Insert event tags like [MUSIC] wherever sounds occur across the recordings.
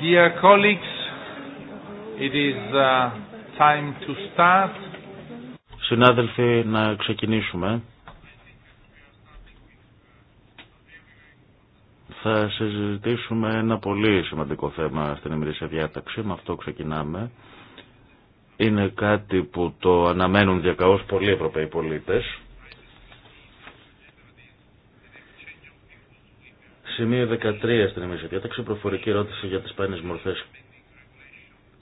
Dear colleagues, it is uh, time to start. Συνάδελφοι, να ξεκινήσουμε. Θα συζητήσουμε ένα πολύ σημαντικό θέμα στην ημερήσια διάταξη. Με αυτό ξεκινάμε είναι κάτι που το αναμένουν διακαώς πολλοί Ευρωπαίοι πολίτες. Σημείο 13 στην εμείς διάταξη, προφορική ερώτηση για τις πάνιες μορφές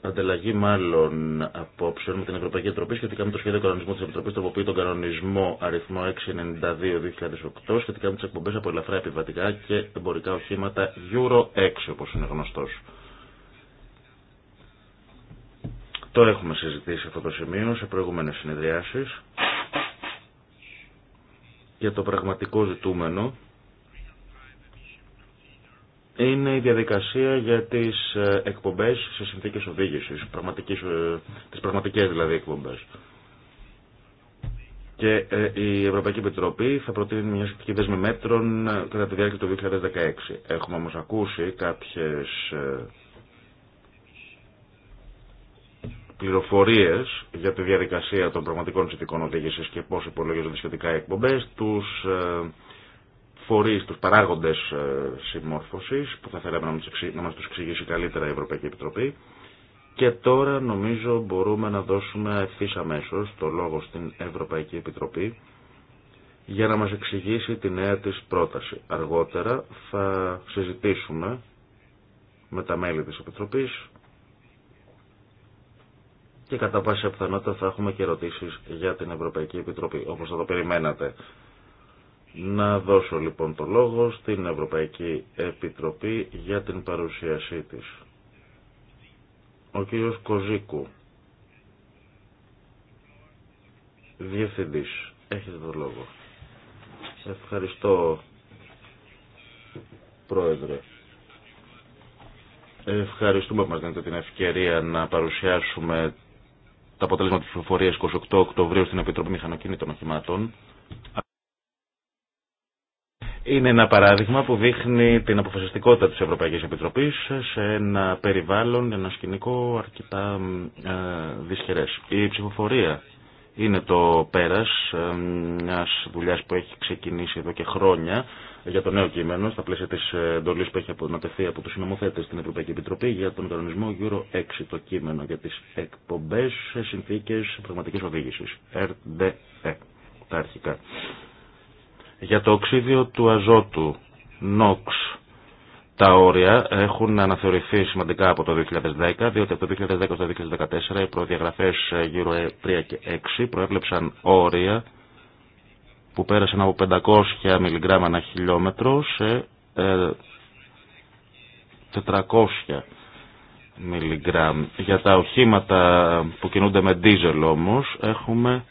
ανταλλαγή μάλλον απόψεων με την Ευρωπαϊκή Επιτροπή σχετικά με το σχέδιο κανονισμού τη Επιτροπή τροποποιεί τον κανονισμό αριθμό 692-2008 σχετικά με τι εκπομπέ από ελαφρά επιβατικά και εμπορικά οχήματα Euro 6 όπω είναι γνωστό. Το έχουμε συζητήσει αυτό το σημείο σε προηγούμενες συνεδριάσεις για το πραγματικό ζητούμενο είναι η διαδικασία για τις ε, εκπομπές σε συνθήκες οδήγησης, τι ε, τις πραγματικές δηλαδή εκπομπές. Και ε, η Ευρωπαϊκή Επιτροπή θα προτείνει μια σχετική δέσμη μέτρων κατά τη διάρκεια του 2016. Έχουμε όμως ακούσει κάποιες πληροφορίες για τη διαδικασία των πραγματικών συνθηκών οδήγησης και πώς υπολογίζονται σχετικά οι εκπομπές, τους ε, φορείς, τους παράγοντες ε, συμμόρφωσης που θα θέλαμε να μας τους εξηγήσει καλύτερα η Ευρωπαϊκή Επιτροπή. Και τώρα νομίζω μπορούμε να δώσουμε ευθύ αμέσω το λόγο στην Ευρωπαϊκή Επιτροπή για να μας εξηγήσει τη νέα της πρόταση. Αργότερα θα συζητήσουμε με τα μέλη της Επιτροπής και κατά πάσα πιθανότητα θα έχουμε και ερωτήσει για την Ευρωπαϊκή Επιτροπή, όπω θα το περιμένατε. Να δώσω λοιπόν το λόγο στην Ευρωπαϊκή Επιτροπή για την παρουσίασή της. Ο κύριος Κοζίκου, Διευθυντής, έχετε το λόγο. Ευχαριστώ, Πρόεδρε. Ευχαριστούμε που μας δίνετε την ευκαιρία να παρουσιάσουμε το αποτέλεσμα της ψηφοφορίας 28 Οκτωβρίου στην Επιτροπή Μηχανοκίνητων Οχημάτων είναι ένα παράδειγμα που δείχνει την αποφασιστικότητα της Ευρωπαϊκής Επιτροπής σε ένα περιβάλλον, ένα σκηνικό αρκετά ε, δυσχερές. Η ψηφοφορία είναι το πέρας ε, μιας δουλειάς που έχει ξεκινήσει εδώ και χρόνια για το νέο κείμενο, στα πλαίσια της εντολής που έχει απονατεθεί από τους συνομοθέτες στην Ευρωπαϊκή Επιτροπή για τον κανονισμό Euro 6, το κείμενο για τις εκπομπές σε συνθήκες πραγματικής οδήγησης, RDE, τα αρχικά. Για το οξύδιο του αζότου, NOx, τα όρια έχουν αναθεωρηθεί σημαντικά από το 2010, διότι από το 2010 στο 2014 οι προδιαγραφές ε, γύρω 3 ε, και 6 προέβλεψαν όρια που πέρασαν από 500 μιλιγκράμμα ένα χιλιόμετρο σε 400 ε, μιλιγκράμμ. Για τα οχήματα που κινούνται με δίζελ όμως έχουμε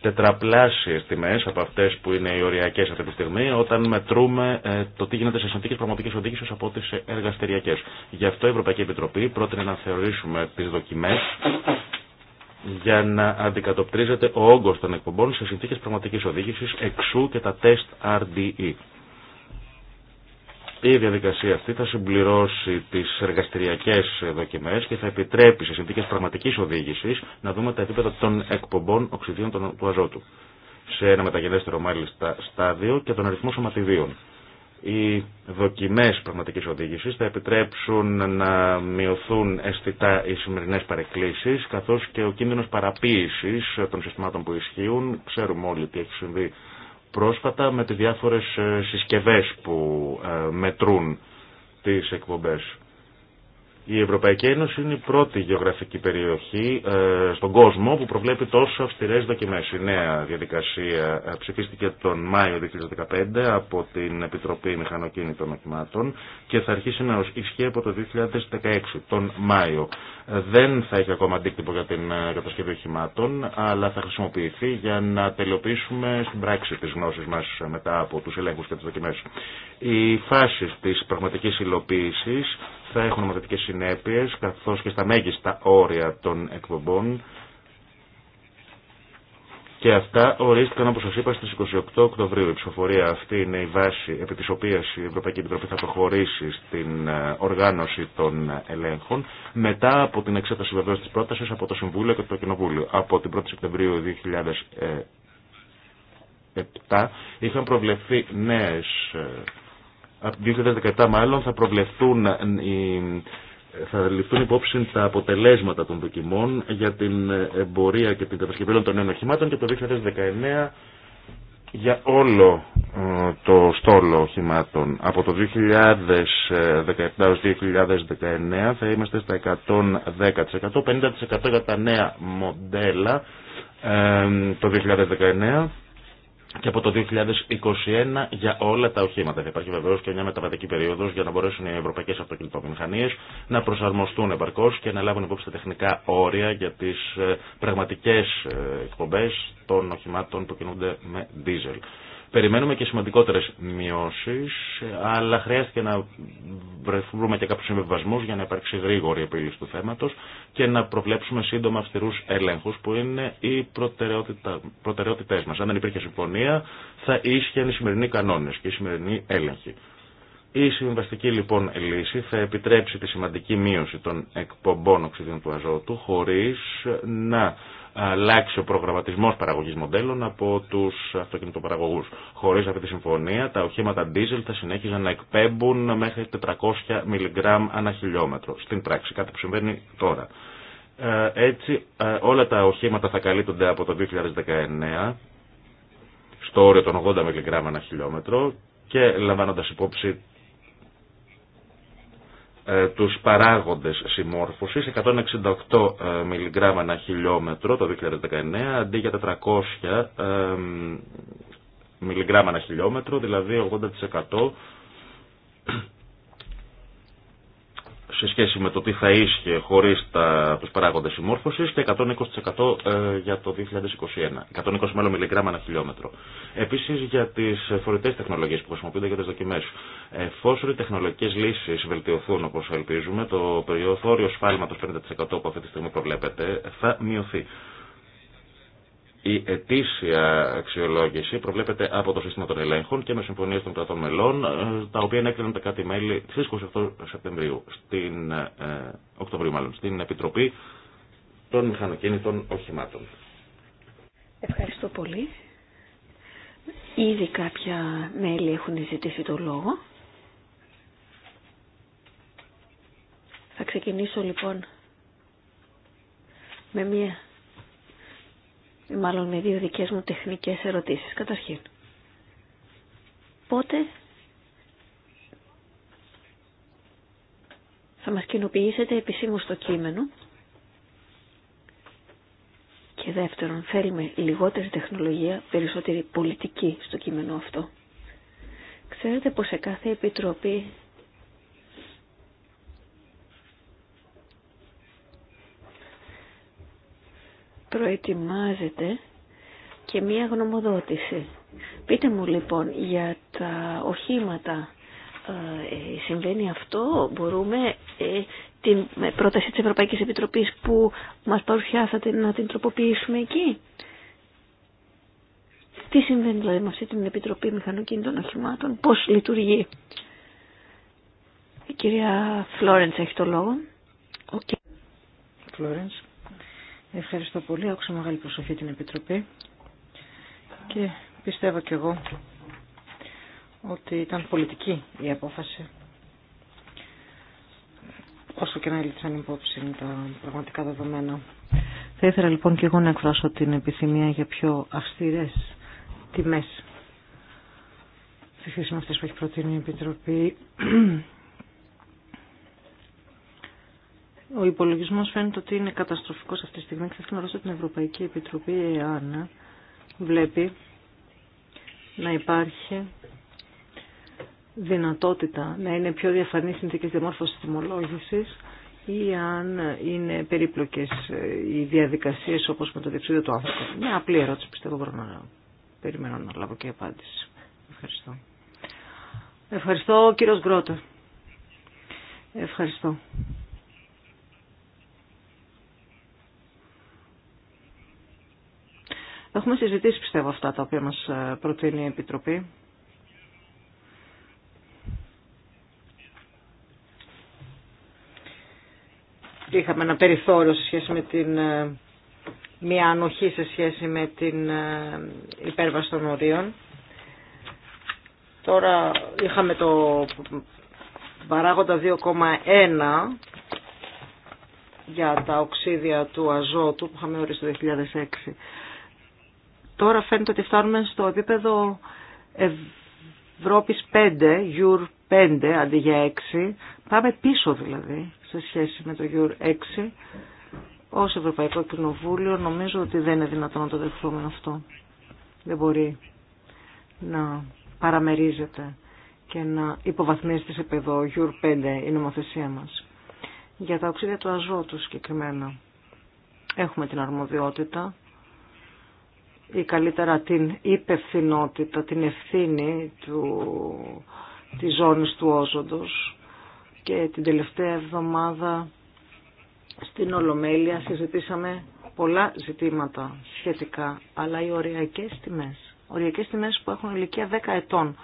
τετραπλάσιες τιμές από αυτές που είναι οι οριακές αυτή τη στιγμή όταν μετρούμε ε, το τι γίνεται σε συνθήκες πραγματικής οδήγησης από τι εργαστηριακές. Γι' αυτό η Ευρωπαϊκή Επιτροπή πρότεινε να θεωρήσουμε τις δοκιμές για να αντικατοπτρίζεται ο όγκος των εκπομπών σε συνθήκες πραγματικής οδήγησης εξού και τα τεστ RDE. Η διαδικασία αυτή θα συμπληρώσει τις εργαστηριακές δοκιμές και θα επιτρέπει σε συνθήκες πραγματικής οδήγησης να δούμε τα επίπεδα των εκπομπών οξυδίων του αζότου σε ένα μεταγενέστερο μάλιστα στάδιο και τον αριθμό σωματιδίων. Οι δοκιμές πραγματικής οδήγησης θα επιτρέψουν να μειωθούν αισθητά οι σημερινές παρεκκλήσεις καθώς και ο κίνδυνος παραποίησης των συστημάτων που ισχύουν. Ξέρουμε όλοι τι έχει συμβεί πρόσφατα με τις διάφορες ε, συσκευές που ε, μετρούν τις εκπομπές. Η Ευρωπαϊκή Ένωση είναι η πρώτη γεωγραφική περιοχή ε, στον κόσμο που προβλέπει τόσο αυστηρές δοκιμές. Η νέα διαδικασία ε, ψηφίστηκε τον Μάιο 2015 από την Επιτροπή Μηχανοκίνητων Οχημάτων και θα αρχίσει να ισχύει από το 2016, τον Μάιο. Ε, δεν θα έχει ακόμα αντίκτυπο για την κατασκευή οχημάτων, αλλά θα χρησιμοποιηθεί για να τελειοποιήσουμε στην πράξη τις γνώσεις μας μετά από τους ελέγχους και τις δοκιμές. Οι φάσεις της πραγματική υλοποίησης θα έχουν ομοτατικές συνέπειες καθώς και στα μέγιστα όρια των εκπομπών και αυτά ορίστηκαν όπως σας είπα στις 28 Οκτωβρίου. Η ψηφοφορία αυτή είναι η βάση επί της οποίας η Ευρωπαϊκή Επιτροπή θα προχωρήσει στην ε, οργάνωση των ελέγχων μετά από την εξέταση βεβαίως της πρότασης από το Συμβούλιο και το Κοινοβούλιο. Από την 1η Σεπτεμβρίου 2007 είχαν προβλεφθεί νέες ε, από το 2017 μάλλον θα προβλεφθούν ε, θα ληφθούν υπόψη τα αποτελέσματα των δοκιμών για την εμπορία και την κατασκευή των νέων οχημάτων και το 2019 για όλο ε, το στόλο οχημάτων. Από το 2017 έως 2019 θα είμαστε στα 110%, 50% για τα νέα μοντέλα ε, το 2019 και από το 2021 για όλα τα οχήματα. Θα υπάρχει βεβαίω και μια μεταβατική περίοδο για να μπορέσουν οι ευρωπαϊκέ αυτοκινητοβιομηχανίε να προσαρμοστούν επαρκώ και να λάβουν υπόψη τα τεχνικά όρια για τι ε, πραγματικέ ε, εκπομπέ των οχημάτων που κινούνται με δίζελ. Περιμένουμε και σημαντικότερες μειώσεις, αλλά χρειάστηκε να βρεθούμε και κάποιου συμβεβασμού για να υπάρξει γρήγορη επίλυση του θέματος και να προβλέψουμε σύντομα αυστηρούς έλεγχους που είναι οι προτεραιότητα, προτεραιότητές μας. Αν δεν υπήρχε συμφωνία θα ίσχυαν οι σημερινοί κανόνες και οι σημερινοί έλεγχοι. Η συμβαστική λοιπόν λύση θα επιτρέψει τη σημαντική μείωση των εκπομπών οξυδίων του αζότου χωρίς να αλλάξει ο προγραμματισμός παραγωγής μοντέλων από τους αυτοκινητοπαραγωγούς. Χωρίς αυτή τη συμφωνία τα οχήματα diesel θα συνέχιζαν να εκπέμπουν μέχρι 400 μιλιγκράμμ ανά χιλιόμετρο. Στην πράξη κάτι που συμβαίνει τώρα. Ε, έτσι ε, όλα τα οχήματα θα καλύπτονται από το 2019 στο όριο των 80 μιλιγκράμμ ανά χιλιόμετρο και λαμβάνοντας υπόψη ε, τους παράγοντες συμμόρφωσης, 168 ε, μιλιγκράμμα ένα χιλιόμετρο το 2019, αντί για 400 ε, μιλιγκράμμα ένα χιλιόμετρο, δηλαδή 80% σε σχέση με το τι θα ίσχυε χωρίς τα, τους παράγοντες συμμόρφωσης και 120% ε, για το 2021. 120 μάλλον μιλιγκράμμα ένα χιλιόμετρο. Επίσης για τις φορητές τεχνολογίες που χρησιμοποιούνται για τις δοκιμές. Εφόσον οι τεχνολογικές λύσεις βελτιωθούν όπως ελπίζουμε, το περιθώριο σφάλματος 50% που αυτή τη στιγμή προβλέπεται θα μειωθεί. Η ετήσια αξιολόγηση προβλέπεται από το σύστημα των ελέγχων και με συμφωνίε των κρατών μελών, ε, τα οποία ενέκριναν τα κάτι μέλη στι 28 Σεπτεμβρίου, στην, ε, Οκτωβρίου μάλλον, στην Επιτροπή των Μηχανοκίνητων Οχημάτων. Ευχαριστώ πολύ. Ήδη κάποια μέλη έχουν ζητήσει το λόγο. Θα ξεκινήσω λοιπόν με μία ε, μάλλον με δύο δικές μου τεχνικές ερωτήσεις. Καταρχήν, πότε θα μας κοινοποιήσετε επισήμως στο κείμενο και δεύτερον, θέλουμε λιγότερη τεχνολογία, περισσότερη πολιτική στο κείμενο αυτό. Ξέρετε πως σε κάθε επιτροπή προετοιμάζεται και μία γνωμοδότηση. Πείτε μου λοιπόν για τα οχήματα ε, συμβαίνει αυτό, μπορούμε ε, την πρόταση της Ευρωπαϊκής Επιτροπής που μας παρουσιάσατε να την τροποποιήσουμε εκεί. Τι συμβαίνει δηλαδή με αυτή την Επιτροπή Μηχανοκίνητων Οχημάτων, πώς λειτουργεί. Η κυρία Φλόρεντς έχει το λόγο. Okay. Ευχαριστώ πολύ. Άκουσα μεγάλη προσοχή την Επιτροπή και πιστεύω κι εγώ ότι ήταν πολιτική η απόφαση. Όσο και να έλειψαν υπόψη τα πραγματικά δεδομένα. Θα ήθελα λοιπόν και εγώ να εκφράσω την επιθυμία για πιο αυστηρές τιμές στις χρήσεις αυτές που έχει προτείνει η Επιτροπή Ο υπολογισμό φαίνεται ότι είναι καταστροφικό αυτή τη στιγμή και θα να ρωτήσω την Ευρωπαϊκή Επιτροπή εάν βλέπει να υπάρχει δυνατότητα να είναι πιο διαφανή συνθήκε διαμόρφωση τιμολόγηση ή αν είναι περίπλοκες οι διαδικασίε όπω με το διεξίδιο του άνθρωπου. Μια απλή ερώτηση πιστεύω μπορώ να περιμένω να λάβω και απάντηση. Ευχαριστώ. Ευχαριστώ κύριο Γκρότα. Ευχαριστώ. Θα έχουμε συζητήσει πιστεύω αυτά τα οποία μας ε, προτείνει η Επιτροπή. Είχαμε ένα περιθώριο σε σχέση με την ε, μια ανοχή σε σχέση με την ε, υπέρβαση των ορίων. Τώρα είχαμε το παράγοντα 2,1 για τα οξύδια του αζότου που είχαμε ορίσει το 2006 Τώρα φαίνεται ότι φτάνουμε στο επίπεδο Ευρώπης 5, Γιουρ 5 αντί για 6. Πάμε πίσω δηλαδή σε σχέση με το Γιουρ 6. Ως Ευρωπαϊκό Κοινοβούλιο νομίζω ότι δεν είναι δυνατόν να το δεχθούμε αυτό. Δεν μπορεί να παραμερίζεται και να υποβαθμίζεται σε επίπεδο Γιουρ 5 η νομοθεσία μας. Για τα οξύδια του Αζώτου συγκεκριμένα έχουμε την αρμοδιότητα ή καλύτερα την υπευθυνότητα, την ευθύνη του, της ζώνης του όζοντος και την τελευταία εβδομάδα στην Ολομέλεια συζητήσαμε πολλά ζητήματα σχετικά, αλλά οι οριακές τιμές, οριακές τιμές που έχουν ηλικία 10 ετών,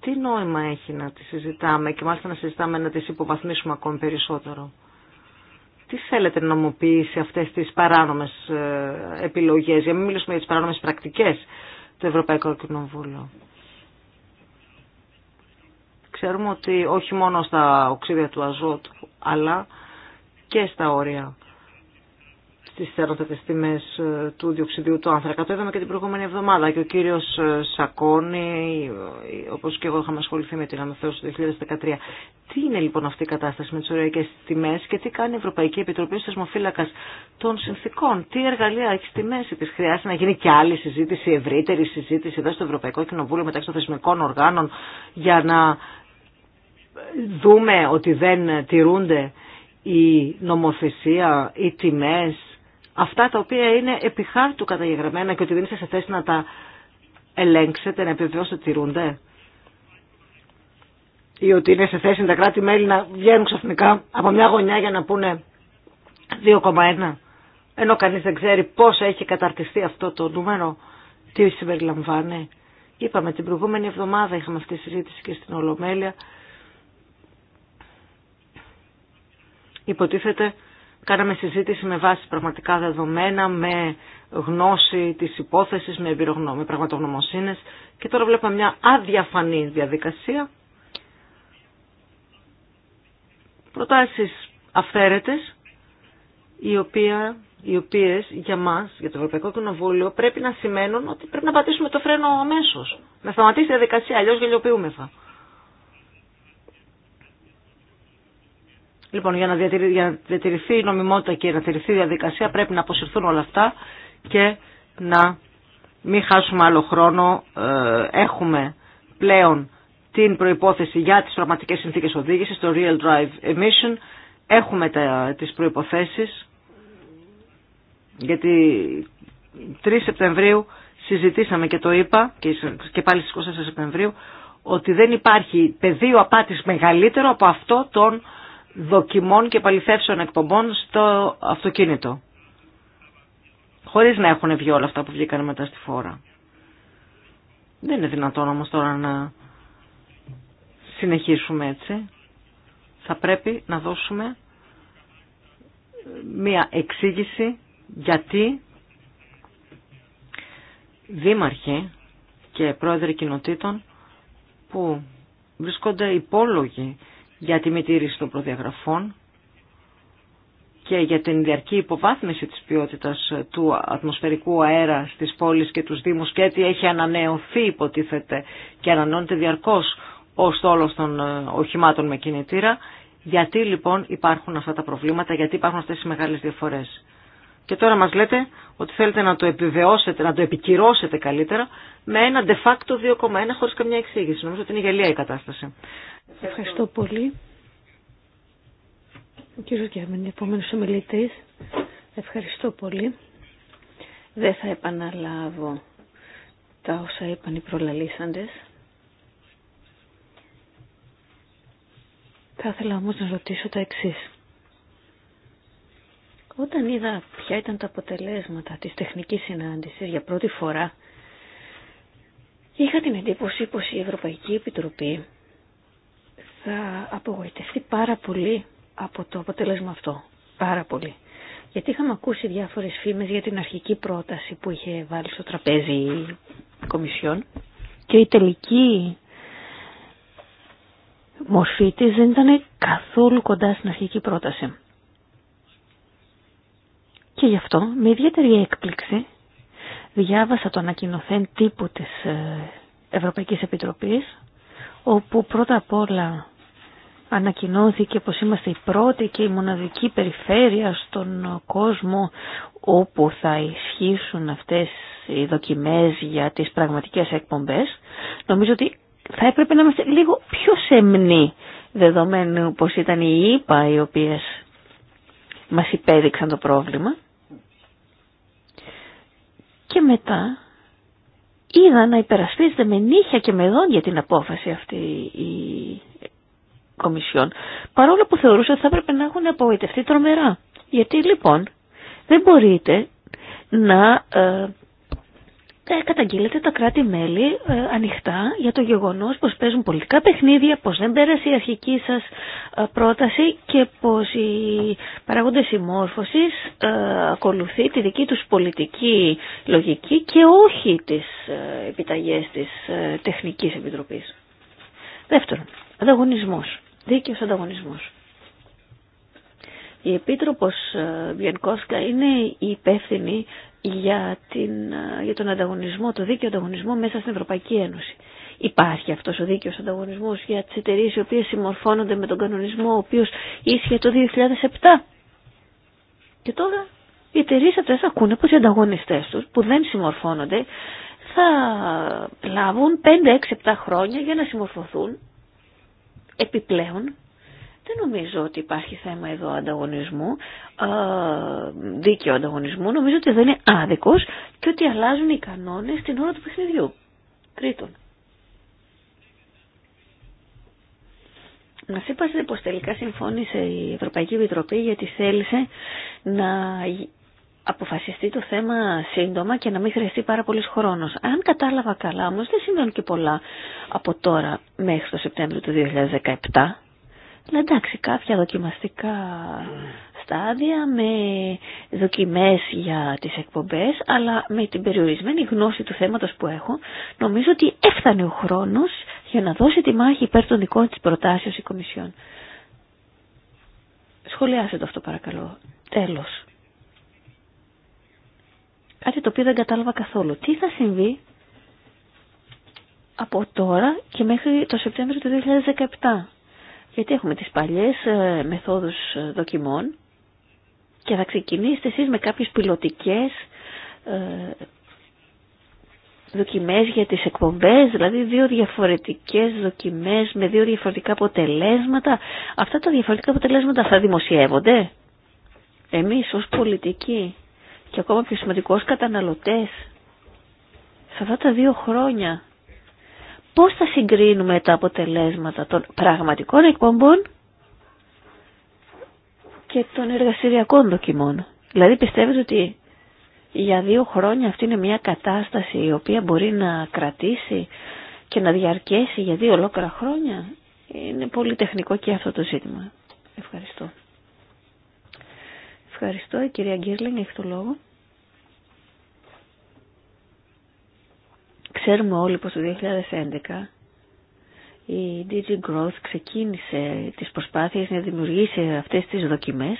τι νόημα έχει να τις συζητάμε και μάλιστα να συζητάμε να τις υποβαθμίσουμε ακόμη περισσότερο τι θέλετε να σε αυτές τις παράνομες ε, επιλογές, για να μην μιλήσουμε για τις παράνομε πρακτικές του Ευρωπαϊκού Κοινοβούλου. Ξέρουμε ότι όχι μόνο στα οξύδια του αζότου, αλλά και στα όρια στις θέροντες τιμέ ε, του διοξιδίου του άνθρακα. Το είδαμε και την προηγούμενη εβδομάδα και ο κύριος ε, Σακώνη, όπω και εγώ είχαμε ασχοληθεί με την αναθέωση του 2013. Τι είναι λοιπόν αυτή η κατάσταση με τι ωριακέ τιμέ και τι κάνει η Ευρωπαϊκή Επιτροπή θεσμοφύλακα των συνθήκων. Τι εργαλεία έχει στη μέση τη. Χρειάζεται να γίνει και άλλη συζήτηση, ευρύτερη συζήτηση εδώ στο Ευρωπαϊκό Κοινοβούλιο μεταξύ των θεσμικών οργάνων για να δούμε ότι δεν τηρούνται η νομοθεσία, οι τιμέ, αυτά τα οποία είναι χάρτου καταγεγραμμένα και ότι δεν είστε σε θέση να τα ελέγξετε, να επιβεβαιώσετε ότι τηρούνται ή ότι είναι σε θέση τα κράτη-μέλη να βγαίνουν ξαφνικά από μια γωνιά για να πούνε 2,1 ενώ κανείς δεν ξέρει πώς έχει καταρτιστεί αυτό το νούμερο, τι συμπεριλαμβάνει. Είπαμε την προηγούμενη εβδομάδα είχαμε αυτή τη συζήτηση και στην Ολομέλεια. Υποτίθεται κάναμε συζήτηση με βάση πραγματικά δεδομένα, με γνώση της υπόθεσης, με, με πραγματογνωμοσύνες και τώρα βλέπουμε μια αδιαφανή διαδικασία προτάσεις αυθαίρετες, οι, οποία, οι οποίες για μας, για το Ευρωπαϊκό Κοινοβούλιο, πρέπει να σημαίνουν ότι πρέπει να πατήσουμε το φρένο αμέσω. Να σταματήσει η διαδικασία, αλλιώς γελιοποιούμεθα. Λοιπόν, για να, για να διατηρηθεί η νομιμότητα και να διατηρηθεί η διαδικασία πρέπει να αποσυρθούν όλα αυτά και να μην χάσουμε άλλο χρόνο. Ε, έχουμε πλέον την προϋπόθεση για τις πραγματικές συνθήκες οδήγησης, το Real Drive Emission. Έχουμε τα, τις προϋποθέσεις, γιατί 3 Σεπτεμβρίου συζητήσαμε και το είπα, και πάλι στις 24 Σεπτεμβρίου, ότι δεν υπάρχει πεδίο απάτης μεγαλύτερο από αυτό των δοκιμών και παληθεύσεων εκπομπών στο αυτοκίνητο. Χωρίς να έχουν βγει όλα αυτά που βγήκαν μετά στη φόρα. Δεν είναι δυνατόν όμως τώρα να συνεχίσουμε έτσι. Θα πρέπει να δώσουμε ε, μία εξήγηση γιατί δήμαρχοι και πρόεδροι κοινοτήτων που βρίσκονται υπόλογοι για τη μη των προδιαγραφών και για την διαρκή υποβάθμιση της ποιότητας του ατμοσφαιρικού αέρα στις πόλεις και τους δήμους και ότι έχει ανανεωθεί υποτίθεται και ανανεώνεται διαρκώς ο στόλος των ε, οχημάτων με κινητήρα. Γιατί λοιπόν υπάρχουν αυτά τα προβλήματα, γιατί υπάρχουν αυτές οι μεγάλες διαφορές. Και τώρα μας λέτε ότι θέλετε να το επιβεώσετε, να το επικυρώσετε καλύτερα με ένα de facto 2,1 χωρίς καμιά εξήγηση. Νομίζω ότι είναι γελία η κατάσταση. Ευχαριστώ πολύ. Ο κύριος Γιάννη, επόμενος ομιλητής. Ευχαριστώ πολύ. Δεν θα επαναλάβω τα όσα είπαν οι προλαλήσαντες. Θα ήθελα όμως να ρωτήσω τα εξής. Όταν είδα ποια ήταν τα αποτελέσματα της τεχνικής συνάντησης για πρώτη φορά, είχα την εντύπωση πως η Ευρωπαϊκή Επιτροπή θα απογοητευτεί πάρα πολύ από το αποτέλεσμα αυτό. Πάρα πολύ. Γιατί είχαμε ακούσει διάφορες φήμες για την αρχική πρόταση που είχε βάλει στο τραπέζι η Κομισιόν και η τελική μορφή της δεν ήταν καθόλου κοντά στην αρχική πρόταση. Και γι' αυτό με ιδιαίτερη έκπληξη διάβασα το ανακοινωθέν τύπου της ε, Ευρωπαϊκής Επιτροπής όπου πρώτα απ' όλα ανακοινώθηκε πως είμαστε η πρώτη και η μοναδική περιφέρεια στον κόσμο όπου θα ισχύσουν αυτές οι δοκιμές για τις πραγματικές εκπομπές. Νομίζω ότι θα έπρεπε να είμαστε λίγο πιο σεμνοί δεδομένου πως ήταν οι ΙΠΑ οι οποίες μας υπέδειξαν το πρόβλημα και μετά είδα να υπερασπίζεται με νύχια και με δόντια την απόφαση αυτή η Κομισιόν παρόλο που θεωρούσα ότι θα έπρεπε να έχουν απογοητευτεί τρομερά. Γιατί λοιπόν δεν μπορείτε να ε, ε, καταγγείλετε τα κράτη-μέλη ε, ανοιχτά για το γεγονός πως παίζουν πολιτικά παιχνίδια, πως δεν πέρασε η αρχική σας ε, πρόταση και πως οι παραγόντες συμμόρφωσης ακολουθεί τη δική τους πολιτική λογική και όχι τις επιταγές της Τεχνικής Επιτροπής. Δεύτερον, ανταγωνισμός, δίκαιος ανταγωνισμός. Η Επίτροπος Βιενκόσκα είναι η υπεύθυνη για, την, ε, για τον ανταγωνισμό, το δίκαιο ανταγωνισμό μέσα στην Ευρωπαϊκή Ένωση. Υπάρχει αυτός ο δίκαιο ανταγωνισμός για τι εταιρείε οι οποίες συμμορφώνονται με τον κανονισμό ο οποίο ίσχυε το 2007. Και τώρα οι εταιρείε θα ακούνε πως οι ανταγωνιστέ του που δεν συμμορφώνονται θα λάβουν 5, 6, 7 χρόνια για να συμμορφωθούν επιπλέον δεν νομίζω ότι υπάρχει θέμα εδώ ανταγωνισμού, δίκαιο ανταγωνισμού. Νομίζω ότι δεν είναι άδικος και ότι αλλάζουν οι κανόνες την ώρα του παιχνιδιού. Τρίτον. Μα είπατε πω τελικά συμφώνησε η Ευρωπαϊκή Επιτροπή γιατί θέλησε να αποφασιστεί το θέμα σύντομα και να μην χρειαστεί πάρα πολύ χρόνο. Αν κατάλαβα καλά όμω, δεν συμβαίνουν και πολλά από τώρα μέχρι το Σεπτέμβριο του 2017. Αλλά εντάξει, κάποια δοκιμαστικά στάδια με δοκιμές για τις εκπομπές, αλλά με την περιορισμένη γνώση του θέματος που έχω, νομίζω ότι έφτανε ο χρόνος για να δώσει τη μάχη υπέρ των δικών της προτάσεως η Κομισιόν. Σχολιάστε το αυτό παρακαλώ. Τέλος. Κάτι το οποίο δεν κατάλαβα καθόλου. Τι θα συμβεί από τώρα και μέχρι το Σεπτέμβριο του 2017 γιατί έχουμε τις παλιές ε, μεθόδους ε, δοκιμών και θα ξεκινήσετε εσείς με κάποιες πιλωτικές ε, δοκιμές για τις εκπομπές, δηλαδή δύο διαφορετικές δοκιμές με δύο διαφορετικά αποτελέσματα. Αυτά τα διαφορετικά αποτελέσματα θα δημοσιεύονται. Εμείς ως πολιτικοί και ακόμα πιο σημαντικό ως καταναλωτές, σε αυτά τα δύο χρόνια Πώς θα συγκρίνουμε τα αποτελέσματα των πραγματικών εκπομπών και των εργασιακών δοκιμών. Δηλαδή πιστεύετε ότι για δύο χρόνια αυτή είναι μια κατάσταση η οποία μπορεί να κρατήσει και να διαρκέσει για δύο ολόκληρα χρόνια. Είναι πολύ τεχνικό και αυτό το ζήτημα. Ευχαριστώ. Ευχαριστώ. Η κυρία Γκίρλινγκ έχει το λόγο. Ξέρουμε όλοι πως το 2011 η DG Growth ξεκίνησε τις προσπάθειες να δημιουργήσει αυτές τις δοκιμές.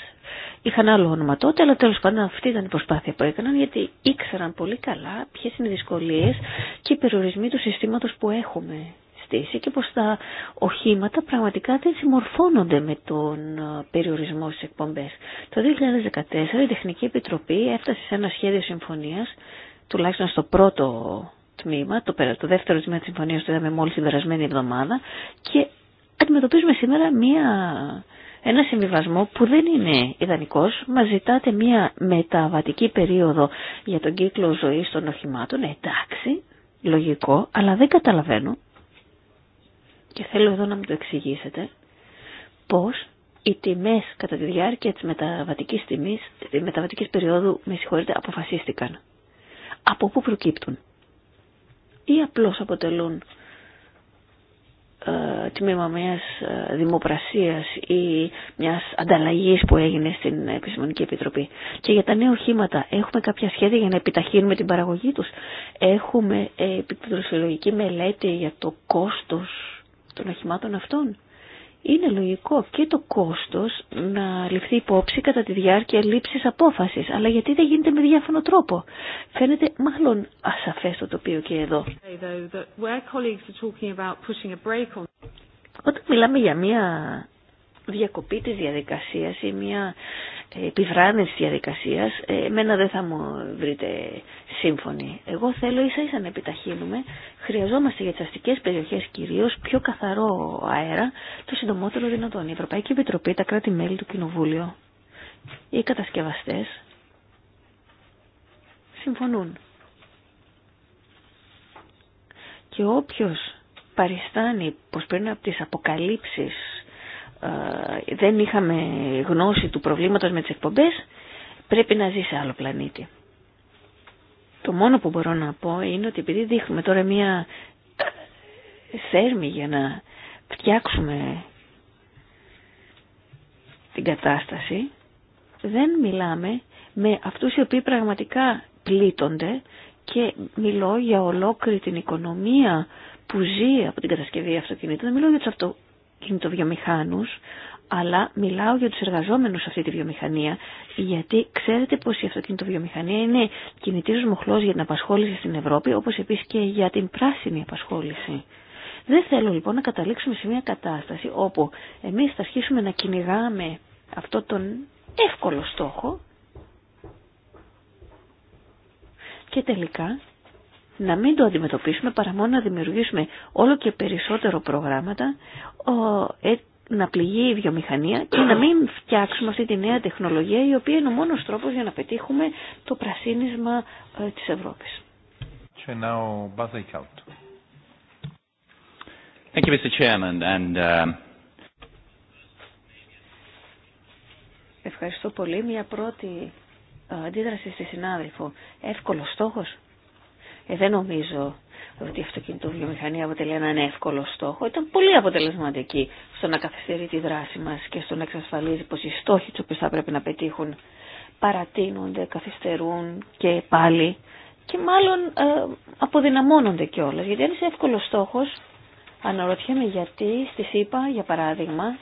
Είχαν άλλο όνομα τότε, αλλά τέλος πάντων αυτή ήταν η προσπάθεια που έκαναν, γιατί ήξεραν πολύ καλά ποιες είναι οι δυσκολίες και οι περιορισμοί του συστήματος που έχουμε στήσει και πως τα οχήματα πραγματικά δεν συμμορφώνονται με τον ε, περιορισμό στις εκπομπές. Το 2014 η Τεχνική Επιτροπή έφτασε σε ένα σχέδιο συμφωνίας, τουλάχιστον στο πρώτο τμήμα, το, το δεύτερο τμήμα της συμφωνίας το είδαμε μόλις την περασμένη εβδομάδα και αντιμετωπίζουμε σήμερα μία, ένα συμβιβασμό που δεν είναι ιδανικός. μα ζητάτε μία μεταβατική περίοδο για τον κύκλο ζωής των οχημάτων. Ε, εντάξει, λογικό, αλλά δεν καταλαβαίνω και θέλω εδώ να μου το εξηγήσετε πώς οι τιμές κατά τη διάρκεια της μεταβατικής, τιμής, μεταβατικής περίοδου με αποφασίστηκαν. Από πού προκύπτουν ή απλώς αποτελούν ε, τμήμα μιας ε, δημοπρασίας ή μιας ανταλλαγής που έγινε στην Επιστημονική Επιτροπή. Και για τα νέα οχήματα έχουμε κάποια σχέδια για να επιταχύνουμε την παραγωγή τους. Έχουμε ε, μελέτη για το κόστος των οχημάτων αυτών είναι λογικό και το κόστος να ληφθεί υπόψη κατά τη διάρκεια λήψης απόφασης. Αλλά γιατί δεν γίνεται με διάφορο τρόπο. Φαίνεται μάλλον ασαφές το τοπίο και εδώ. Όταν μιλάμε για μια διακοπή της διαδικασίας ή μια επιβράνευση της διαδικασίας, ε, εμένα δεν θα μου βρείτε σύμφωνη. Εγώ θέλω ίσα ίσα να επιταχύνουμε. Χρειαζόμαστε για τις αστικές περιοχές κυρίως πιο καθαρό αέρα το συντομότερο δυνατόν. Η Ευρωπαϊκή Επιτροπή, τα κράτη-μέλη του Κοινοβούλιο, οι κατασκευαστές συμφωνούν. Και όποιος παριστάνει πως πριν από τις αποκαλύψεις δεν είχαμε γνώση του προβλήματος με τις εκπομπές, πρέπει να ζει σε άλλο πλανήτη. Το μόνο που μπορώ να πω είναι ότι επειδή δείχνουμε τώρα μία θέρμη για να φτιάξουμε την κατάσταση, δεν μιλάμε με αυτούς οι οποίοι πραγματικά πλήττονται και μιλώ για ολόκληρη την οικονομία που ζει από την κατασκευή αυτοκινήτων, μιλώ για τους αυτο κινητοβιομηχάνους, αλλά μιλάω για τους εργαζόμενους σε αυτή τη βιομηχανία, γιατί ξέρετε πως η αυτοκινητοβιομηχανία είναι κινητήριος μοχλός για την απασχόληση στην Ευρώπη, όπως επίσης και για την πράσινη απασχόληση. Δεν θέλω λοιπόν να καταλήξουμε σε μια κατάσταση όπου εμείς θα αρχίσουμε να κυνηγάμε αυτό τον εύκολο στόχο και τελικά να μην το αντιμετωπίσουμε παρά μόνο να δημιουργήσουμε όλο και περισσότερο προγράμματα ε, να πληγεί η βιομηχανία και να μην φτιάξουμε αυτή τη νέα τεχνολογία η οποία είναι ο μόνος τρόπος για να πετύχουμε το πρασίνισμα ε, της Ευρώπης. Thank you, uh, Ευχαριστώ πολύ. Μια πρώτη ε, αντίδραση στη συνάδελφο. Εύκολος στόχος. Ε, δεν νομίζω ότι η αυτοκινητοβιομηχανία αποτελεί έναν εύκολο στόχο. Ήταν πολύ αποτελεσματική στο να καθυστερεί τη δράση μας και στο να εξασφαλίζει πως οι στόχοι του οποίου θα πρέπει να πετύχουν παρατείνονται, καθυστερούν και πάλι και μάλλον ε, αποδυναμώνονται κιόλα. Γιατί αν είσαι εύκολο στόχο, αναρωτιέμαι γιατί στη ΣΥΠΑ, για παράδειγμα,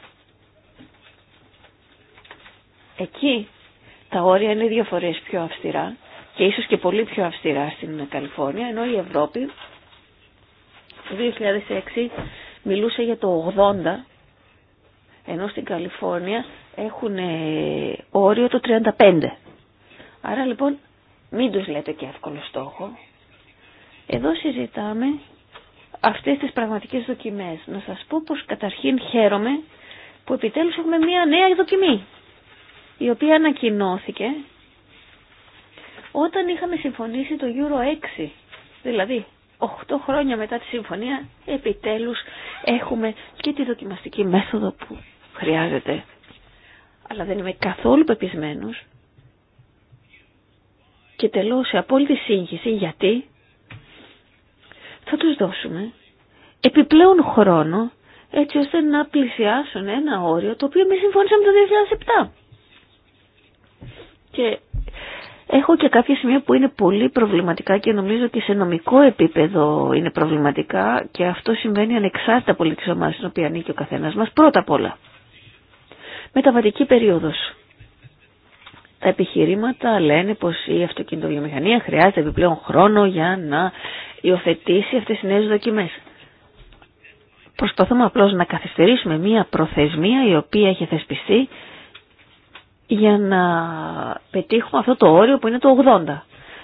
εκεί τα όρια είναι δύο φορές πιο αυστηρά και ίσως και πολύ πιο αυστηρά στην Καλιφόρνια, ενώ η Ευρώπη το 2006 μιλούσε για το 80, ενώ στην Καλιφόρνια έχουν ε, όριο το 35. Άρα λοιπόν μην τους λέτε και εύκολο στόχο. Εδώ συζητάμε αυτές τις πραγματικές δοκιμές. Να σας πω πως καταρχήν χαίρομαι που επιτέλους έχουμε μια νέα δοκιμή, η οποία ανακοινώθηκε όταν είχαμε συμφωνήσει το Euro 6, δηλαδή 8 χρόνια μετά τη συμφωνία, επιτέλους έχουμε και τη δοκιμαστική μέθοδο που χρειάζεται. Αλλά δεν είμαι καθόλου πεπισμένος και τελώ σε απόλυτη σύγχυση γιατί θα τους δώσουμε επιπλέον χρόνο έτσι ώστε να πλησιάσουν ένα όριο το οποίο εμείς συμφώνησαμε το 2007. Και Έχω και κάποια σημεία που είναι πολύ προβληματικά και νομίζω ότι σε νομικό επίπεδο είναι προβληματικά και αυτό συμβαίνει ανεξάρτητα από όλη τη στην οποία ανήκει ο καθένα μα. Πρώτα απ' όλα, μεταβατική περίοδος. Τα επιχειρήματα λένε πως η αυτοκινητοβιομηχανία χρειάζεται επιπλέον χρόνο για να υιοθετήσει αυτέ τις νέε δοκιμέ. Προσπαθούμε απλώ να καθυστερήσουμε μία προθεσμία η οποία έχει θεσπιστεί για να πετύχουμε αυτό το όριο που είναι το 80.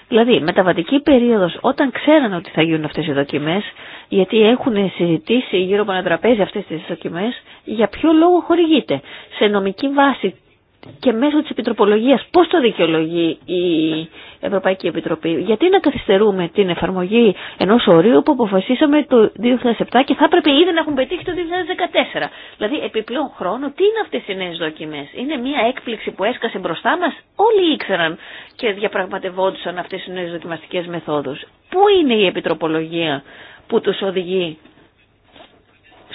Δηλαδή, μεταβατική περίοδος, όταν ξέρανε ότι θα γίνουν αυτές οι δοκιμές, γιατί έχουν συζητήσει γύρω από ένα τραπέζι αυτές τις δοκιμές, για ποιο λόγο χορηγείται. Σε νομική βάση και μέσω της επιτροπολογίας πώς το δικαιολογεί η Ευρωπαϊκή Επιτροπή. Γιατί να καθυστερούμε την εφαρμογή ενός ορίου που αποφασίσαμε το 2007 και θα έπρεπε ήδη να έχουν πετύχει το 2014. Δηλαδή επιπλέον χρόνο τι είναι αυτές οι νέες δοκιμές. Είναι μια έκπληξη που έσκασε μπροστά μας. Όλοι ήξεραν και διαπραγματευόντουσαν αυτές οι νέες δοκιμαστικές μεθόδους. Πού είναι η επιτροπολογία που τους οδηγεί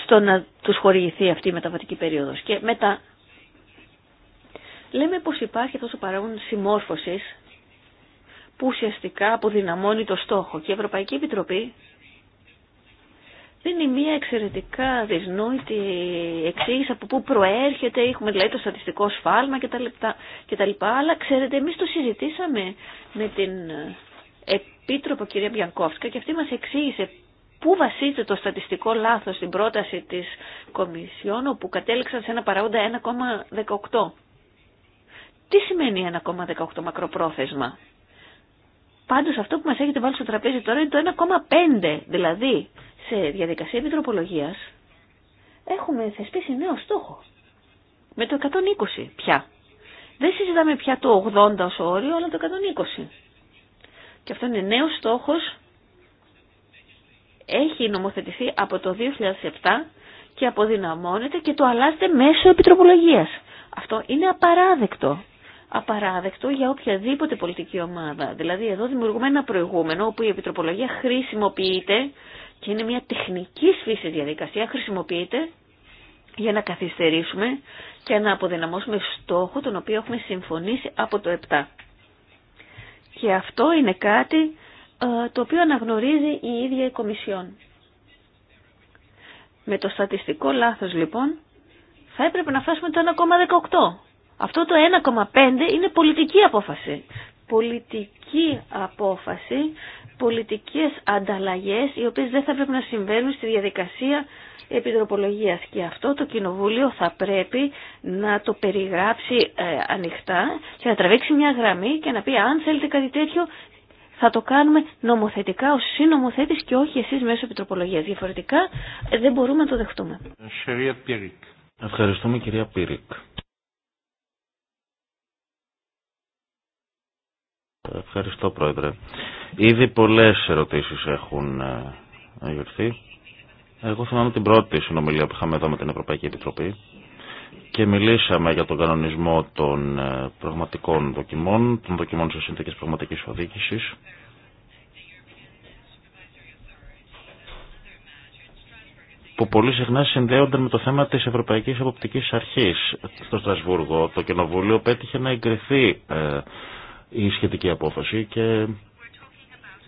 στο να τους χορηγηθεί αυτή η μεταβατική περίοδος. Και μετά λέμε πως υπάρχει αυτό παράγον συμμόρφωσης που ουσιαστικά αποδυναμώνει το στόχο και η Ευρωπαϊκή Επιτροπή δίνει μια εξαιρετικά δυσνόητη εξήγηση από πού προέρχεται, έχουμε δηλαδή το στατιστικό σφάλμα κτλ. Αλλά ξέρετε, εμείς το συζητήσαμε με την ε, Επίτροπο κυρία Μπιανκόφσκα και αυτή μας εξήγησε πού βασίζεται το στατιστικό λάθος στην πρόταση της Κομισιόν όπου κατέληξαν σε ένα παράγοντα 1,18. Τι σημαίνει 1,18 μακροπρόθεσμα. Πάντω αυτό που μα έχετε βάλει στο τραπέζι τώρα είναι το 1,5. Δηλαδή σε διαδικασία επιτροπολογία έχουμε θεσπίσει νέο στόχο. Με το 120 πια. Δεν συζητάμε πια το 80 ω όριο, αλλά το 120. Και αυτό είναι νέο στόχο Έχει νομοθετηθεί από το 2007 και αποδυναμώνεται και το αλλάζεται μέσω επιτροπολογία. Αυτό είναι απαράδεκτο απαράδεκτο για οποιαδήποτε πολιτική ομάδα. Δηλαδή εδώ δημιουργούμε ένα προηγούμενο όπου η επιτροπολογία χρησιμοποιείται και είναι μια τεχνική φύση διαδικασία, χρησιμοποιείται για να καθυστερήσουμε και να αποδυναμώσουμε στόχο τον οποίο έχουμε συμφωνήσει από το 7. Και αυτό είναι κάτι ε, το οποίο αναγνωρίζει η ίδια η Κομισιόν. Με το στατιστικό λάθος λοιπόν θα έπρεπε να φτάσουμε το 1,18 αυτό το 1,5 είναι πολιτική απόφαση. Πολιτική απόφαση, πολιτικές ανταλλαγές οι οποίες δεν θα πρέπει να συμβαίνουν στη διαδικασία επιτροπολογίας και αυτό το κοινοβούλιο θα πρέπει να το περιγράψει ε, ανοιχτά και να τραβήξει μια γραμμή και να πει αν θέλετε κάτι τέτοιο θα το κάνουμε νομοθετικά ως συνομοθέτης και όχι εσείς μέσω επιτροπολογίας. Διαφορετικά ε, δεν μπορούμε να το δεχτούμε. Ευχαριστούμε κυρία Πύρικ. Ευχαριστώ Πρόεδρε. Ήδη πολλές ερωτήσεις έχουν ε, αγιορθεί. Εγώ θυμάμαι την πρώτη συνομιλία που είχαμε εδώ με την Ευρωπαϊκή Επιτροπή και μιλήσαμε για τον κανονισμό των ε, πραγματικών δοκιμών, των δοκιμών σε συνθήκες πραγματικής οδήγησης. που πολύ συχνά συνδέονται με το θέμα της Ευρωπαϊκής Αποπτικής Αρχής στο Στρασβούργο. Το Κοινοβούλιο πέτυχε να εγκριθεί ε, η σχετική απόφαση και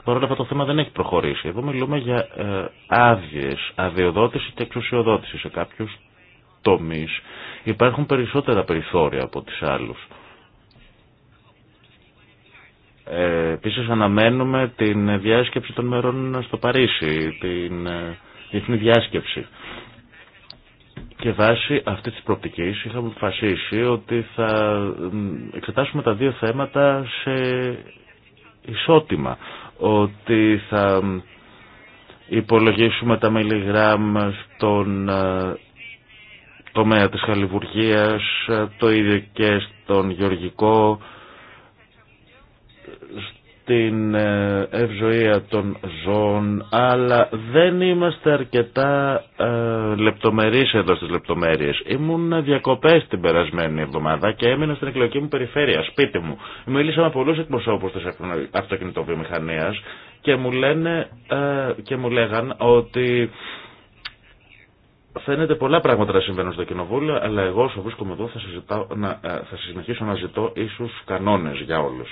παρόλα αυτά το θέμα δεν έχει προχωρήσει. Εδώ μιλούμε για ε, άδειε, αδειοδότηση και εξουσιοδότηση σε κάποιου τομεί. Υπάρχουν περισσότερα περιθώρια από τις άλλους. Ε, επίσης αναμένουμε την διάσκεψη των μερών στο Παρίσι, την ε, διεθνή διάσκεψη. Και βάσει αυτής της προοπτικής είχαμε αποφασίσει ότι θα εξετάσουμε τα δύο θέματα σε ισότιμα. Ότι θα υπολογίσουμε τα μιλιγράμμ στον ε, τομέα της χαλιβουργίας, ε, το ίδιο και στον γεωργικό, την ε, ευζοία των ζώων, αλλά δεν είμαστε αρκετά ε, λεπτομερείς εδώ στις λεπτομέρειες. Ήμουν διακοπές την περασμένη εβδομάδα και έμεινα στην εκλογική μου περιφέρεια, σπίτι μου. Μίλησα με πολλούς εκπροσώπους της αυτοκινητοβιομηχανίας και μου, λένε, ε, και μου λέγαν ότι φαίνεται πολλά πράγματα να συμβαίνουν στο κοινοβούλιο, αλλά εγώ όσο βρίσκομαι εδώ θα, συζητάω, να, ε, θα συνεχίσω να ζητώ ίσους κανόνες για όλους.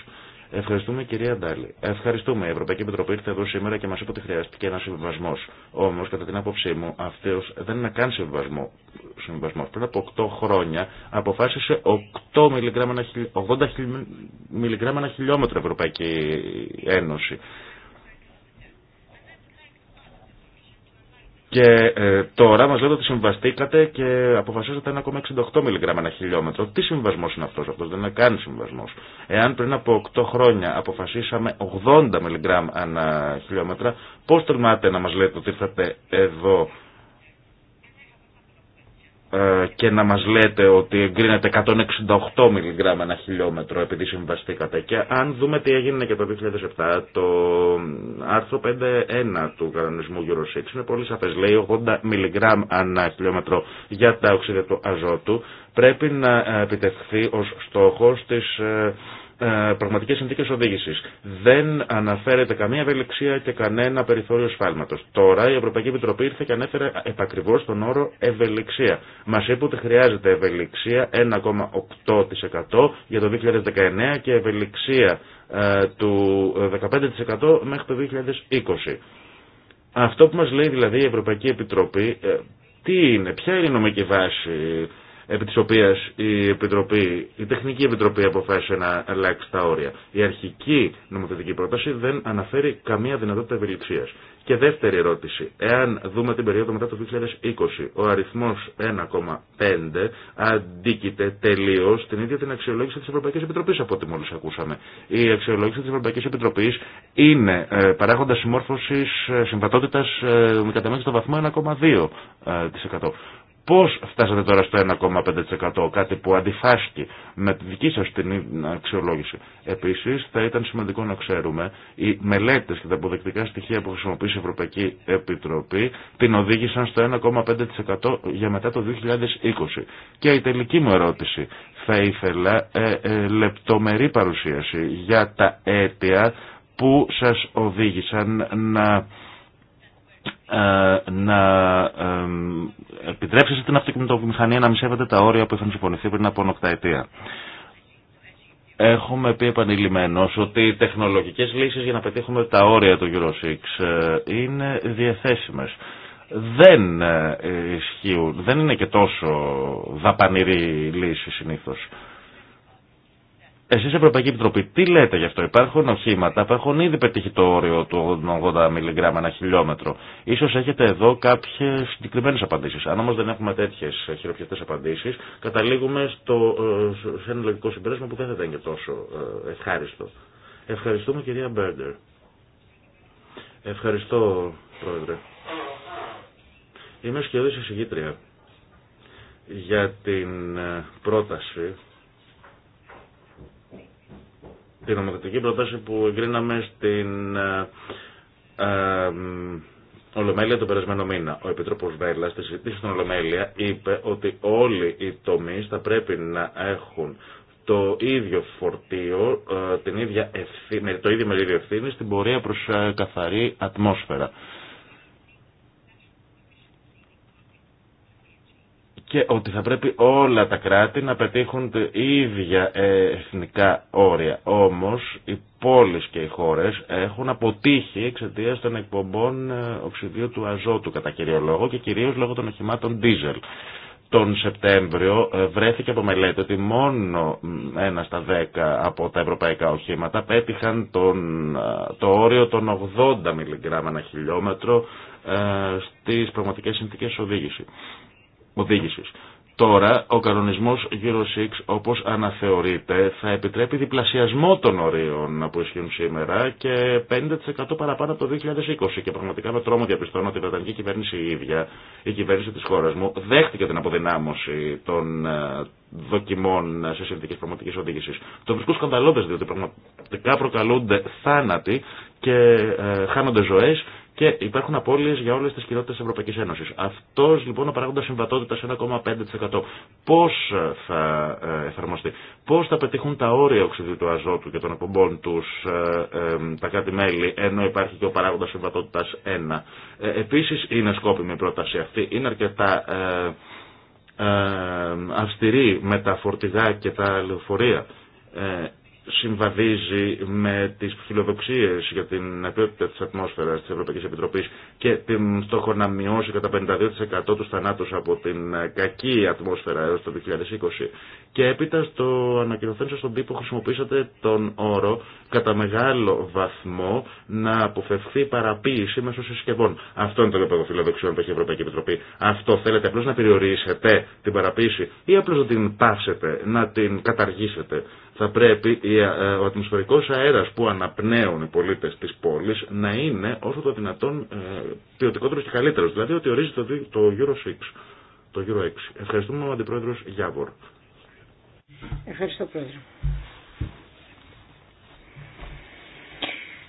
Ευχαριστούμε κυρία Ντάλη. Ευχαριστούμε. Η Ευρωπαϊκή Επιτροπή ήρθε εδώ σήμερα και μα είπε ότι χρειάστηκε ένα συμβιβασμό. Όμω, κατά την άποψή μου, αυτό δεν είναι καν συμβιβασμό. Πριν από 8 χρόνια αποφάσισε 8 μιλιγκράμμα, 80 μιλιγκράμμα ένα χιλιόμετρο Ευρωπαϊκή Ένωση. Και ε, τώρα μα λέτε ότι συμβαστήκατε και αποφασίσατε 1,68 μιλιγκράμμα ένα χιλιόμετρο. Τι συμβασμό είναι αυτό, αυτό δεν είναι καν συμβασμό. Εάν πριν από 8 χρόνια αποφασίσαμε 80 μιλιγκράμμα ένα χιλιόμετρα, πώ τολμάτε να μα λέτε ότι ήρθατε εδώ ε, και να μας λέτε ότι εγκρίνεται 168 μιλιγκράμμα ένα χιλιόμετρο επειδή συμβαστήκατε. Και αν δούμε τι έγινε και το 2007, το άρθρο 5.1 του κανονισμού Euro 6 είναι πολύ σαφές. Λέει 80 μιλιγκράμμ ανά χιλιόμετρο για τα οξύδια του αζότου πρέπει να επιτευχθεί ως στόχος της ε, ε, πραγματικέ συνθήκε οδήγηση. Δεν αναφέρεται καμία ευελιξία και κανένα περιθώριο σφάλματο. Τώρα η Ευρωπαϊκή Επιτροπή ήρθε και ανέφερε επακριβώ τον όρο ευελιξία. Μα είπε ότι χρειάζεται ευελιξία 1,8% για το 2019 και ευελιξία ε, του 15% ε, μέχρι το 2020. Αυτό που μας λέει δηλαδή η Ευρωπαϊκή Επιτροπή, τι είναι, ποια είναι η νομική βάση επί της οποίας η, Επιτροπή, η Τεχνική Επιτροπή αποφάσισε να αλλάξει τα όρια. Η αρχική νομοθετική πρόταση δεν αναφέρει καμία δυνατότητα ευελιξίας. Και δεύτερη ερώτηση. Εάν δούμε την περίοδο μετά το 2020, ο αριθμός 1,5 αντίκειται τελείως στην ίδια την αξιολόγηση της Ευρωπαϊκής Επιτροπής από ό,τι μόλις ακούσαμε. Η αξιολόγηση της Ευρωπαϊκής Επιτροπής είναι ε, παράγοντα συμμόρφωσης ε, συμβατότητας ε, με καταμέτρηση στο βαθμό 1,2%. Πώς φτάσατε τώρα στο 1,5% κάτι που αντιφάσκει με τη δική σας την αξιολόγηση. Επίσης θα ήταν σημαντικό να ξέρουμε οι μελέτες και τα αποδεκτικά στοιχεία που χρησιμοποιεί η Ευρωπαϊκή Επιτροπή την οδήγησαν στο 1,5% για μετά το 2020. Και η τελική μου ερώτηση θα ήθελα ε, ε, λεπτομερή παρουσίαση για τα αίτια που σας οδήγησαν να ε, να ε, επιτρέψει στην αυτοκινητοβιομηχανία να μισεύεται τα όρια που είχαν συμφωνηθεί πριν από νοκταετία. Έχουμε πει επανειλημμένω ότι οι τεχνολογικέ λύσει για να πετύχουμε τα όρια του Euro 6 ε, είναι διαθέσιμε. Δεν ισχύουν, δεν είναι και τόσο δαπανηρή λύση συνήθω. Εσείς Ευρωπαϊκή Επιτροπή, τι λέτε γι' αυτό. Υπάρχουν οχήματα που έχουν ήδη πετύχει το όριο του 80 μιλιγκράμμα ένα χιλιόμετρο. Ίσως έχετε εδώ κάποιες συγκεκριμένες απαντήσεις. Αν όμως δεν έχουμε τέτοιες χειροπιαστές απαντήσεις, καταλήγουμε στο, ε, σε ένα λογικό συμπέρασμα που δεν θα ήταν και τόσο ε, ευχάριστο. Ευχαριστούμε κυρία Μπέρντερ. Ευχαριστώ πρόεδρε. Είμαι σχεδόν εισηγήτρια για την ε, πρόταση την νομοθετική πρόταση που εγκρίναμε στην ε, ε, Ολομέλεια τον περασμένο μήνα. Ο Επιτρόπος Βέλλα της συζήτηση στην Ολομέλεια είπε ότι όλοι οι τομεί θα πρέπει να έχουν το ίδιο φορτίο, ε, την ίδια το ίδιο μερίδιο ευθύνη στην πορεία προς καθαρή ατμόσφαιρα. και ότι θα πρέπει όλα τα κράτη να πετύχουν τα ίδια ε, εθνικά όρια. Όμως οι πόλεις και οι χώρες έχουν αποτύχει εξαιτία των εκπομπών ε, οξυδίου του αζότου κατά κύριο λόγο και κυρίως λόγω των οχημάτων diesel. Τον Σεπτέμβριο ε, βρέθηκε από μελέτη ότι μόνο ένα στα δέκα από τα ευρωπαϊκά οχήματα πέτυχαν τον, το όριο των 80 μιλιγκράμμα ένα χιλιόμετρο στις πραγματικές συνθήκες οδήγηση οδήγησης. Τώρα ο κανονισμός γύρω 6 όπως αναθεωρείται θα επιτρέπει διπλασιασμό των ορίων που ισχύουν σήμερα και 50% παραπάνω από το 2020 και πραγματικά με τρόμο διαπιστώνω ότι η Βρετανική κυβέρνηση η ίδια, η κυβέρνηση της χώρας μου δέχτηκε την αποδυνάμωση των ε, δοκιμών σε συνθήκε πραγματική οδήγηση. Το βρίσκω σκανδαλώδε διότι πραγματικά προκαλούνται θάνατοι και ε, χάνονται ζωέ και υπάρχουν απώλειες για όλες τις κοινότητες Ευρωπαϊκής Ένωσης. Αυτός λοιπόν ο παράγοντας συμβατότητας 1,5% πώς ε, θα ε, εφαρμοστεί, πώς θα πετύχουν τα όρια οξυδίου του αζότου και των εκπομπών τους ε, τα κάτι μέλη, ενώ υπάρχει και ο παράγοντας συμβατότητας 1. Επίσης είναι σκόπιμη η πρόταση αυτή, είναι αρκετά αυστηρή με τα φορτηγά και τα λεωφορεία συμβαδίζει με τις φιλοδοξίες για την ποιότητα της ατμόσφαιρας της Ευρωπαϊκής Επιτροπής και την στόχο να μειώσει κατά 52% του θανάτους από την κακή ατμόσφαιρα έως το 2020. Και έπειτα στο ανακοινωθέν σας στον τύπο χρησιμοποίησατε τον όρο κατά μεγάλο βαθμό να αποφευθεί παραποίηση μέσω συσκευών. Αυτό είναι το επίπεδο φιλοδοξιών που έχει η Ευρωπαϊκή Επιτροπή. Αυτό θέλετε απλώς να περιορίσετε την παραποίηση ή απλώς να την πάψετε, να την καταργήσετε θα πρέπει ε, ο ατμοσφαιρικός αέρας που αναπνέουν οι πολίτες της πόλης να είναι όσο το δυνατόν ε, ποιοτικότερος και καλύτερος. Δηλαδή ότι ορίζεται το, το Euro 6. Το Euro 6. Ευχαριστούμε ο Αντιπρόεδρος Γιάβορ. Ευχαριστώ Πρόεδρε.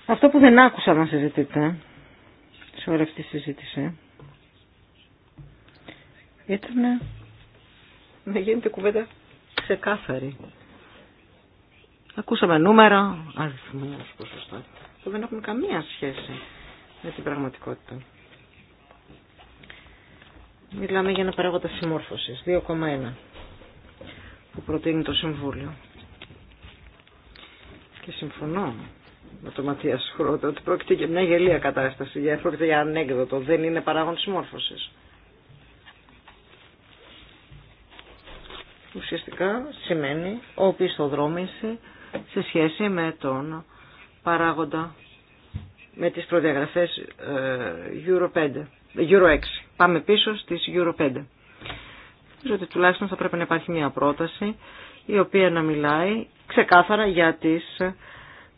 Αυτό που δεν άκουσα να συζητείτε σε όλη αυτή τη συζήτηση ήταν να γίνεται κουβέντα ξεκάθαρη Ακούσαμε νούμερα, αριθμούς, ποσοστά, που δεν έχουν καμία σχέση με την πραγματικότητα. Μιλάμε για ένα παράγοντα συμμόρφωσης, 2,1, που προτείνει το Συμβούλιο. Και συμφωνώ με τον Ματία Χρότα ότι πρόκειται για μια γελία κατάσταση, για πρόκειται για ανέκδοτο, δεν είναι παράγον συμμόρφωσης. Ουσιαστικά σημαίνει οπισθοδρόμηση σε σχέση με τον παράγοντα με τις προδιαγραφές ε, Euro, 5, Euro 6. Πάμε πίσω στις Euro 5. Νομίζω ότι τουλάχιστον θα πρέπει να υπάρχει μια πρόταση η οποία να μιλάει ξεκάθαρα για τις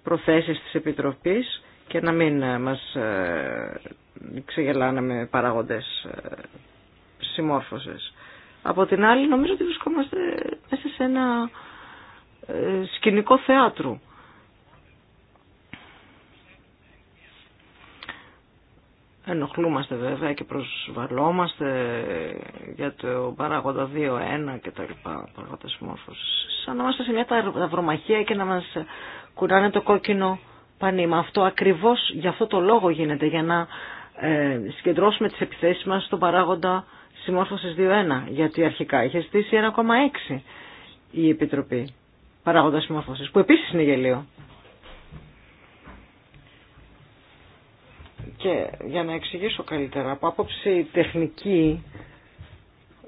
προθέσεις της Επιτροπής και να μην ε, μας ε, ξεγελάνε με παράγοντες συμμόρφωσες. Από την άλλη νομίζω ότι βρισκόμαστε μέσα σε ένα σκηνικό θεάτρου. Ενοχλούμαστε βέβαια και προσβαλόμαστε για το παράγοντα 2-1 και τα λοιπά Παράγοντα μόρφωσης. Σαν να είμαστε σε μια ταυρομαχία και να μας κουράνε το κόκκινο πανήμα. Αυτό ακριβώς για αυτό το λόγο γίνεται, για να ε, συγκεντρώσουμε τις επιθέσεις μας στον παράγοντα συμμόρφωσης 2-1, γιατί αρχικά είχε στήσει 1,6 η Επιτροπή. Παράγοντα μόρφωση, που επίσης είναι γελίο. Και για να εξηγήσω καλύτερα, από άποψη τεχνική,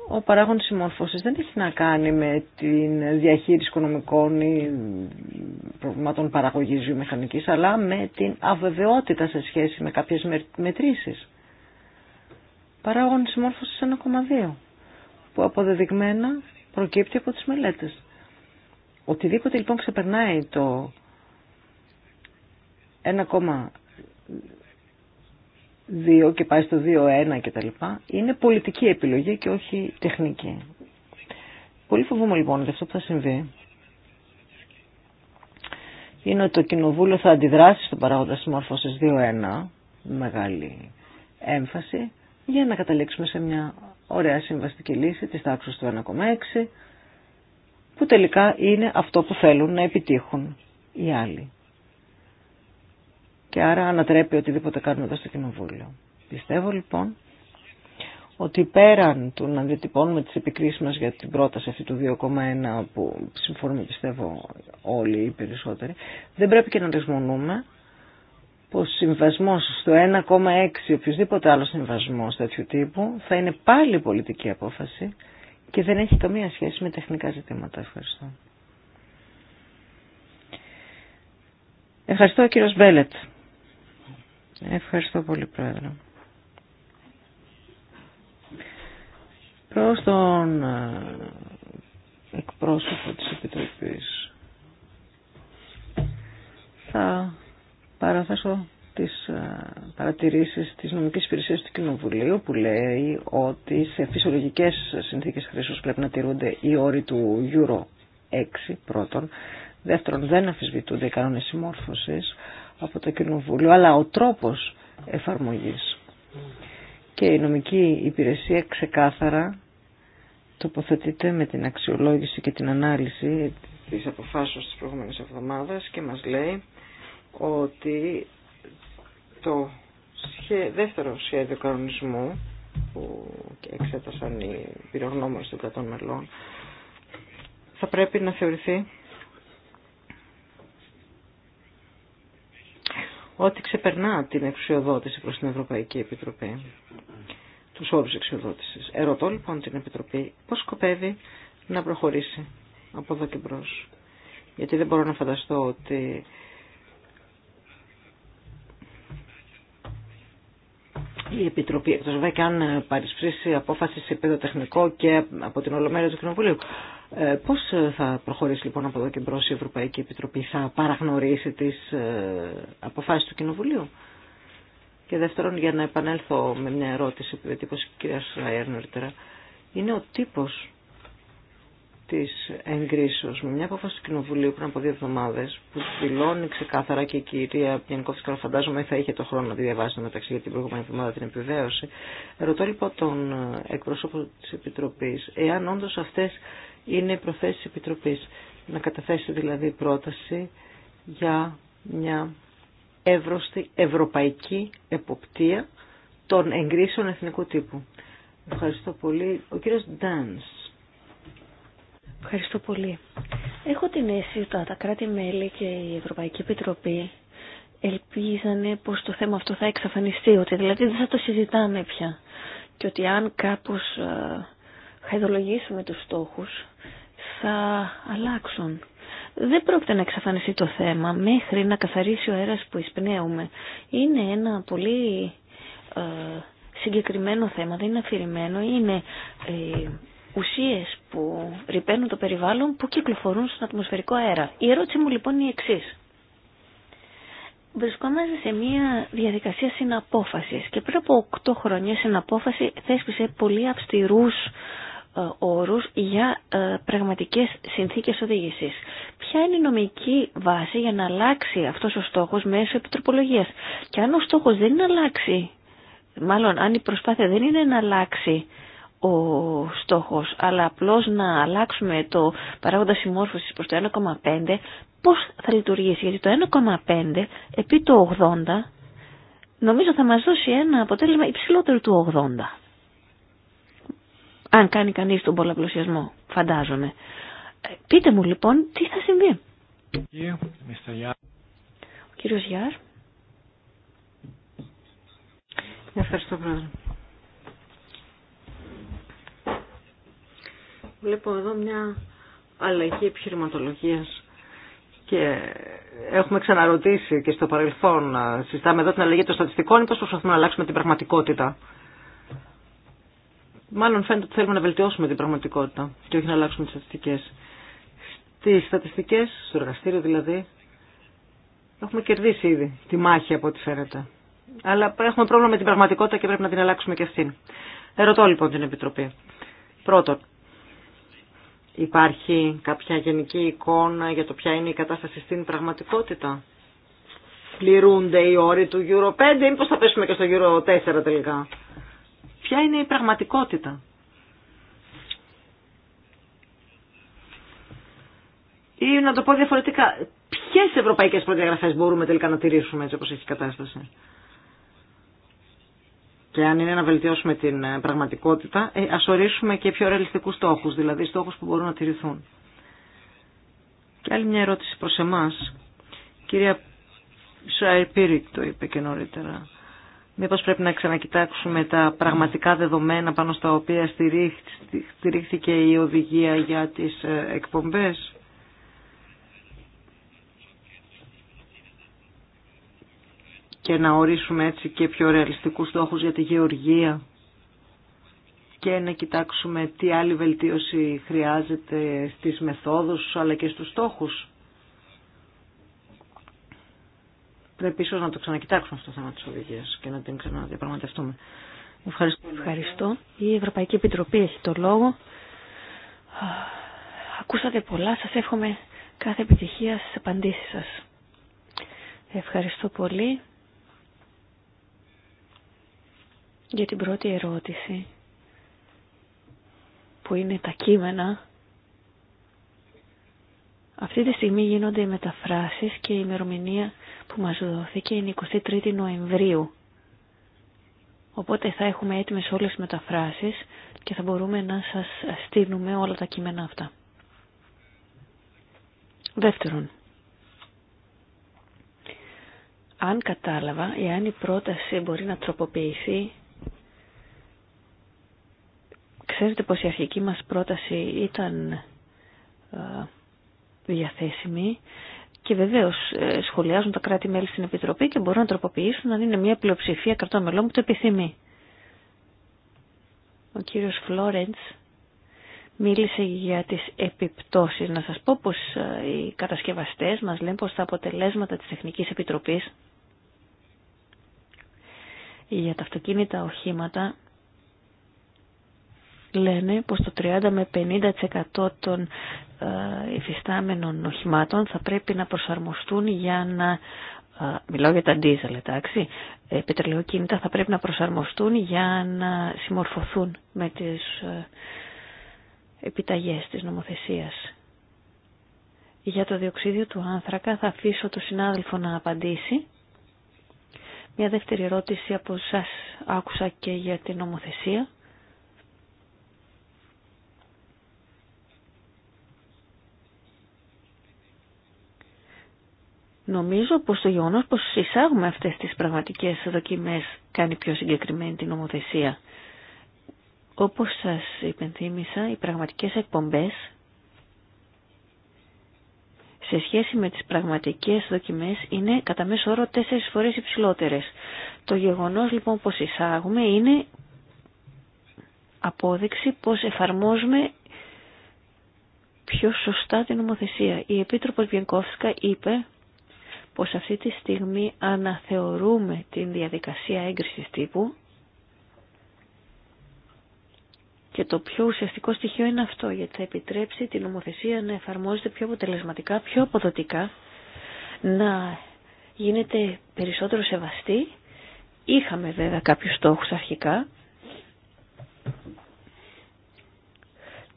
ο παράγοντας μόρφωση δεν έχει να κάνει με τη διαχείριση οικονομικών ή προβλημάτων παραγωγή βιομηχανική, αλλά με την αβεβαιότητα σε σχέση με κάποιε μετρήσει. Παράγοντας συμμόρφωση 1,2 που αποδεδειγμένα προκύπτει από τις μελέτες. Οτιδήποτε λοιπόν ξεπερνάει το 1,2 και πάει στο 2,1 κτλ, είναι πολιτική επιλογή και όχι τεχνική. Πολύ φοβούμαι λοιπόν ότι αυτό που θα συμβεί είναι ότι το Κοινοβούλιο θα αντιδράσει στον παράγοντα συμμορφώσεις 2-1, μεγάλη έμφαση, για να καταλήξουμε σε μια ωραία συμβαστική λύση της τάξης του 1,6, που τελικά είναι αυτό που θέλουν να επιτύχουν οι άλλοι. Και άρα ανατρέπει οτιδήποτε κάνουμε εδώ στο Κοινοβούλιο. Πιστεύω λοιπόν ότι πέραν του να διατυπώνουμε τις επικρίσεις μας για την πρόταση αυτή του 2,1 που συμφωνούμε πιστεύω όλοι οι περισσότεροι, δεν πρέπει και να δεσμονούμε πως συμβασμός στο 1,6 οποιοδήποτε άλλο συμβασμός τέτοιου τύπου θα είναι πάλι πολιτική απόφαση και δεν έχει καμία σχέση με τεχνικά ζητήματα. Ευχαριστώ. Ευχαριστώ κύριο Μπέλετ. Ευχαριστώ πολύ πρόεδρε. Προς τον ε, εκπρόσωπο της Επιτροπής θα παραθέσω τις ε, παρατηρήσεις της νομικής υπηρεσίας του Κοινοβουλίου που λέει ότι σε φυσιολογικές συνθήκες χρήσεως πρέπει να τηρούνται οι όροι του Euro 6 πρώτον. Δεύτερον, δεν αφισβητούνται οι κανόνες συμμόρφωσης από το Κοινοβούλιο, αλλά ο τρόπος εφαρμογής. Και η νομική υπηρεσία ξεκάθαρα τοποθετείται με την αξιολόγηση και την ανάλυση της αποφάσεως της προηγούμενης εβδομάδας και μας λέει ότι το δεύτερο σχέδιο κανονισμού που εξέτασαν οι πυρογνώμονες των κρατών μελών θα πρέπει να θεωρηθεί ότι ξεπερνά την εξουσιοδότηση προς την Ευρωπαϊκή Επιτροπή, τους όρους εξουσιοδότησης. Ερωτώ λοιπόν την Επιτροπή πώς σκοπεύει να προχωρήσει από εδώ και μπρος. Γιατί δεν μπορώ να φανταστώ ότι η Επιτροπή, εκτό βέβαια και αν ε, παρισφρήσει απόφαση σε επίπεδο τεχνικό και από την Ολομέλεια του Κοινοβουλίου. Ε, πώς ε, θα προχωρήσει λοιπόν από εδώ και μπρο η Ευρωπαϊκή Επιτροπή, θα παραγνωρίσει τις ε, αποφάσει του Κοινοβουλίου. Και δεύτερον, για να επανέλθω με μια ερώτηση που είπε η κυρία Σράιερ νωρίτερα, είναι ο τύπος της εγκρίσεως με μια απόφαση του Κοινοβουλίου πριν από δύο εβδομάδες που δηλώνει ξεκάθαρα και η κυρία Πιανικόφσκα φαντάζομαι θα είχε το χρόνο να τη διαβάσει μεταξύ για την προηγούμενη εβδομάδα την επιβέωση Ρωτώ λοιπόν τον εκπρόσωπο της Επιτροπής εάν όντως αυτές είναι οι προθέσεις της Επιτροπής να καταθέσει δηλαδή πρόταση για μια εύρωστη ευρωπαϊκή εποπτεία των εγκρίσεων εθνικού τύπου. Ευχαριστώ πολύ. Ο κύριος Ντάνς. Ευχαριστώ πολύ. Έχω την αίσθηση ότι τα κράτη-μέλη και η Ευρωπαϊκή Επιτροπή ελπίζανε πως το θέμα αυτό θα εξαφανιστεί, ότι δηλαδή δεν θα το συζητάμε πια και ότι αν κάπως ε, χαϊδολογήσουμε τους στόχους θα αλλάξουν. Δεν πρόκειται να εξαφανιστεί το θέμα μέχρι να καθαρίσει ο αέρας που εισπνέουμε. Είναι ένα πολύ ε, συγκεκριμένο θέμα, δεν είναι αφηρημένο, είναι ε, ουσίες που ρηπαίνουν το περιβάλλον που κυκλοφορούν στον ατμοσφαιρικό αέρα. Η ερώτηση μου λοιπόν είναι η εξής. Βρισκόμαστε σε μια διαδικασία συναπόφασης και πριν από 8 χρόνια συναπόφαση θέσπισε πολύ αυστηρούς ε, όρους για ε, πραγματικές συνθήκες οδήγησης. Ποια είναι η νομική βάση για να αλλάξει αυτός ο στόχος μέσω επιτροπολογίας. Και αν ο στόχος δεν είναι να αλλάξει, μάλλον αν η προσπάθεια δεν είναι να αλλάξει ο στόχος, αλλά απλώς να αλλάξουμε το παράγοντα συμμόρφωσης προς το 1,5, πώς θα λειτουργήσει. Γιατί το 1,5 επί το 80 νομίζω θα μας δώσει ένα αποτέλεσμα υψηλότερο του 80. Αν κάνει κανείς τον πολλαπλωσιασμό φαντάζομαι. Ε, πείτε μου λοιπόν τι θα συμβεί. Ο κύριος Γιάρ. Ευχαριστώ πρόεδρε. βλέπω εδώ μια αλλαγή επιχειρηματολογίας και έχουμε ξαναρωτήσει και στο παρελθόν, συζητάμε εδώ την αλλαγή των στατιστικών, πώ προσπαθούμε να αλλάξουμε την πραγματικότητα. Μάλλον φαίνεται ότι θέλουμε να βελτιώσουμε την πραγματικότητα και όχι να αλλάξουμε τις στατιστικές. Στις στατιστικές, στο εργαστήριο δηλαδή, έχουμε κερδίσει ήδη τη μάχη από ό,τι φαίνεται. Αλλά έχουμε πρόβλημα με την πραγματικότητα και πρέπει να την αλλάξουμε και αυτήν. Ερωτώ λοιπόν την Επιτροπή. Πρώτον, Υπάρχει κάποια γενική εικόνα για το ποια είναι η κατάσταση στην πραγματικότητα. Πληρούνται οι όροι του Euro 5 ή πώς θα πέσουμε και στο Euro 4 τελικά. Ποια είναι η πραγματικότητα. Ή να το πω διαφορετικά, ποιες ευρωπαϊκές προδιαγραφές μπορούμε τελικά να τηρήσουμε έτσι όπως έχει η κατάσταση και αν είναι να βελτιώσουμε την ε, πραγματικότητα, ε, α ορίσουμε και πιο ρεαλιστικούς στόχους, δηλαδή στόχους που μπορούν να τηρηθούν. Και άλλη μια ερώτηση προς εμάς. Κυρία Σάιρ Πύρικ το είπε και νωρίτερα. Μήπως πρέπει να ξανακοιτάξουμε τα πραγματικά δεδομένα πάνω στα οποία στηρίχθηκε η οδηγία για τις ε, εκπομπές. και να ορίσουμε έτσι και πιο ρεαλιστικούς στόχους για τη γεωργία και να κοιτάξουμε τι άλλη βελτίωση χρειάζεται στις μεθόδους αλλά και στους στόχους. Πρέπει ίσως να το ξανακοιτάξουμε αυτό το θέμα της οδηγίας και να την ξαναδιαπραγματευτούμε. Ευχαριστώ. Ευχαριστώ. Η Ευρωπαϊκή Επιτροπή έχει το λόγο. Ακούσατε πολλά. Σας εύχομαι κάθε επιτυχία στις απαντήσεις σας. Ευχαριστώ πολύ. για την πρώτη ερώτηση που είναι τα κείμενα. Αυτή τη στιγμή γίνονται οι μεταφράσεις και η ημερομηνία που μας δόθηκε είναι 23η Νοεμβρίου. Οπότε θα έχουμε έτοιμες όλες τις μεταφράσεις και θα μπορούμε να σας στείλουμε όλα τα κείμενα αυτά. Δεύτερον, αν κατάλαβα, εάν η πρόταση μπορεί να τροποποιηθεί Ξέρετε πως η αρχική μας πρόταση ήταν ε, διαθέσιμη και βεβαίω ε, σχολιάζουν τα κράτη-μέλη στην Επιτροπή και μπορούν να τροποποιήσουν αν είναι μια πλειοψηφία κρατών μελών που το επιθυμεί. Ο κύριος Φλόρεντς μίλησε για τις επιπτώσεις. Να σας πω πως ε, οι κατασκευαστές μας λένε πως τα αποτελέσματα της Τεχνικής Επιτροπής για τα αυτοκίνητα οχήματα λένε πως το 30 με 50% των ε, υφιστάμενων οχημάτων θα πρέπει να προσαρμοστούν για να ε, μιλάω για τα ντίζελ, εντάξει, πετρελαιοκίνητα θα πρέπει να προσαρμοστούν για να συμμορφωθούν με τις ε, επιταγές της νομοθεσίας. Για το διοξίδιο του άνθρακα θα αφήσω το συνάδελφο να απαντήσει. Μια δεύτερη ερώτηση από σας άκουσα και για την νομοθεσία. Νομίζω πως το γεγονό πως εισάγουμε αυτές τις πραγματικές δοκιμές κάνει πιο συγκεκριμένη την νομοθεσία. Όπως σας υπενθύμησα, οι πραγματικές εκπομπές σε σχέση με τις πραγματικές δοκιμές είναι κατά μέσο όρο τέσσερις φορές υψηλότερες. Το γεγονός λοιπόν πως εισάγουμε είναι απόδειξη πως εφαρμόζουμε πιο σωστά την νομοθεσία. Η Επίτροπος Βιενκόφσκα είπε πως αυτή τη στιγμή αναθεωρούμε την διαδικασία έγκρισης τύπου και το πιο ουσιαστικό στοιχείο είναι αυτό, γιατί θα επιτρέψει την νομοθεσία να εφαρμόζεται πιο αποτελεσματικά, πιο αποδοτικά, να γίνεται περισσότερο σεβαστή. Είχαμε βέβαια κάποιους στόχους αρχικά,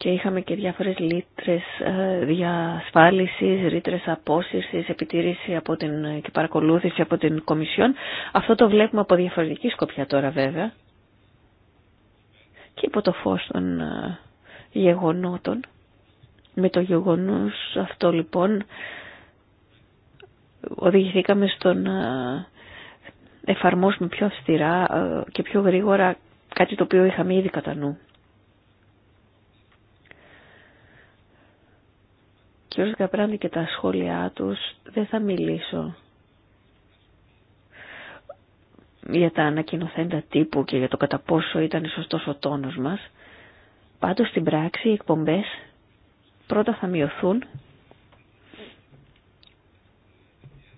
και είχαμε και διάφορες λίτρες ε, διασφάλισης, ρήτρες απόσυρσης, επιτήρηση από την, και παρακολούθηση από την Κομισιόν. Αυτό το βλέπουμε από διαφορετική σκοπιά τώρα βέβαια και υπό το φως των ε, γεγονότων. Με το γεγονός αυτό λοιπόν οδηγηθήκαμε στο να ε, εφαρμόσουμε πιο αυστηρά και πιο γρήγορα κάτι το οποίο είχαμε ήδη κατά νου. κύριος Καπράνη και τα σχόλιά τους, δεν θα μιλήσω για τα ανακοινοθέντα τύπου και για το κατά πόσο ήταν σωστός ο τόνος μας. Πάντως στην πράξη οι εκπομπές πρώτα θα μειωθούν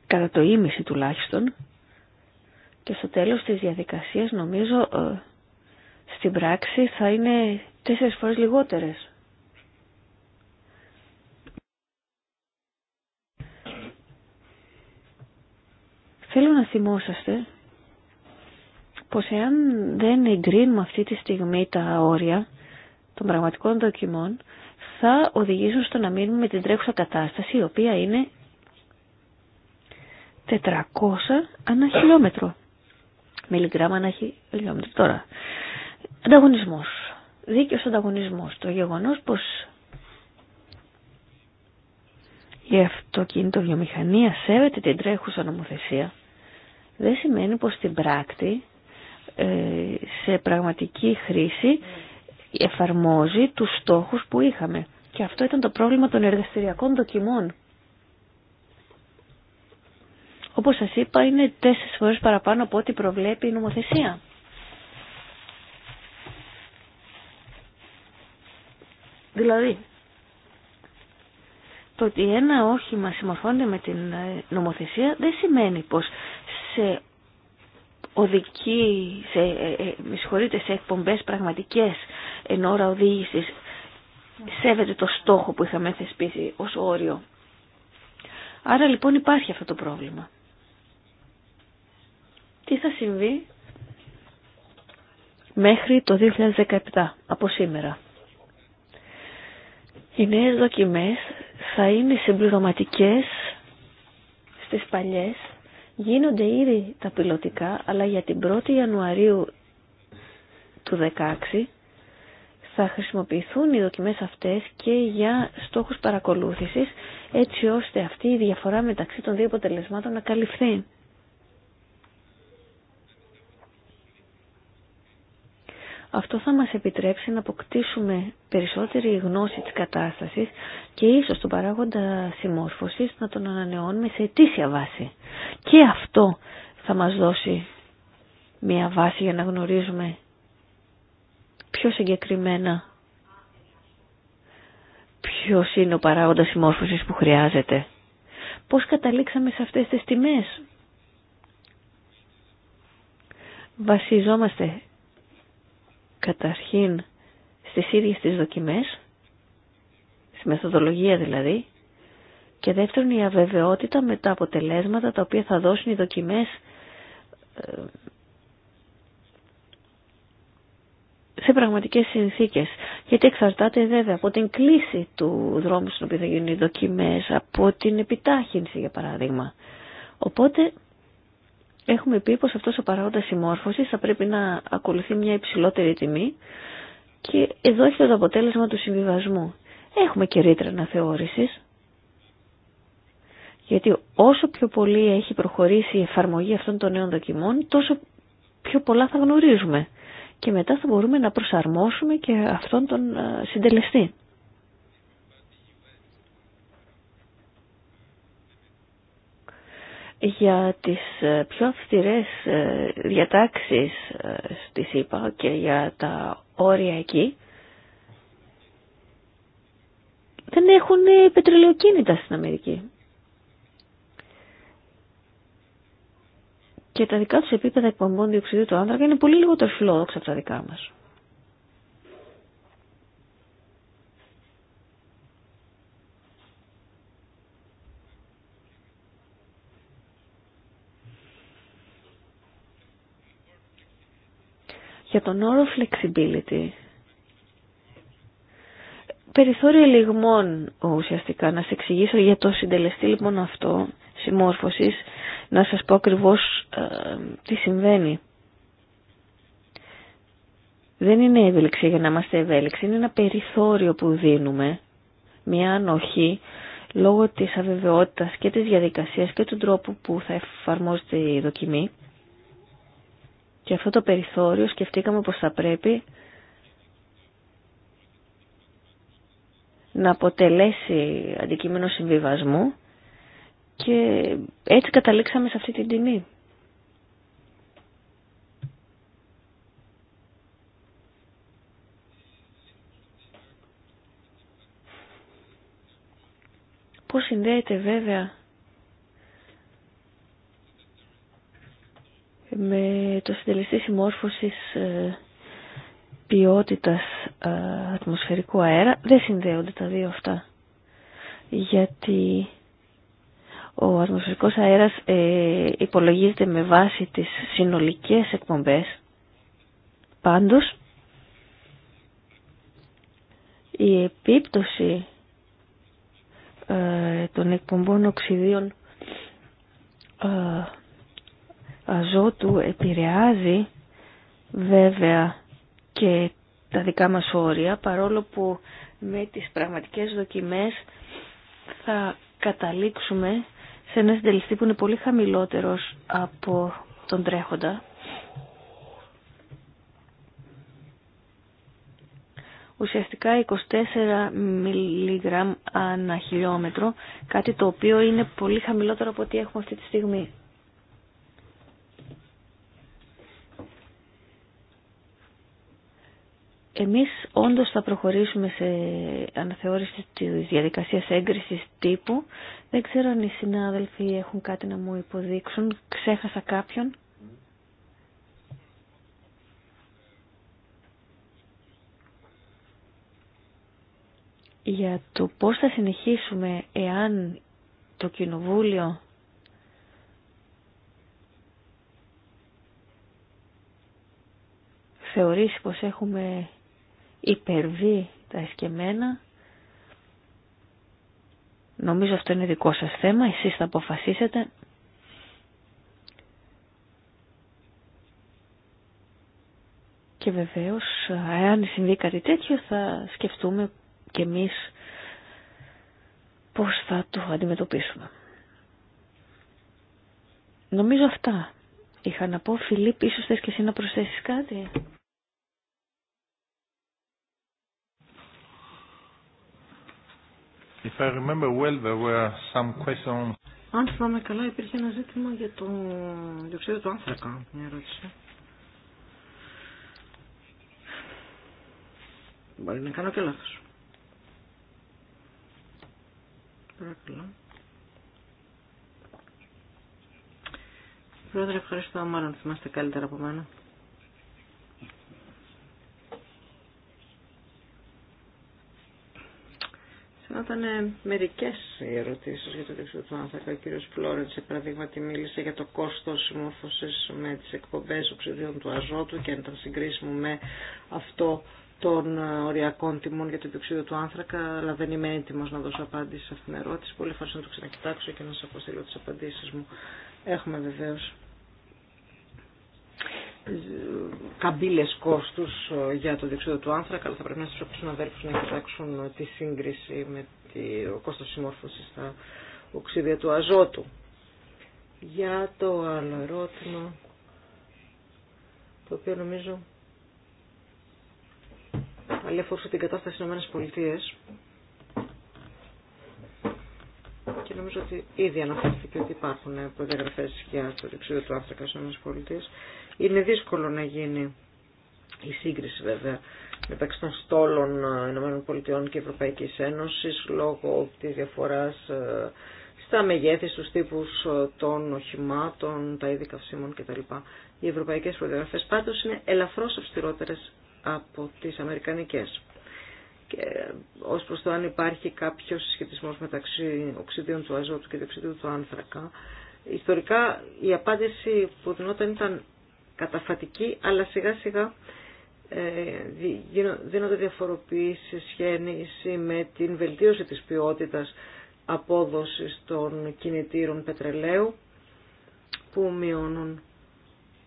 κατά το ίμιση τουλάχιστον και στο τέλος της διαδικασίας νομίζω ε, στην πράξη θα είναι τέσσερις φορές λιγότερες. Θέλω να θυμόσαστε πως εάν δεν εγκρίνουμε αυτή τη στιγμή τα όρια των πραγματικών δοκιμών, θα οδηγήσουν στο να μείνουμε με την τρέχουσα κατάσταση, η οποία είναι 400 ανά χιλιόμετρο. Μιλιγκράμμα ανά χιλιόμετρο. Τώρα, ανταγωνισμός. Δίκαιος ανταγωνισμός. Το γεγονός πως η αυτοκίνητο βιομηχανία σέβεται την τρέχουσα νομοθεσία δεν σημαίνει πως στην πράκτη ε, σε πραγματική χρήση εφαρμόζει τους στόχους που είχαμε. Και αυτό ήταν το πρόβλημα των εργαστηριακών δοκιμών. Όπως σας είπα είναι τέσσερις φορές παραπάνω από ό,τι προβλέπει η νομοθεσία. Δηλαδή, το ότι ένα όχημα συμμορφώνεται με την ε, νομοθεσία δεν σημαίνει πως σε οδική, σε, ε, ε σε εκπομπές πραγματικές εν ώρα οδήγησης σέβεται το στόχο που είχαμε θεσπίσει ως όριο. Άρα λοιπόν υπάρχει αυτό το πρόβλημα. Τι θα συμβεί μέχρι το 2017 από σήμερα. Οι νέες δοκιμές θα είναι συμπληρωματικές στις παλιές Γίνονται ήδη τα πιλωτικά, αλλά για την 1η Ιανουαρίου του 2016 θα χρησιμοποιηθούν οι δοκιμές αυτές και για στόχους παρακολούθησης, έτσι ώστε αυτή η διαφορά μεταξύ των δύο αποτελεσμάτων να καλυφθεί. Αυτό θα μας επιτρέψει να αποκτήσουμε περισσότερη γνώση της κατάστασης και ίσως τον παράγοντα συμμόρφωσης να τον ανανεώνουμε σε αιτήσια βάση. Και αυτό θα μας δώσει μια βάση για να γνωρίζουμε πιο συγκεκριμένα ποιο είναι ο παράγοντας συμμόρφωσης που χρειάζεται. Πώς καταλήξαμε σε αυτές τις τιμές. Βασιζόμαστε καταρχήν στις ίδιες τις δοκιμές, στη μεθοδολογία δηλαδή, και δεύτερον η αβεβαιότητα με τα αποτελέσματα τα οποία θα δώσουν οι δοκιμές ε, σε πραγματικές συνθήκες. Γιατί εξαρτάται βέβαια από την κλίση του δρόμου στον οποίο θα γίνουν οι δοκιμές, από την επιτάχυνση για παράδειγμα. Οπότε έχουμε πει πως αυτός ο παράγοντας συμμόρφωσης θα πρέπει να ακολουθεί μια υψηλότερη τιμή και εδώ έχει το αποτέλεσμα του συμβιβασμού. Έχουμε και ρήτρα αναθεώρησης, γιατί όσο πιο πολύ έχει προχωρήσει η εφαρμογή αυτών των νέων δοκιμών, τόσο πιο πολλά θα γνωρίζουμε. Και μετά θα μπορούμε να προσαρμόσουμε και αυτόν τον ε, συντελεστή. για τις ε, πιο αυστηρές ε, διατάξεις ε, στη ΣΥΠΑ και για τα όρια εκεί δεν έχουν πετρελαιοκίνητα στην Αμερική. Και τα δικά τους επίπεδα εκπομπών διοξιδίου του άνθρακα είναι πολύ λιγότερο φιλόδοξα από τα δικά μας. Για τον όρο flexibility, περιθώριο λιγμών ουσιαστικά να σε εξηγήσω για το συντελεστή λοιπόν αυτό συμμόρφωσης, να σας πω ακριβώς ε, τι συμβαίνει. Δεν είναι ευέλιξη για να είμαστε ευέλιξοι, είναι ένα περιθώριο που δίνουμε, μια ανοχή, λόγω της αβεβαιότητας και της διαδικασίας και του τρόπου που θα εφαρμόζεται η δοκιμή και αυτό το περιθώριο σκεφτήκαμε πως θα πρέπει να αποτελέσει αντικείμενο συμβιβασμού και έτσι καταλήξαμε σε αυτή την τιμή. Πώς συνδέεται βέβαια με το συντελεστή συμμόρφωσης ε, ποιότητας ε, ατμοσφαιρικού αέρα δεν συνδέονται τα δύο αυτά γιατί ο ατμοσφαιρικός αέρας ε, υπολογίζεται με βάση τις συνολικές εκπομπές πάντως η επίπτωση των εκπομπών οξυδίων αζότου επηρεάζει βέβαια και τα δικά μας όρια παρόλο που με τις πραγματικές δοκιμές θα καταλήξουμε σε ένα συντελιστή που είναι πολύ χαμηλότερος από τον τρέχοντα. Ουσιαστικά 24 μιλιγραμμ ανά χιλιόμετρο, κάτι το οποίο είναι πολύ χαμηλότερο από ό,τι έχουμε αυτή τη στιγμή. Εμείς όντως θα προχωρήσουμε σε αναθεώρηση της διαδικασίας έγκρισης τύπου. Δεν ξέρω αν οι συνάδελφοι έχουν κάτι να μου υποδείξουν. Ξέχασα κάποιον. Για το πώς θα συνεχίσουμε εάν το Κοινοβούλιο θεωρήσει πως έχουμε υπερβεί τα εσκεμένα. Νομίζω αυτό είναι δικό σας θέμα, εσείς θα αποφασίσετε. Και βεβαίως, αν συμβεί κάτι τέτοιο, θα σκεφτούμε και εμείς πώς θα το αντιμετωπίσουμε. Νομίζω αυτά είχα να πω. Φιλίπ, ίσως θες και εσύ να προσθέσεις κάτι. Αν θυμάμαι καλά, υπήρχε ένα ζήτημα για το διοξείδιο του άνθρακα, μια ερώτηση. Μπορεί να κάνω και λάθος. Παρακαλώ. Πρόεδρε, ευχαριστώ. Μάλλον θυμάστε καλύτερα από μένα. Θα ήταν μερικέ οι ερωτήσει για το δεξιό του άνθρακα. Ο κύριο Φλόρεντ, σε παράδειγμα, τη μίλησε για το κόστο συμμόρφωση με τι εκπομπέ οξυδίων του αζότου και αν ήταν συγκρίσιμο με αυτό των ε, οριακών τιμών για το διοξείδιο του άνθρακα, αλλά δεν είμαι έτοιμο να δώσω απάντηση σε αυτήν την ερώτηση. Πολύ ευχαριστώ να το ξανακοιτάξω και να σα αποστείλω τι απαντήσει μου. Έχουμε βεβαίω καμπύλε κόστου ε, για το διοξείδιο του άνθρακα, αλλά θα πρέπει να στου αδέρφου να κοιτάξουν ε, τη σύγκριση με το κόστο συμμόρφωση στα οξύδια του αζότου. Για το άλλο ερώτημα, το οποίο νομίζω αλλά την κατάσταση Ηνωμένε ΗΠΑ και νομίζω ότι ήδη αναφέρθηκε ότι υπάρχουν προδιαγραφέ για το διοξείδιο του άνθρακα στις ΗΠΑ είναι δύσκολο να γίνει η σύγκριση βέβαια μεταξύ των στόλων ε, ΗΠΑ και Ευρωπαϊκής Ένωσης λόγω της διαφοράς ε, στα μεγέθη, στους τύπους ε, των οχημάτων, τα είδη καυσίμων κτλ. Οι ευρωπαϊκές προδιαγραφές πάντως είναι ελαφρώς αυστηρότερες από τις αμερικανικές. Και ως προς το αν υπάρχει κάποιος συσχετισμός μεταξύ οξυδίων του αζότου και διοξυδίου του άνθρακα, ιστορικά η απάντηση που δινόταν ήταν καταφατική, αλλά σιγά σιγά ε, δίνονται διαφοροποιήσεις σχέση με την βελτίωση της ποιότητας απόδοσης των κινητήρων πετρελαίου που μειώνουν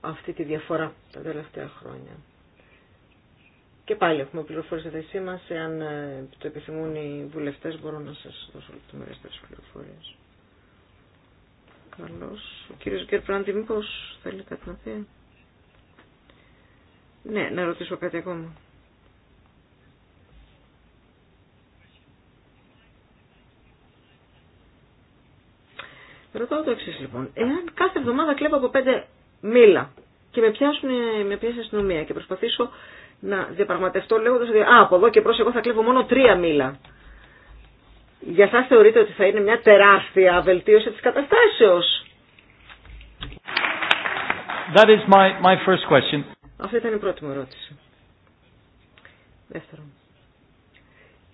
αυτή τη διαφορά τα τελευταία χρόνια. Και πάλι έχουμε πληροφορίες στη θέση μας. Εάν ε, το επιθυμούν οι βουλευτές μπορώ να σας δώσω λεπτομερέστερε πληροφορίε. Καλώ. Ο κύριο Γκέρπραντι, μήπω θέλει κάτι να πει. Ναι, να ρωτήσω κάτι ακόμα. Ρωτάω το εξή λοιπόν. Εάν κάθε εβδομάδα κλέβω από πέντε μήλα και με πιάσουν με πιάσει αστυνομία και προσπαθήσω να διαπραγματευτώ λέγοντα ότι α, από εδώ και προ εγώ θα κλέβω μόνο τρία μήλα. Για σας θεωρείτε ότι θα είναι μια τεράστια βελτίωση της καταστάσεως. That αυτή ήταν η πρώτη μου ερώτηση. Δεύτερον,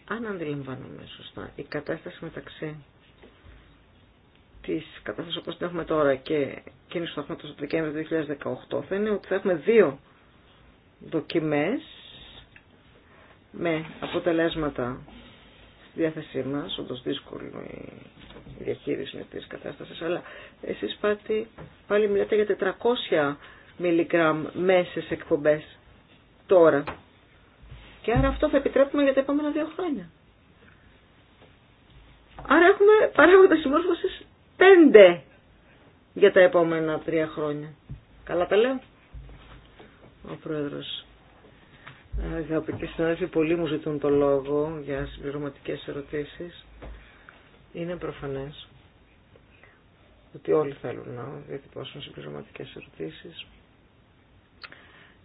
αν αντιλαμβάνομαι σωστά, η κατάσταση μεταξύ της κατάστασης όπως την έχουμε τώρα και εκείνης του θα του το του 2018 θα είναι ότι θα έχουμε δύο δοκιμές με αποτελέσματα στη διάθεσή μα, Όντως δύσκολη η διαχείριση της κατάστασης αλλά εσεί πάλι μιλάτε για 400 μιλιγκράμμ σε εκπομπές τώρα. Και άρα αυτό θα επιτρέπουμε για τα επόμενα δύο χρόνια. Άρα έχουμε παράγοντα συμμόρφωσης πέντε για τα επόμενα τρία χρόνια. Καλά τα λέω. Ο Πρόεδρος. Αγαπητοί συνάδελφοι, πολλοί μου ζητούν το λόγο για συμπληρωματικές ερωτήσεις. Είναι προφανές ότι όλοι θέλουν να διατυπώσουν συμπληρωματικές ερωτήσεις.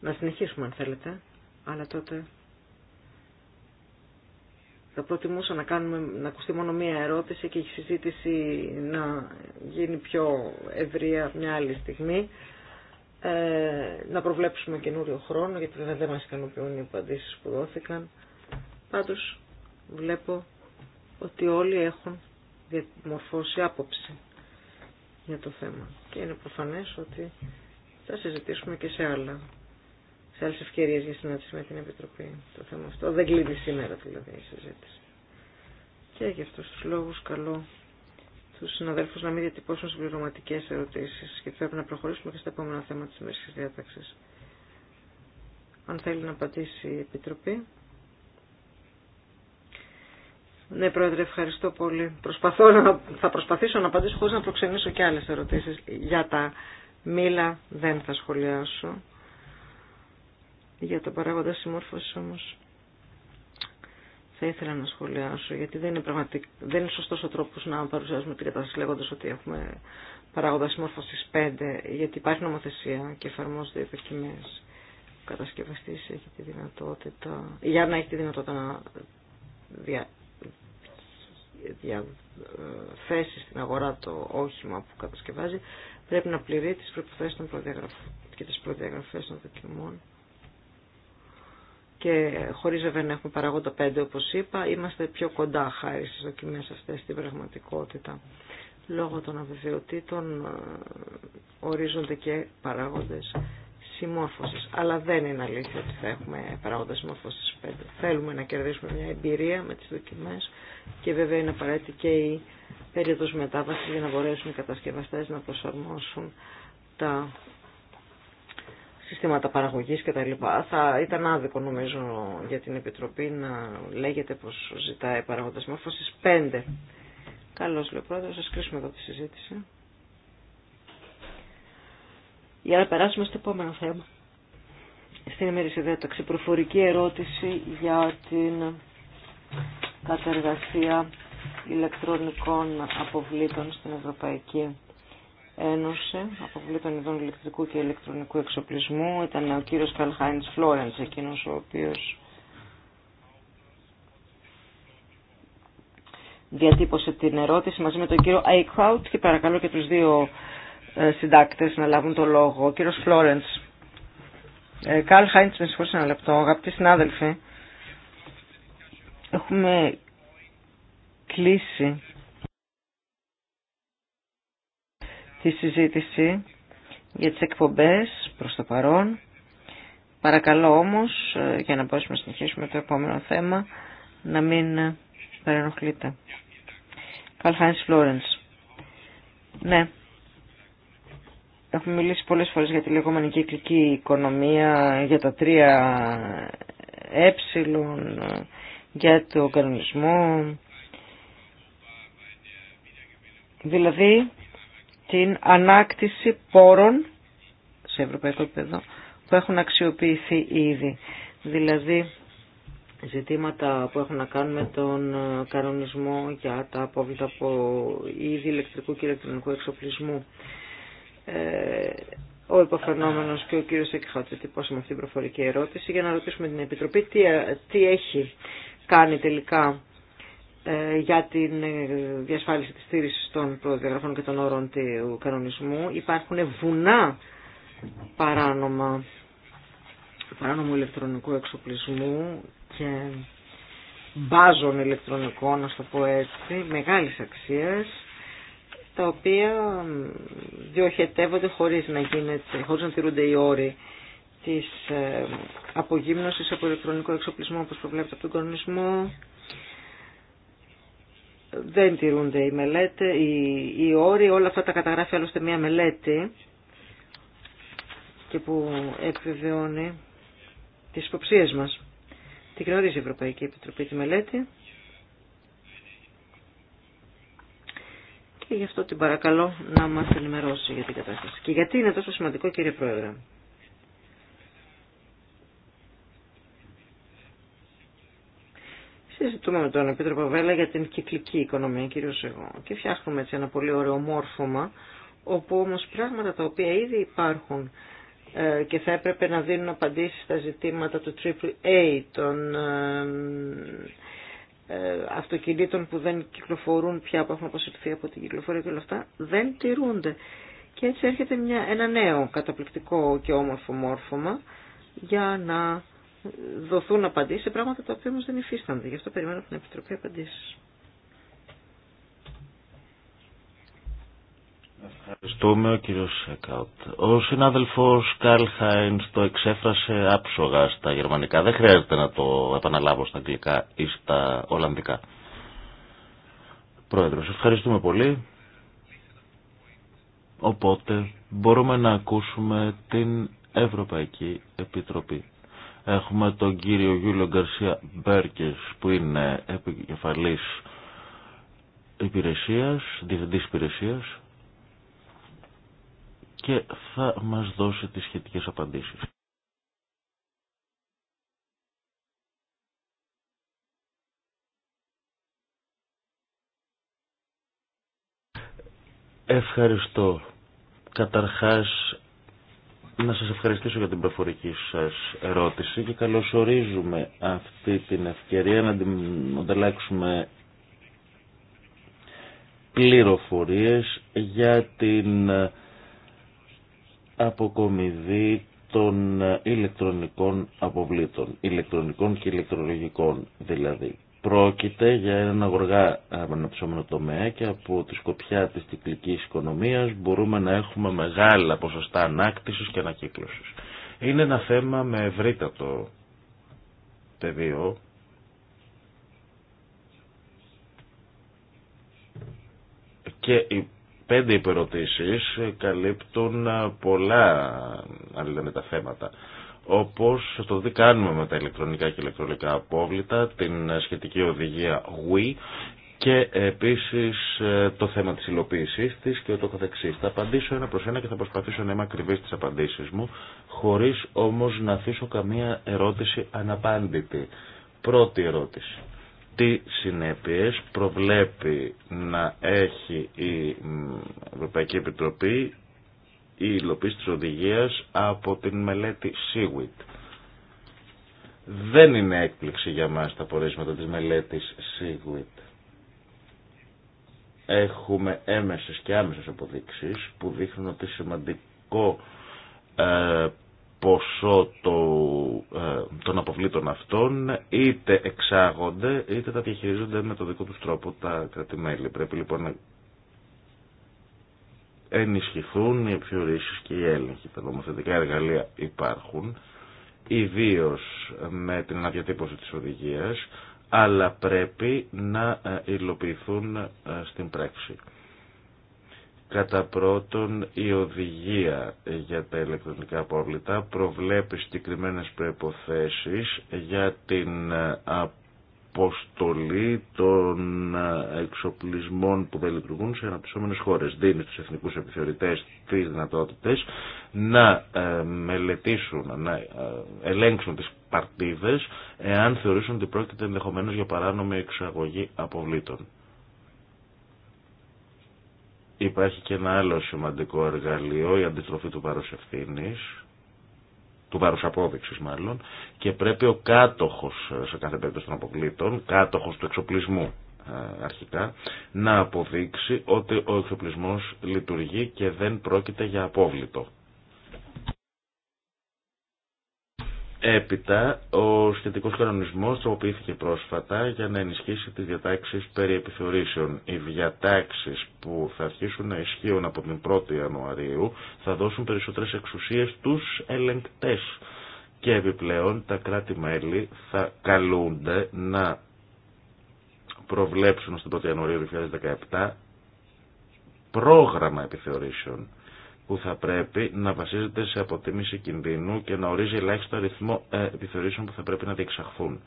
Να συνεχίσουμε αν θέλετε, αλλά τότε θα προτιμούσα να, κάνουμε, να ακουστεί μόνο μία ερώτηση και η συζήτηση να γίνει πιο ευρεία μια άλλη στιγμή. Ε, να προβλέψουμε καινούριο χρόνο, γιατί δεν μας ικανοποιούν οι απαντήσεις που δόθηκαν. Πάντως βλέπω ότι όλοι έχουν διαμορφώσει άποψη για το θέμα. Και είναι προφανές ότι θα συζητήσουμε και σε άλλα σε άλλε για συνάντηση με την Επιτροπή το θέμα αυτό. Δεν κλείνει σήμερα δηλαδή η συζήτηση. Και γι' αυτού του λόγου καλώ Του συναδέλφου να μην διατυπώσουν συμπληρωματικέ ερωτήσει γιατί πρέπει να προχωρήσουμε και στο επόμενα θέμα τη ημερικής διάταξη. Αν θέλει να απαντήσει η Επιτροπή. Ναι, Πρόεδρε, ευχαριστώ πολύ. Προσπαθώ να, θα προσπαθήσω να απαντήσω χωρίς να προξενήσω και άλλες ερωτήσεις. Για τα μήλα δεν θα σχολιάσω. Για το παράγοντα συμμόρφωση όμω θα ήθελα να σχολιάσω, γιατί δεν είναι, πραγματικ... δεν είναι σωστός ο τρόπος να παρουσιάζουμε την κατάσταση λέγοντας ότι έχουμε παράγοντα συμμόρφωσης 5, γιατί υπάρχει νομοθεσία και εφαρμόζονται οι δοκιμές. Ο κατασκευαστής έχει τη δυνατότητα, για να έχει τη δυνατότητα να δια... διαθέσει ε, στην αγορά το όχημα που κατασκευάζει, πρέπει να πληρεί τις προϋποθέσεις των προδιαγραφών και τις προδιαγραφές των δοκιμών και χωρίς βέβαια να έχουμε παραγόντα 5 όπως είπα, είμαστε πιο κοντά χάρη στις δοκιμές αυτές στην πραγματικότητα. Λόγω των αβεβαιοτήτων ε, ορίζονται και παράγοντες συμμόρφωσης. Αλλά δεν είναι αλήθεια ότι θα έχουμε παράγοντα συμμόρφωσης 5. Θέλουμε να κερδίσουμε μια εμπειρία με τις δοκιμές και βέβαια είναι απαραίτητη και η περίοδος μετάβασης για να μπορέσουν οι κατασκευαστές να προσαρμόσουν τα συστήματα παραγωγής κτλ. Θα ήταν άδικο νομίζω για την Επιτροπή να λέγεται πως ζητάει παραγωγές μόρφωσης 5. Καλώς λέει Πρόεδρος, κλείσουμε εδώ τη συζήτηση. Για να περάσουμε στο επόμενο θέμα. Στην ημερήσια διάταξη προφορική ερώτηση για την κατεργασία ηλεκτρονικών αποβλήτων στην Ευρωπαϊκή ένωσε από των Ειδών Ηλεκτρικού και Ηλεκτρονικού Εξοπλισμού. Ήταν ο κύριος Καλχάιντς Φλόρενς, εκείνος ο οποίος διατύπωσε την ερώτηση μαζί με τον κύριο Αικχάουτ και παρακαλώ και τους δύο ε, συντάκτες να λάβουν το λόγο. Ο κύριος Φλόρενς. Ε, Χάιντς, με συγχωρείς ένα λεπτό. Αγαπητοί συνάδελφοι, έχουμε κλείσει τη συζήτηση για τις εκπομπές προς το παρόν. Παρακαλώ όμως, ε, για να μπορέσουμε να συνεχίσουμε το επόμενο θέμα, να μην ε, παρενοχλείτε. Χάινς Φλόρενς. Ναι. Έχουμε μιλήσει πολλές φορές για τη λεγόμενη κυκλική οικονομία, για τα τρία ε, ε για το κανονισμό. Δηλαδή, την ανάκτηση πόρων σε ευρωπαϊκό επίπεδο που έχουν αξιοποιηθεί ήδη. Δηλαδή ζητήματα που έχουν να κάνουν με τον ε, κανονισμό για τα απόβλητα από ήδη ηλεκτρικού και ηλεκτρονικού εξοπλισμού. Ε, ο υποφαινόμενο και ο κύριος Εκχάτου τυπώσαμε αυτή την προφορική ερώτηση για να ρωτήσουμε την Επιτροπή τι, ε, τι έχει κάνει τελικά ε, για την ε, διασφάλιση της στήρησης των προδιαγραφών και των όρων του κανονισμού. Υπάρχουν βουνά παράνομα, παράνομου ηλεκτρονικού εξοπλισμού και μπάζων ηλεκτρονικών, να το πω έτσι, μεγάλης αξίας, τα οποία διοχετεύονται χωρίς να, γίνεται, χωρίς να τηρούνται οι όροι της ε, απογύμνωσης από ηλεκτρονικό εξοπλισμό, όπως προβλέπεται από τον κανονισμό, δεν τηρούνται οι μελέτε, οι, οι όροι, όλα αυτά τα καταγράφει άλλωστε μια μελέτη και που επιβεβαιώνει τις υποψίες μας. Τη γνωρίζει η Ευρωπαϊκή Επιτροπή τη μελέτη και γι' αυτό την παρακαλώ να μας ενημερώσει για την κατάσταση. Και γιατί είναι τόσο σημαντικό κύριε Πρόεδρε. Συζητούμε με τον Επίτροπο Βέλα για την κυκλική οικονομία, κυρίως εγώ. Και φτιάχνουμε έτσι ένα πολύ ωραίο μόρφωμα, όπου όμως πράγματα τα οποία ήδη υπάρχουν ε, και θα έπρεπε να δίνουν απαντήσεις στα ζητήματα του AAA, των ε, ε, αυτοκινήτων που δεν κυκλοφορούν πια, που έχουν αποσυρθεί από την κυκλοφορία και όλα αυτά, δεν τηρούνται. Και έτσι έρχεται μια, ένα νέο καταπληκτικό και όμορφο μόρφωμα για να δοθούν απαντήσεις σε πράγματα τα οποία όμως δεν υφίστανται. Γι' αυτό περιμένω από την Επιτροπή απαντήσεις. Ευχαριστούμε ο κύριο Σέκαουτ. Ο συνάδελφο Καρλ Χάιν το εξέφρασε άψογα στα γερμανικά. Δεν χρειάζεται να το επαναλάβω στα αγγλικά ή στα ολλανδικά. Πρόεδρος, ευχαριστούμε πολύ. Οπότε μπορούμε να ακούσουμε την Ευρωπαϊκή Επιτροπή. Έχουμε τον κύριο Γιούλιο Γκαρσία Μπέρκες που είναι επικεφαλής υπηρεσίας, διευθυντής υπηρεσίας και θα μας δώσει τις σχετικές απαντήσεις. Ευχαριστώ. Καταρχάς να σας ευχαριστήσω για την προφορική σας ερώτηση και καλωσορίζουμε αυτή την ευκαιρία να την ανταλλάξουμε πληροφορίες για την αποκομιδή των ηλεκτρονικών αποβλήτων, ηλεκτρονικών και ηλεκτρολογικών δηλαδή. Πρόκειται για έναν αγοργά ε, αναπτυσσόμενο τομέα και από τη σκοπιά της κυκλικής οικονομίας μπορούμε να έχουμε μεγάλα ποσοστά ανάκτησης και ανακύκλωσης. Είναι ένα θέμα με ευρύτατο πεδίο και οι πέντε υπερωτήσεις καλύπτουν ε, πολλά τα θέματα όπως το δεί κάνουμε με τα ηλεκτρονικά και ηλεκτρονικά απόβλητα, την σχετική οδηγία WE και επίσης ε, το θέμα της υλοποίησής της και ούτω καθεξής. Θα απαντήσω ένα προς ένα και θα προσπαθήσω να είμαι ακριβής στις απαντήσεις μου, χωρίς όμως να αφήσω καμία ερώτηση αναπάντητη. Πρώτη ερώτηση. Τι συνέπειες προβλέπει να έχει η Ευρωπαϊκή Επιτροπή η υλοποίηση της οδηγίας από την μελέτη SeaWit. Δεν είναι έκπληξη για μας τα πορίσματα της μελέτης SeaWit. Έχουμε έμεσες και άμεσες αποδείξεις που δείχνουν ότι σημαντικό ε, ποσό το, ε, των αποβλήτων αυτών είτε εξάγονται είτε τα διαχειρίζονται με το δικό τους τρόπο τα κρατημέλη. Πρέπει λοιπόν να ενισχυθούν οι επιθεωρήσεις και οι έλεγχοι. Τα νομοθετικά εργαλεία υπάρχουν, ιδίω με την αναδιατύπωση της οδηγίας, αλλά πρέπει να ε, υλοποιηθούν ε, στην πράξη. Κατά πρώτον, η οδηγία για τα ηλεκτρονικά απόβλητα προβλέπει συγκεκριμένε προϋποθέσεις για την ε, αποστολή των ε, εξοπλισμών που δεν λειτουργούν σε αναπτυσσόμενες χώρες. Δίνει στους εθνικούς επιθεωρητές τις δυνατότητες να ε, μελετήσουν, να ε, ελέγξουν τις παρτίδες εάν θεωρήσουν ότι πρόκειται ενδεχομένως για παράνομη εξαγωγή αποβλήτων. Υπάρχει και ένα άλλο σημαντικό εργαλείο, η αντιστροφή του παρός του βάρου απόδειξη μάλλον, και πρέπει ο κάτοχος ε, σε κάθε περίπτωση των αποκλήτων, κάτοχος του εξοπλισμού ε, αρχικά, να αποδείξει ότι ο εξοπλισμός λειτουργεί και δεν πρόκειται για απόβλητο. Έπειτα, ο σχετικό κανονισμό τροποποιήθηκε πρόσφατα για να ενισχύσει τι διατάξει περί επιθεωρήσεων. Οι διατάξει που θα αρχίσουν να ισχύουν από την 1η Ιανουαρίου θα δώσουν περισσότερε εξουσίε στου ελεγκτές. Και επιπλέον, τα κράτη-μέλη θα καλούνται να προβλέψουν στην 1η Ιανουαρίου 2017 πρόγραμμα επιθεωρήσεων που θα πρέπει να βασίζεται σε αποτίμηση κινδύνου και να ορίζει ελάχιστο αριθμό ε, επιθεωρήσεων που θα πρέπει να διεξαχθούν.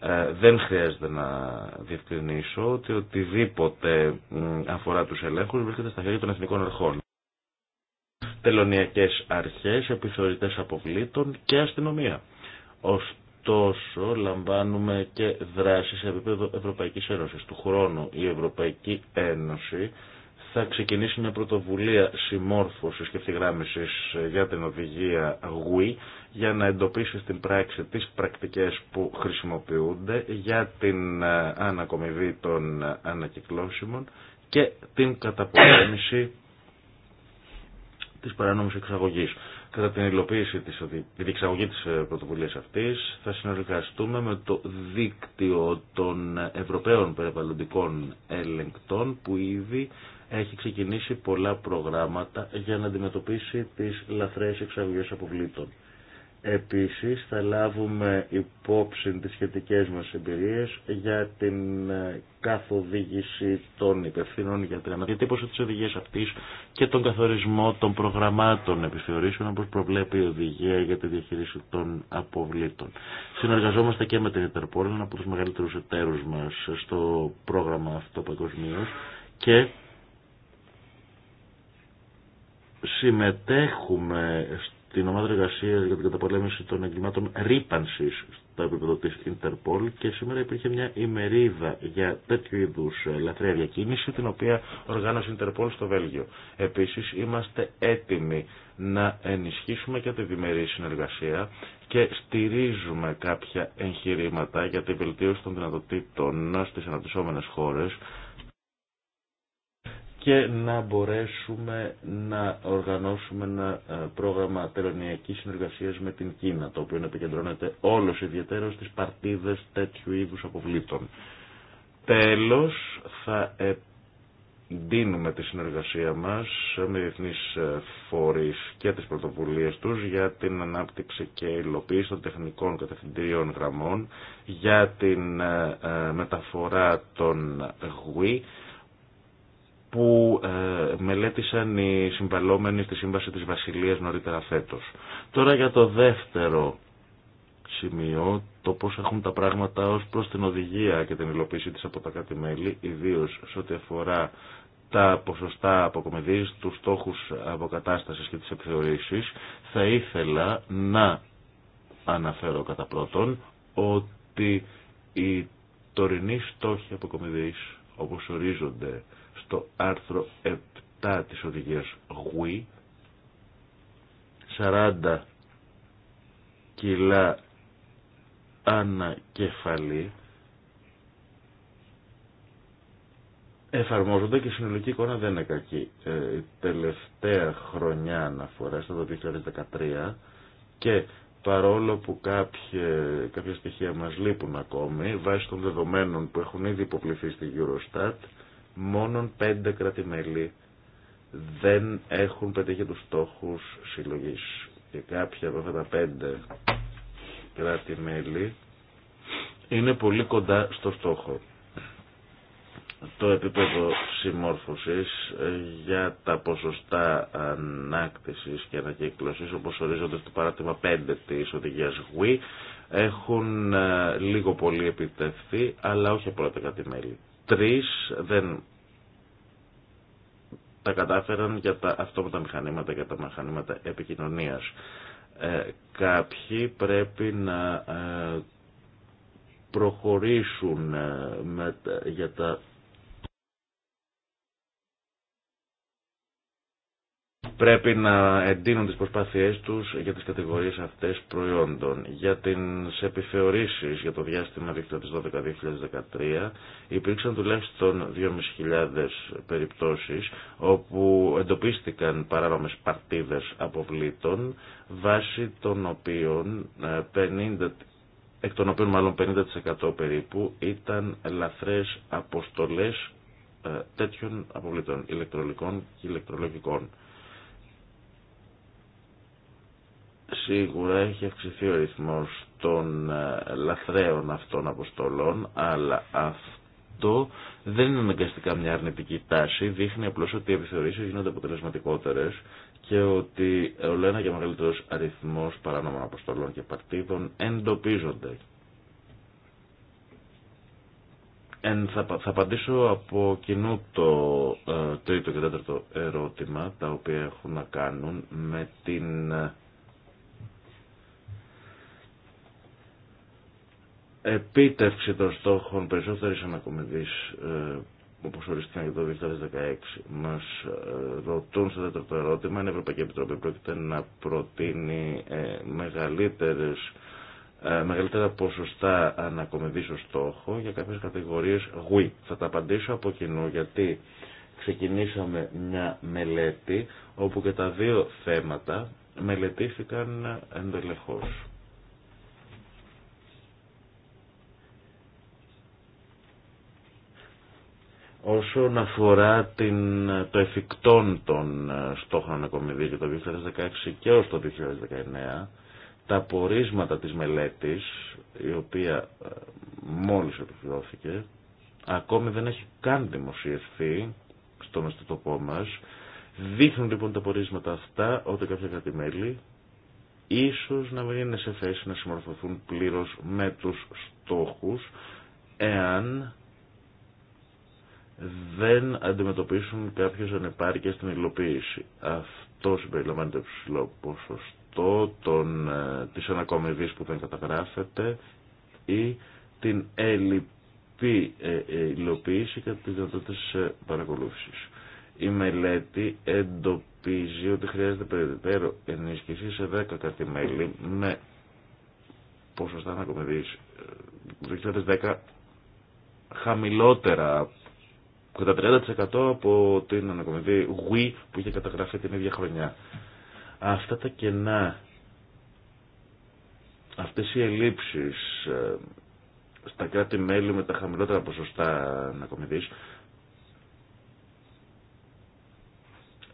Ε, δεν χρειάζεται να διευκρινίσω ότι οτιδήποτε αφορά τους ελέγχους βρίσκεται στα χέρια των εθνικών αρχών. Τελωνιακές αρχές, επιθεωρητές αποβλήτων και αστυνομία. Ωστόσο, λαμβάνουμε και δράσεις σε επίπεδο Ευρωπαϊκής Ένωσης. Του χρόνου η Ευρωπαϊκή Ένωση θα ξεκινήσει μια πρωτοβουλία συμμόρφωσης και ευθυγράμμισης ε, για την οδηγία GUI για να εντοπίσει στην πράξη τις πρακτικές που χρησιμοποιούνται για την ε, ανακομιδή των ε, ανακυκλώσιμων και την καταπολέμηση της παρανόμης εξαγωγής. Κατά την υλοποίηση της, τη διεξαγωγή της πρωτοβουλίας αυτής θα συνεργαστούμε με το δίκτυο των Ευρωπαίων Περιβαλλοντικών Ελεγκτών που ήδη έχει ξεκινήσει πολλά προγράμματα για να αντιμετωπίσει τις λαθρές εξαγωγές αποβλήτων. Επίσης θα λάβουμε υπόψη τις σχετικές μας εμπειρίες για την ε, καθοδήγηση των υπευθύνων για την αναδιατύπωση της οδηγίας αυτής και τον καθορισμό των προγραμμάτων επιθεωρήσεων όπως προβλέπει η οδηγία για τη διαχείριση των αποβλήτων. Συνεργαζόμαστε και με την Ιντερπόλ, από τους μεγαλύτερους εταίρους μας στο πρόγραμμα αυτό παγκοσμίω και συμμετέχουμε στην ομάδα εργασία για την καταπολέμηση των εγκλημάτων ρήπανση στο επίπεδο τη Ιντερπολ και σήμερα υπήρχε μια ημερίδα για τέτοιου είδου ε, λαθρέα διακίνηση, την οποία οργάνωσε η Ιντερπολ στο Βέλγιο. Επίση, είμαστε έτοιμοι να ενισχύσουμε και τη διμερή συνεργασία και στηρίζουμε κάποια εγχειρήματα για τη βελτίωση των δυνατοτήτων στι αναπτυσσόμενε χώρε και να μπορέσουμε να οργανώσουμε ένα ε, πρόγραμμα τελωνιακής συνεργασίας με την Κίνα, το οποίο επικεντρώνεται όλος ιδιαίτερα στις παρτίδες τέτοιου είδους αποβλήτων. Τέλος, θα δίνουμε τη συνεργασία μας με διεθνείς ε, φορείς και τις πρωτοβουλίες τους για την ανάπτυξη και υλοποίηση των τεχνικών κατευθυντήριων γραμμών, για την ε, μεταφορά των γουί, που ε, μελέτησαν οι συμβαλόμενοι στη Σύμβαση της Βασιλείας νωρίτερα φέτος. Τώρα για το δεύτερο σημείο, το πώς έχουν τα πράγματα ως προς την οδηγία και την υλοποίησή της από τα κάτι μέλη, ιδίως σε ό,τι αφορά τα ποσοστά αποκομιδής, τους στόχους αποκατάστασης και τις επιθεωρήσεις, θα ήθελα να αναφέρω κατά πρώτον ότι οι τωρινοί στόχοι αποκομιδής, όπως ορίζονται στο άρθρο 7 της οδηγίας ΓΟΥΙ 40 κιλά ανακεφαλή εφαρμόζονται και η συνολική εικόνα δεν είναι κακή. Ε, η τελευταία χρονιά αναφορά, στο 2013, και παρόλο που κάποια, κάποια στοιχεία μας λείπουν ακόμη, βάσει των δεδομένων που έχουν ήδη υποπληθεί στη Eurostat, μόνον πέντε κράτη-μέλη δεν έχουν πετύχει τους στόχους συλλογής. Και κάποια από αυτά τα πέντε κράτη-μέλη είναι πολύ κοντά στο στόχο. Το επίπεδο συμμόρφωσης για τα ποσοστά ανάκτησης και ανακύκλωσης όπως ορίζονται στο παράδειγμα 5 της οδηγίας WE έχουν ε, λίγο πολύ επιτευχθεί αλλά όχι από τα κράτη-μέλη. Τρεις δεν τα κατάφεραν για τα αυτόματα μηχανήματα, και τα μηχανήματα επικοινωνίας. Ε, κάποιοι πρέπει να ε, προχωρήσουν ε, με, για τα πρέπει να εντείνουν τις προσπάθειές τους για τις κατηγορίες αυτές προϊόντων. Για τις επιθεωρήσεις για το διάστημα 2012-2013 υπήρξαν τουλάχιστον 2.500 περιπτώσεις όπου εντοπίστηκαν παράνομες παρτίδες αποβλήτων βάσει των οποίων 50 ε, εκ των οποίων μάλλον 50% περίπου ήταν λαθρές αποστολές ε, τέτοιων αποβλήτων ηλεκτρολικών και ηλεκτρολογικών. Σίγουρα έχει αυξηθεί ο ρυθμός των ε, λαθρέων αυτών αποστολών, αλλά αυτό δεν είναι αναγκαστικά μια αρνητική τάση. Δείχνει απλώς ότι οι επιθεωρήσεις γίνονται αποτελεσματικότερες και ότι ο και μεγαλύτερος αριθμός παράνομων αποστολών και παρτίδων εντοπίζονται. θα, θα απαντήσω από κοινού το ε, τρίτο και τέταρτο ερώτημα, τα οποία έχουν να κάνουν με την ε, επίτευξη των στόχων περισσότερης ανακομιδής ε, όπω ορίστηκαν για το 2016, μα ε, ρωτούν στο τέταρτο ερώτημα αν η Ευρωπαϊκή Επιτροπή πρόκειται να προτείνει ε, μεγαλύτερα ποσοστά ανακομιδή στο στόχο για κάποιε κατηγορίε γουί. Θα τα απαντήσω από κοινού γιατί ξεκινήσαμε μια μελέτη όπου και τα δύο θέματα μελετήθηκαν εντελεχώς. Όσον αφορά την, το εφικτόν των ε, στόχων ανακομιδίου για το 2016 και ως το 2019, τα πορίσματα της μελέτης, η οποία ε, μόλις επιβιώθηκε, ακόμη δεν έχει καν δημοσιευθεί στον αστυτοπό μας, δείχνουν λοιπόν τα πορίσματα αυτά ότι κάποια κράτη-μέλη ίσως να μην είναι σε θέση να συμμορφωθούν πλήρως με τους στόχους, εάν δεν αντιμετωπίσουν κάποιες ανεπάρκειες στην υλοποίηση. Αυτό συμπεριλαμβάνεται το ποσοστό των, ε, της ανακομιδής που δεν καταγράφεται ή την έλλειπη ε, ε, υλοποίηση κατά τις δυνατότητες παρακολούθησης. Η μελέτη εντοπίζει ότι χρειάζεται περαιτέρω ενίσχυση σε 10 κατημέλη με ποσοστά ανακομιδής 2010 χαμηλότερα κατά 30% από την ανακομιδή Wii που είχε καταγραφεί την ίδια χρονιά. Αυτά τα κενά, αυτές οι ελλείψεις ε, στα κράτη-μέλη με τα χαμηλότερα ποσοστά ανακομιδής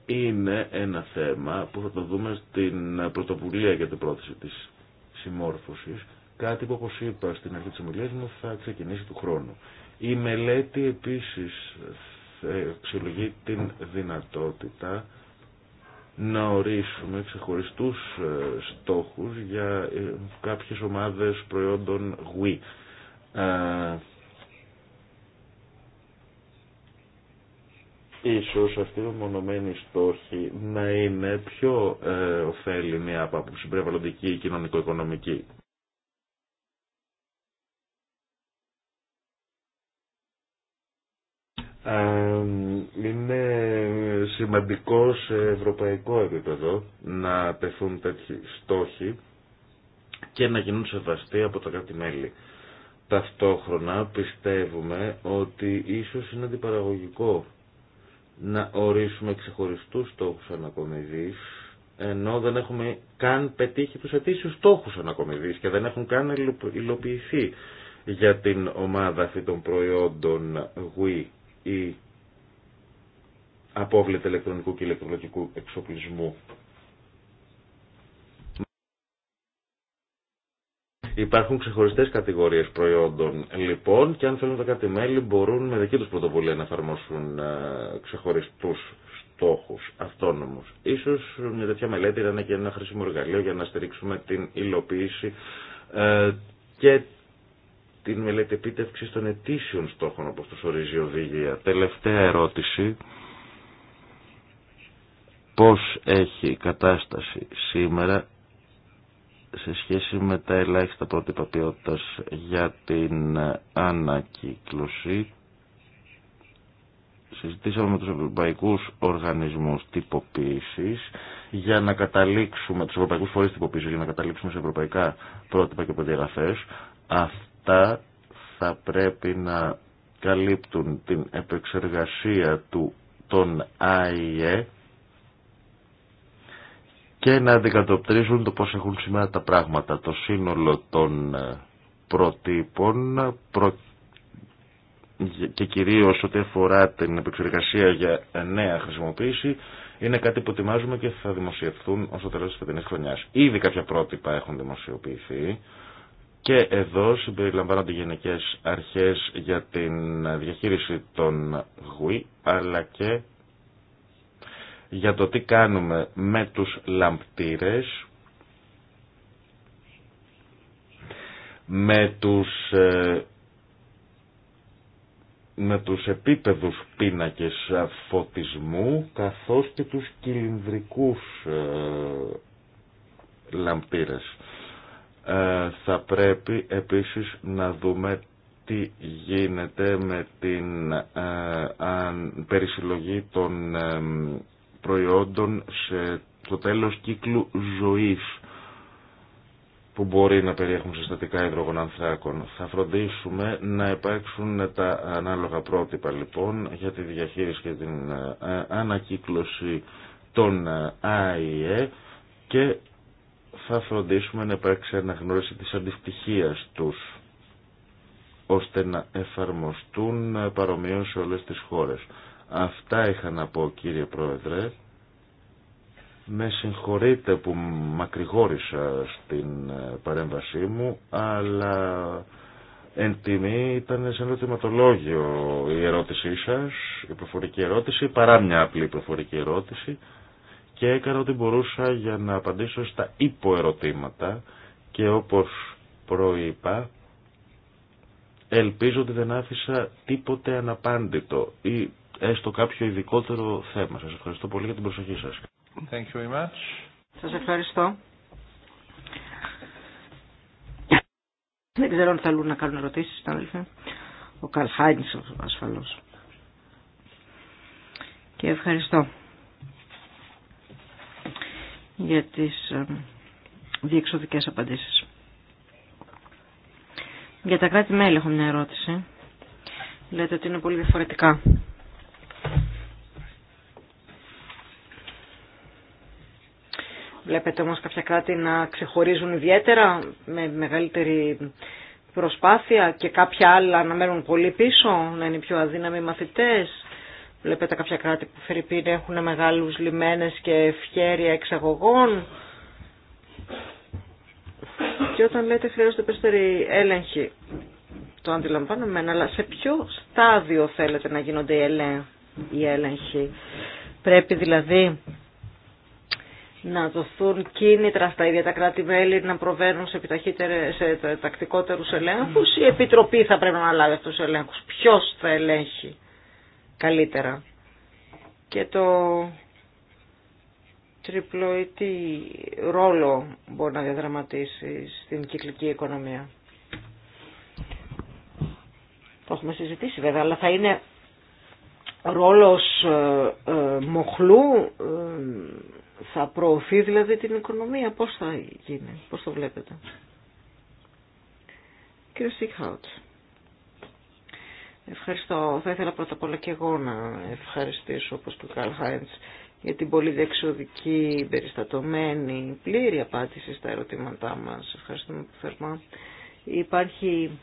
είναι ένα θέμα που θα το δούμε στην πρωτοβουλία για την πρόθεση της συμμόρφωσης. Κάτι που όπως είπα στην αρχή της ομιλίας μου θα ξεκινήσει του χρόνου. Η μελέτη επίσης αξιολογεί την δυνατότητα να ορίσουμε ξεχωριστούς ε, στόχους για ε, κάποιες ομάδες προϊόντων WE. Ε, ίσως αυτοί οι μονομένοι στόχοι να είναι πιο ωφέλιμοι από την από ή κοινωνικο-οικονομική Ε, είναι σημαντικό σε ευρωπαϊκό επίπεδο να τεθούν τέτοιοι στόχοι και να γίνουν σεβαστοί από τα κάτι μέλη. Ταυτόχρονα πιστεύουμε ότι ίσως είναι αντιπαραγωγικό να ορίσουμε ξεχωριστούς στόχους ανακομιδής ενώ δεν έχουμε καν πετύχει τους ετήσιους στόχους ανακομιδής και δεν έχουν καν υλοποιηθεί για την ομάδα αυτή των προϊόντων WE η απόβλητα ηλεκτρονικού και ηλεκτρολογικού εξοπλισμού. Υπάρχουν ξεχωριστές κατηγορίες προϊόντων λοιπόν και αν θέλουν τα κάτι μέλη μπορούν με δική του πρωτοβουλία να εφαρμόσουν ε, ξεχωριστούς στόχους αυτόνομους. Ίσως μια τέτοια μελέτη ήταν και ένα χρήσιμο εργαλείο για να στηρίξουμε την υλοποίηση ε, και την μελέτη επίτευξη των ετήσιων στόχων όπως τους ορίζει η οδηγία. Τελευταία ερώτηση. Πώς έχει η κατάσταση σήμερα σε σχέση με τα ελάχιστα πρότυπα ποιότητας για την ανακύκλωση. Συζητήσαμε με τους ευρωπαϊκούς οργανισμούς τυποποίησης για να καταλήξουμε, τους ευρωπαϊκούς φορείς τυποποίησης για να καταλήξουμε σε ευρωπαϊκά πρότυπα και προδιαγραφές αυτά θα πρέπει να καλύπτουν την επεξεργασία του των ΑΕΕ και να αντικατοπτρίζουν το πώς έχουν σήμερα τα πράγματα. Το σύνολο των ε, προτύπων προ... και κυρίως ό,τι αφορά την επεξεργασία για νέα χρησιμοποίηση είναι κάτι που ετοιμάζουμε και θα δημοσιευθούν όσο το τέλος της φετινής χρονιάς. Ήδη κάποια πρότυπα έχουν δημοσιοποιηθεί και εδώ συμπεριλαμβάνονται γενικές αρχές για την διαχείριση των γουί, αλλά και για το τι κάνουμε με τους λαμπτήρες, με τους, ε, με τους επίπεδους πίνακες φωτισμού, καθώς και τους κυλινδρικούς ε, λαμπτήρες. Ε, θα πρέπει επίσης να δούμε τι γίνεται με την ε, περισυλλογή των ε, προϊόντων σε το τέλος κύκλου ζωής που μπορεί να περιέχουν συστατικά ανθράκων. Θα φροντίσουμε να υπάρξουν τα ανάλογα πρότυπα λοιπόν για τη διαχείριση και την ανακύκλωση των ΑΕΕ και θα φροντίσουμε να υπάρξει αναγνώριση της αντιστοιχίας τους ώστε να εφαρμοστούν παρομοίως σε όλες τις χώρες. Αυτά είχα να πω κύριε Πρόεδρε. Με συγχωρείτε που μακρηγόρησα στην ε, παρέμβασή μου, αλλά εν τιμή ήταν σε ερωτηματολόγιο η ερώτησή σας, η προφορική ερώτηση, παρά μια απλή προφορική ερώτηση και έκανα ό,τι μπορούσα για να απαντήσω στα υποερωτήματα και όπως προείπα ελπίζω ότι δεν άφησα τίποτε αναπάντητο ή έστω κάποιο ειδικότερο θέμα. Σας ευχαριστώ πολύ για την προσοχή σας. Thank you very much. Σας ευχαριστώ. Δεν ξέρω αν θέλουν να κάνουν ερωτήσεις, συνάδελφε. Ο Καλ ασφαλώ. ασφαλώς. Και ευχαριστώ για τις ε, διεξοδικές απαντήσεις. Για τα κράτη-μέλη έχω μια ερώτηση. Λέτε ότι είναι πολύ διαφορετικά. Βλέπετε όμως κάποια κράτη να ξεχωρίζουν ιδιαίτερα με μεγαλύτερη προσπάθεια και κάποια άλλα να μένουν πολύ πίσω, να είναι πιο αδύναμοι μαθητές. Βλέπετε κάποια κράτη που φερειπίν έχουν μεγάλους λιμένες και ευχέρεια εξαγωγών. Και όταν λέτε χρειάζονται περισσότερη έλεγχη, το αντιλαμβάνομαι, αλλά σε ποιο στάδιο θέλετε να γίνονται οι έλεγχοι. Πρέπει δηλαδή να δοθούν κίνητρα στα ίδια τα κράτη-μέλη να προβαίνουν σε, σε τακτικότερους ελέγχους ή η Επιτροπή θα πρέπει να λάβει αυτούς τους ελέγχους. Ποιος θα ελέγχει καλύτερα. Και το τριπλοετή ρόλο μπορεί να διαδραματίσει στην κυκλική οικονομία. Το έχουμε συζητήσει βέβαια, αλλά θα είναι ρόλος ε, ε, μοχλού, ε, θα προωθεί δηλαδή την οικονομία. Πώς θα γίνει, πώς το βλέπετε. Κύριε Σίχαουτς. Ευχαριστώ. Θα ήθελα πρώτα απ' όλα και εγώ να ευχαριστήσω όπως του Καρλ για την πολύ δεξιοδική, περιστατωμένη, πλήρη απάντηση στα ερωτήματά μας. Ευχαριστούμε που θερμά. Υπάρχει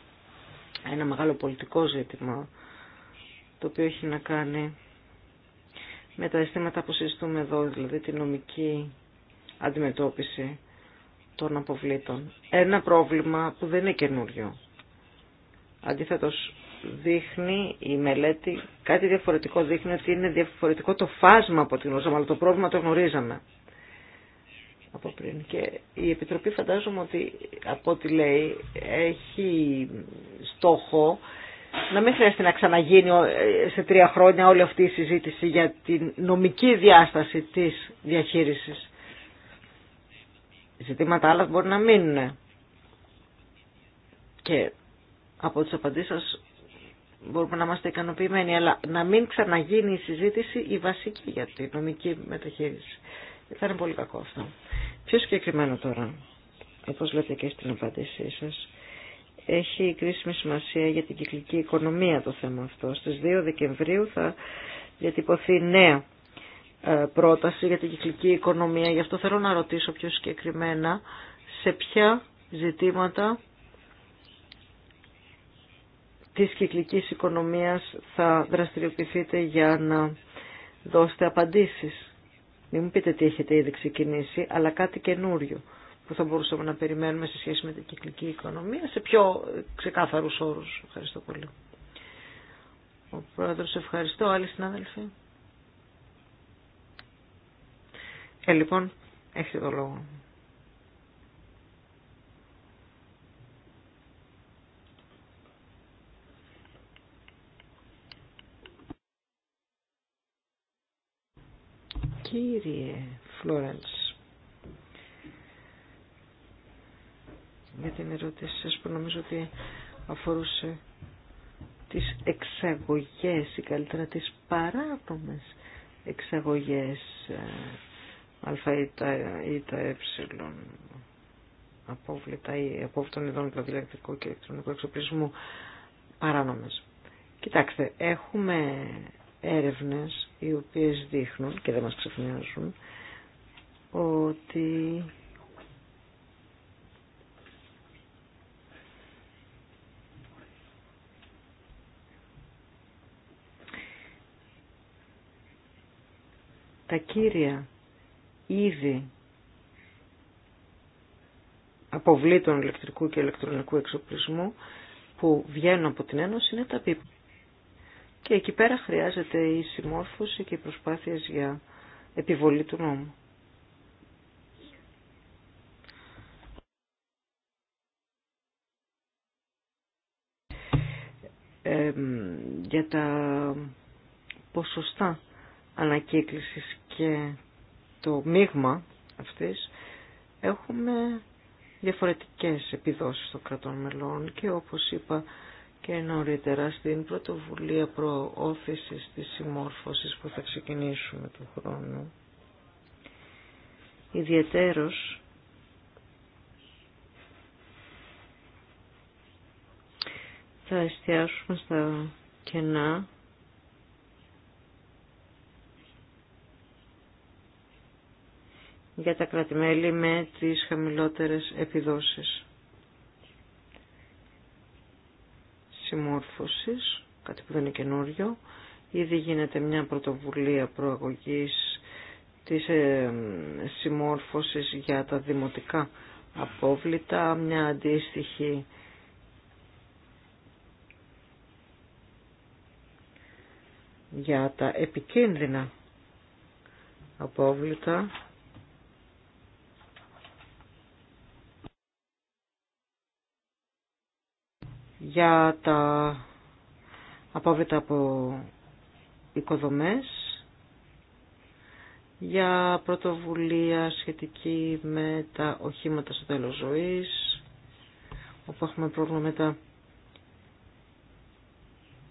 ένα μεγάλο πολιτικό ζήτημα το οποίο έχει να κάνει με τα αισθήματα που συζητούμε εδώ, δηλαδή τη νομική αντιμετώπιση των αποβλήτων. Ένα πρόβλημα που δεν είναι καινούριο. Αντίθετος, δείχνει η μελέτη, κάτι διαφορετικό δείχνει ότι είναι διαφορετικό το φάσμα από ό,τι γνωρίζαμε, αλλά το πρόβλημα το γνωρίζαμε από πριν. Και η Επιτροπή φαντάζομαι ότι από ό,τι λέει έχει στόχο να μην χρειάζεται να ξαναγίνει ε, σε τρία χρόνια όλη αυτή η συζήτηση για την νομική διάσταση της διαχείρισης. Ζητήματα άλλα μπορεί να μείνουν. Και από τις απαντήσεις σας μπορούμε να είμαστε ικανοποιημένοι, αλλά να μην ξαναγίνει η συζήτηση η βασική για την νομική μεταχείριση. Θα είναι πολύ κακό αυτό. Πιο συγκεκριμένο τώρα, όπω λέτε και στην απάντησή σα, έχει κρίσιμη σημασία για την κυκλική οικονομία το θέμα αυτό. Στι 2 Δεκεμβρίου θα διατυπωθεί νέα ε, πρόταση για την κυκλική οικονομία. Γι' αυτό θέλω να ρωτήσω πιο συγκεκριμένα σε ποια ζητήματα της κυκλικής οικονομίας θα δραστηριοποιηθείτε για να δώσετε απαντήσεις. Μην μου πείτε τι έχετε ήδη ξεκινήσει, αλλά κάτι καινούριο που θα μπορούσαμε να περιμένουμε σε σχέση με την κυκλική οικονομία σε πιο ξεκάθαρους όρους. Ευχαριστώ πολύ. Ο Πρόεδρος, ευχαριστώ. Άλλοι συνάδελφοι. Ε, λοιπόν, έχετε το λόγο. Κύριε Φλόραντς, για την ερώτηση σας που νομίζω ότι αφορούσε τις εξαγωγές ή καλύτερα τις παράνομες εξαγωγές ε, α ή τα, ή τα ε απόβλητα ή απόβλητων ειδών δηλαδή και ηλεκτρονικού εξοπλισμού παράνομες. Κοιτάξτε, έχουμε έρευνες οι οποίες δείχνουν και δεν μας ξεφνιάζουν ότι τα κύρια είδη αποβλήτων ηλεκτρικού και ηλεκτρονικού εξοπλισμού που βγαίνουν από την Ένωση είναι τα πίπεδα. Και εκεί πέρα χρειάζεται η συμμόρφωση και οι προσπάθειες για επιβολή του νόμου. για τα ποσοστά ανακύκλησης και το μείγμα αυτής έχουμε διαφορετικές επιδόσεις των κρατών μελών και όπως είπα και νωρίτερα στην πρωτοβουλία προώθησης της συμμόρφωσης που θα ξεκινήσουμε του χρόνου. Ιδιαιτέρως θα εστιάσουμε στα κενά για τα κρατημέλη με τις χαμηλότερες επιδόσεις. συμμόρφωσης, κάτι που δεν είναι καινούριο. Ήδη γίνεται μια πρωτοβουλία προαγωγής της ε, συμμόρφωσης για τα δημοτικά απόβλητα, μια αντίστοιχη για τα επικίνδυνα απόβλητα για τα απόβλητα από οικοδομές, για πρωτοβουλία σχετική με τα οχήματα στο τέλος ζωής, όπου έχουμε πρόβλημα με τα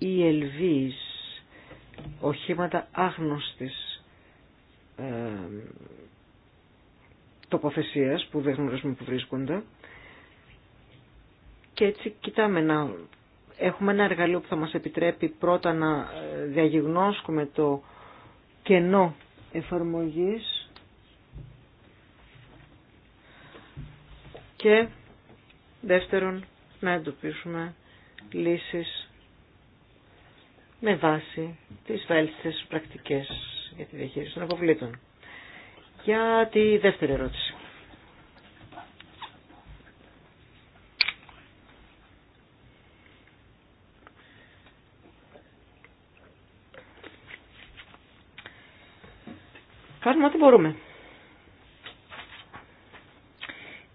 ELVs, οχήματα άγνωστης ε, τοποθεσίας που δεν γνωρίζουμε που βρίσκονται και έτσι κοιτάμε να έχουμε ένα εργαλείο που θα μας επιτρέπει πρώτα να ε, διαγιγνώσκουμε το κενό εφαρμογής και δεύτερον να εντοπίσουμε λύσεις με βάση τις βέλτιστες πρακτικές για τη διαχείριση των αποβλήτων. Για τη δεύτερη ερώτηση. μπορούμε.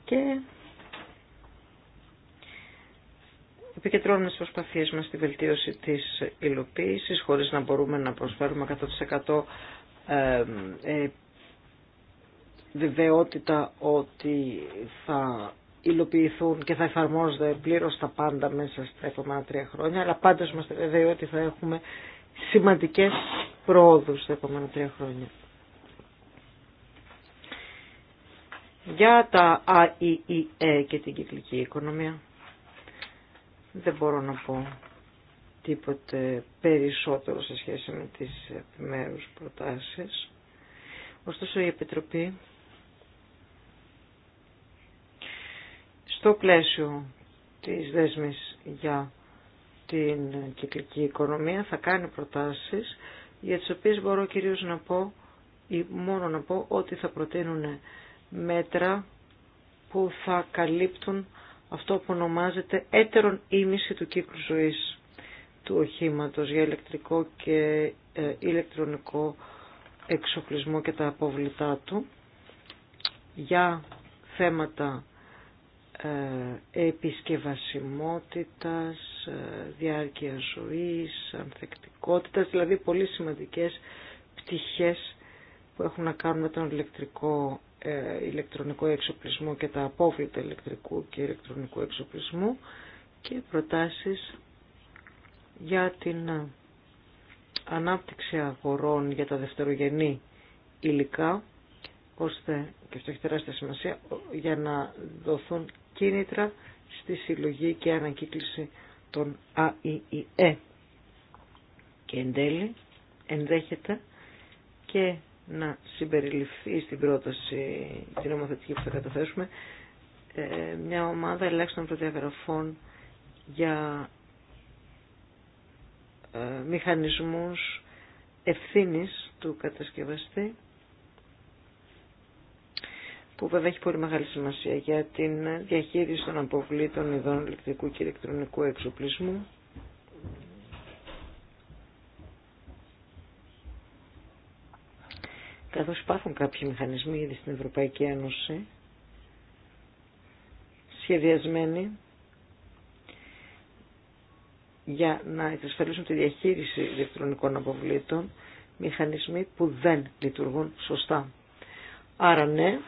Και επικεντρώνουμε τις προσπαθίες μας στη βελτίωση της υλοποίησης χωρίς να μπορούμε να προσφέρουμε 100% ε, ε, βεβαιότητα ότι θα υλοποιηθούν και θα εφαρμόζονται πλήρως τα πάντα μέσα στα επόμενα τρία χρόνια, αλλά πάντως είμαστε βέβαιοι ότι θα έχουμε σημαντικές πρόοδους στα επόμενα τρία χρόνια. για τα ΑΕΕ και την κυκλική οικονομία. Δεν μπορώ να πω τίποτε περισσότερο σε σχέση με τις επιμέρους προτάσεις. Ωστόσο η Επιτροπή στο πλαίσιο της δέσμης για την κυκλική οικονομία θα κάνει προτάσεις για τις οποίες μπορώ κυρίως να πω ή μόνο να πω ότι θα προτείνουν μέτρα που θα καλύπτουν αυτό που ονομάζεται έτερον ίμιση του κύκλου ζωής του οχήματος για ηλεκτρικό και ε, ηλεκτρονικό εξοπλισμό και τα αποβλητά του για θέματα ε, επισκευασιμότητας, ε, διάρκεια ζωής, ανθεκτικότητας, δηλαδή πολύ σημαντικές πτυχές που έχουν να κάνουν με τον ηλεκτρικό ε, ηλεκτρονικό εξοπλισμό και τα απόβλητα ηλεκτρικού και ηλεκτρονικού εξοπλισμού και προτάσεις για την ε, ανάπτυξη αγορών για τα δευτερογενή υλικά ώστε, και αυτό έχει τεράστια σημασία, για να δοθούν κίνητρα στη συλλογή και ανακύκλωση των ΑΕΕ. Και εν τέλει ενδέχεται και να συμπεριληφθεί στην πρόταση, την νομοθετική που θα καταθέσουμε, ε, μια ομάδα ελέγχων προδιαγραφών για ε, μηχανισμούς ευθύνης του κατασκευαστή που βέβαια έχει πολύ μεγάλη σημασία για την διαχείριση των αποβλήτων ειδών ηλεκτρικού και ηλεκτρονικού εξοπλισμού καθώς υπάρχουν κάποιοι μηχανισμοί ήδη στην Ευρωπαϊκή Ένωση σχεδιασμένοι για να εξασφαλίσουν τη διαχείριση ηλεκτρονικών αποβλήτων μηχανισμοί που δεν λειτουργούν σωστά. Άρα ναι,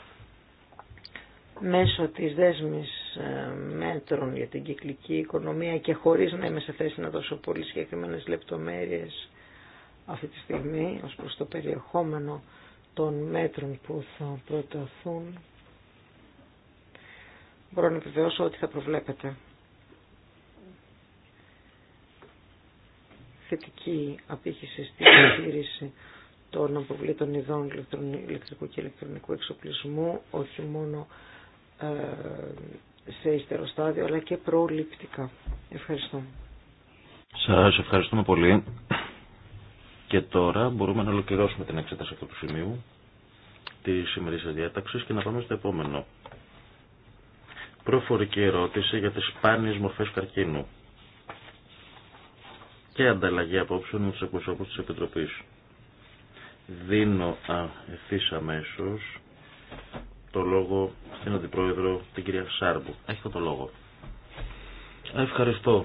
μέσω της δέσμης ε, μέτρων για την κυκλική οικονομία και χωρίς να είμαι σε θέση να δώσω πολύ συγκεκριμένε λεπτομέρειες αυτή τη στιγμή ως προς το περιεχόμενο των μέτρων που θα προταθούν μπορώ να επιβεβαιώσω ότι θα προβλέπετε θετική απήχηση στη διαχείριση των αποβλήτων ειδών ηλεκτρικού και ηλεκτρονικού εξοπλισμού όχι μόνο ε, σε ύστερο στάδιο αλλά και προληπτικά. Ευχαριστώ. Σας ευχαριστούμε πολύ. Και τώρα μπορούμε να ολοκληρώσουμε την εξέταση αυτού του σημείου τη σημερινή διάταξη και να πάμε στο επόμενο. Προφορική ερώτηση για τι σπάνιε μορφέ καρκίνου και ανταλλαγή απόψεων με του εκπροσώπου τη Επιτροπή. Δίνω ευθύ αμέσω το λόγο στην Αντιπρόεδρο, την κυρία Σάρμπου. Έχετε το λόγο. Ευχαριστώ.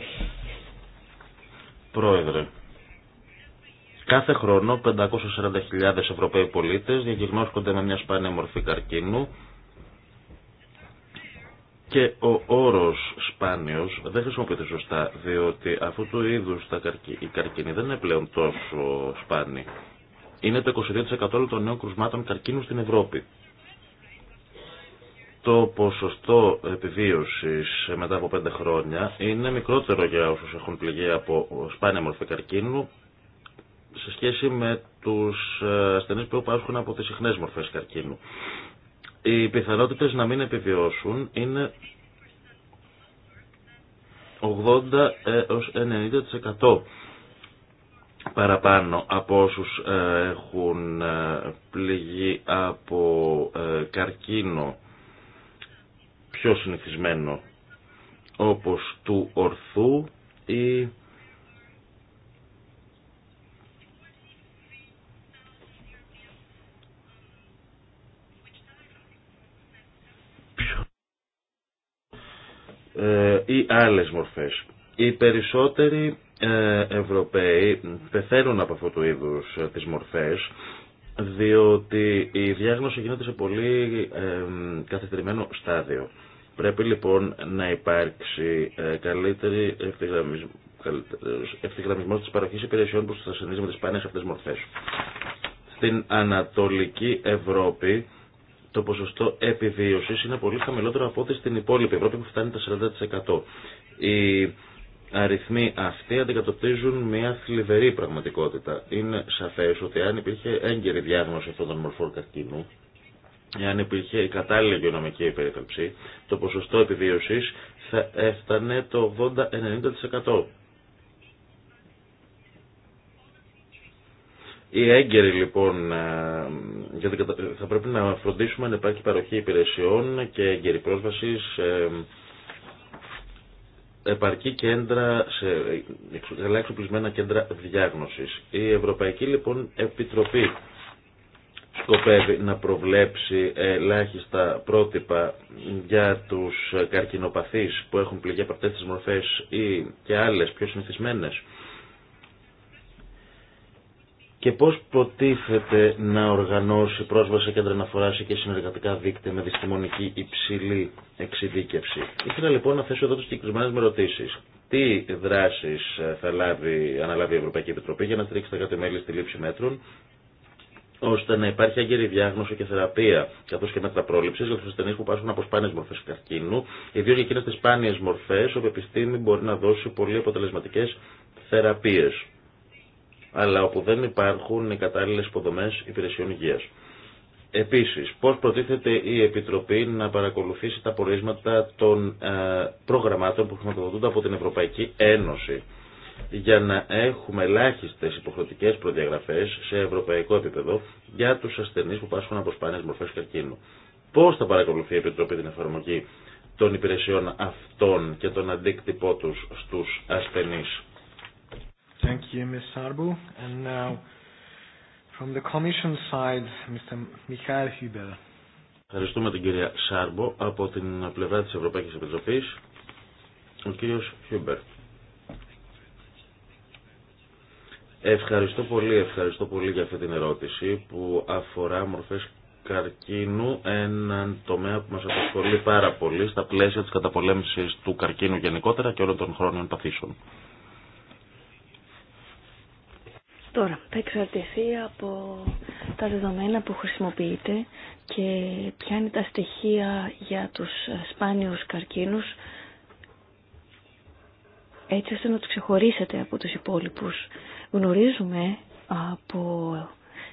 Πρόεδρε, Κάθε χρόνο 540.000 Ευρωπαίοι πολίτες διαγνώσκονται με μια σπάνια μορφή καρκίνου και ο όρος σπάνιος δεν χρησιμοποιείται σωστά, διότι αυτού του είδους τα καρκι... η καρκίνοι δεν είναι πλέον τόσο σπάνιοι. Είναι το 22% των νέων κρουσμάτων καρκίνου στην Ευρώπη. Το ποσοστό επιβίωσης μετά από 5 χρόνια είναι μικρότερο για όσους έχουν πληγεί από σπάνια μορφή καρκίνου σε σχέση με τους ε, ασθενεί που υπάρχουν από τι συχνέ μορφές καρκίνου. Οι πιθανότητες να μην επιβιώσουν είναι 80 έω 90% παραπάνω από όσους ε, έχουν ε, πληγεί από καρκίνο πιο συνηθισμένο όπως του ορθού ή Ε, ή άλλες μορφές. Οι περισσότεροι ε, Ευρωπαίοι πεθαίνουν από αυτού του είδους ε, τις μορφές διότι η διάγνωση γίνεται σε πολύ καθυστερημένο στάδιο. Πρέπει λοιπόν να υπάρξει καλύτερη ευθυγραμμισμό τη παροχή υπηρεσιών που θα συνδύζει με τι αυτές αυτέ μορφέ. Στην Ανατολική Ευρώπη το ποσοστό επιβίωσης είναι πολύ χαμηλότερο από ό,τι στην υπόλοιπη Ευρώπη που φτάνει τα 40%. Οι αριθμοί αυτοί αντικατοπτρίζουν μια θλιβερή πραγματικότητα. Είναι σαφές ότι αν υπήρχε έγκαιρη διάγνωση αυτών των μορφών καρκίνου, εάν υπήρχε η κατάλληλη υγειονομική υπερίθαλψη, το ποσοστό επιβίωσης θα έφτανε το 80-90%. Οι έγκαιροι λοιπόν, ε, γιατί θα πρέπει να φροντίσουμε να υπάρχει παροχή υπηρεσιών και έγκαιρη πρόσβαση σε επαρκή κέντρα, σε κέντρα διάγνωσης. Η Ευρωπαϊκή λοιπόν Επιτροπή σκοπεύει να προβλέψει ελάχιστα πρότυπα για τους καρκινοπαθείς που έχουν πληγεί από αυτές τις μορφές ή και άλλες πιο συνηθισμένες και πώς προτίθεται να οργανώσει πρόσβαση σε κέντρα αναφοράς και συνεργατικά δίκτυα με διστημονική υψηλή εξειδίκευση. Ήθελα λοιπόν να θέσω εδώ τι συγκεκριμένες με ερωτήσεις. Τι δράσεις θα λάβει, αναλάβει η Ευρωπαϊκή Επιτροπή για να στηρίξει τα κάτω μέλη στη λήψη μέτρων ώστε να υπάρχει άγκαιρη διάγνωση και θεραπεία, καθώ και μέτρα πρόληψη για του ασθενεί που πάσχουν από σπάνιε μορφέ καρκίνου, ιδίω για εκείνε τι σπάνιε μορφέ, όπου η επιστήμη μπορεί να δώσει πολύ αποτελεσματικέ θεραπείε αλλά όπου δεν υπάρχουν οι κατάλληλες υποδομές υπηρεσιών υγείας. Επίσης, πώς προτίθεται η Επιτροπή να παρακολουθήσει τα πορίσματα των ε, προγραμμάτων που χρηματοδοτούνται από την Ευρωπαϊκή Ένωση για να έχουμε ελάχιστε υποχρεωτικέ προδιαγραφέ σε ευρωπαϊκό επίπεδο για του ασθενεί που πάσχουν από σπάνιε μορφέ καρκίνου. Πώ θα παρακολουθεί η Επιτροπή την εφαρμογή των υπηρεσιών αυτών και τον αντίκτυπό του στου ασθενεί. Thank you, And now, from the Commission side, Mr. Michael Ευχαριστούμε την κυρία Σάρμπο από την πλευρά της Ευρωπαϊκής Επιτροπής, ο κύριος Χιούμπερ. Ευχαριστώ πολύ, ευχαριστώ πολύ για αυτή την ερώτηση που αφορά μορφές καρκίνου, έναν τομέα που μας απασχολεί πάρα πολύ στα πλαίσια της καταπολέμησης του καρκίνου γενικότερα και όλων των χρόνων παθήσεων. Τώρα, θα εξαρτηθεί από τα δεδομένα που χρησιμοποιείτε και ποια είναι τα στοιχεία για τους σπάνιους καρκίνους έτσι ώστε να τους ξεχωρίσετε από τους υπόλοιπους. Γνωρίζουμε από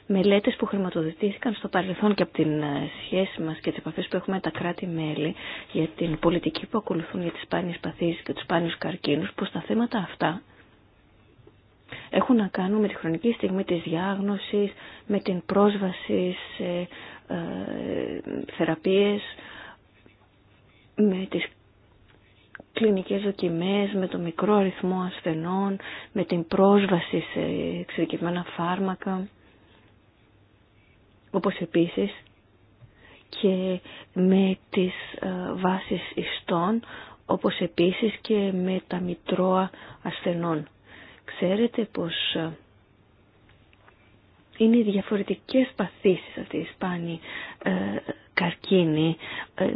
μελέτες που χρηματοδοτήθηκαν στο παρελθόν και από την ε, σχέση μας και τις επαφές που έχουμε τα κράτη-μέλη για την πολιτική που ακολουθούν για τις σπάνιες παθήσεις και τους σπάνιους καρκίνους, πως τα θέματα αυτά έχουν να κάνουν με τη χρονική στιγμή της διάγνωσης, με την πρόσβαση σε ε, θεραπείες, με τις κλινικές δοκιμές, με το μικρό αριθμό ασθενών, με την πρόσβαση σε εξειδικευμένα φάρμακα, όπως επίσης και με τις ε, βάσεις ιστών, όπως επίσης και με τα μητρώα ασθενών. Ξέρετε πως ε, είναι οι διαφορετικές παθήσεις αυτή η σπάνη ε, καρκίνη ε,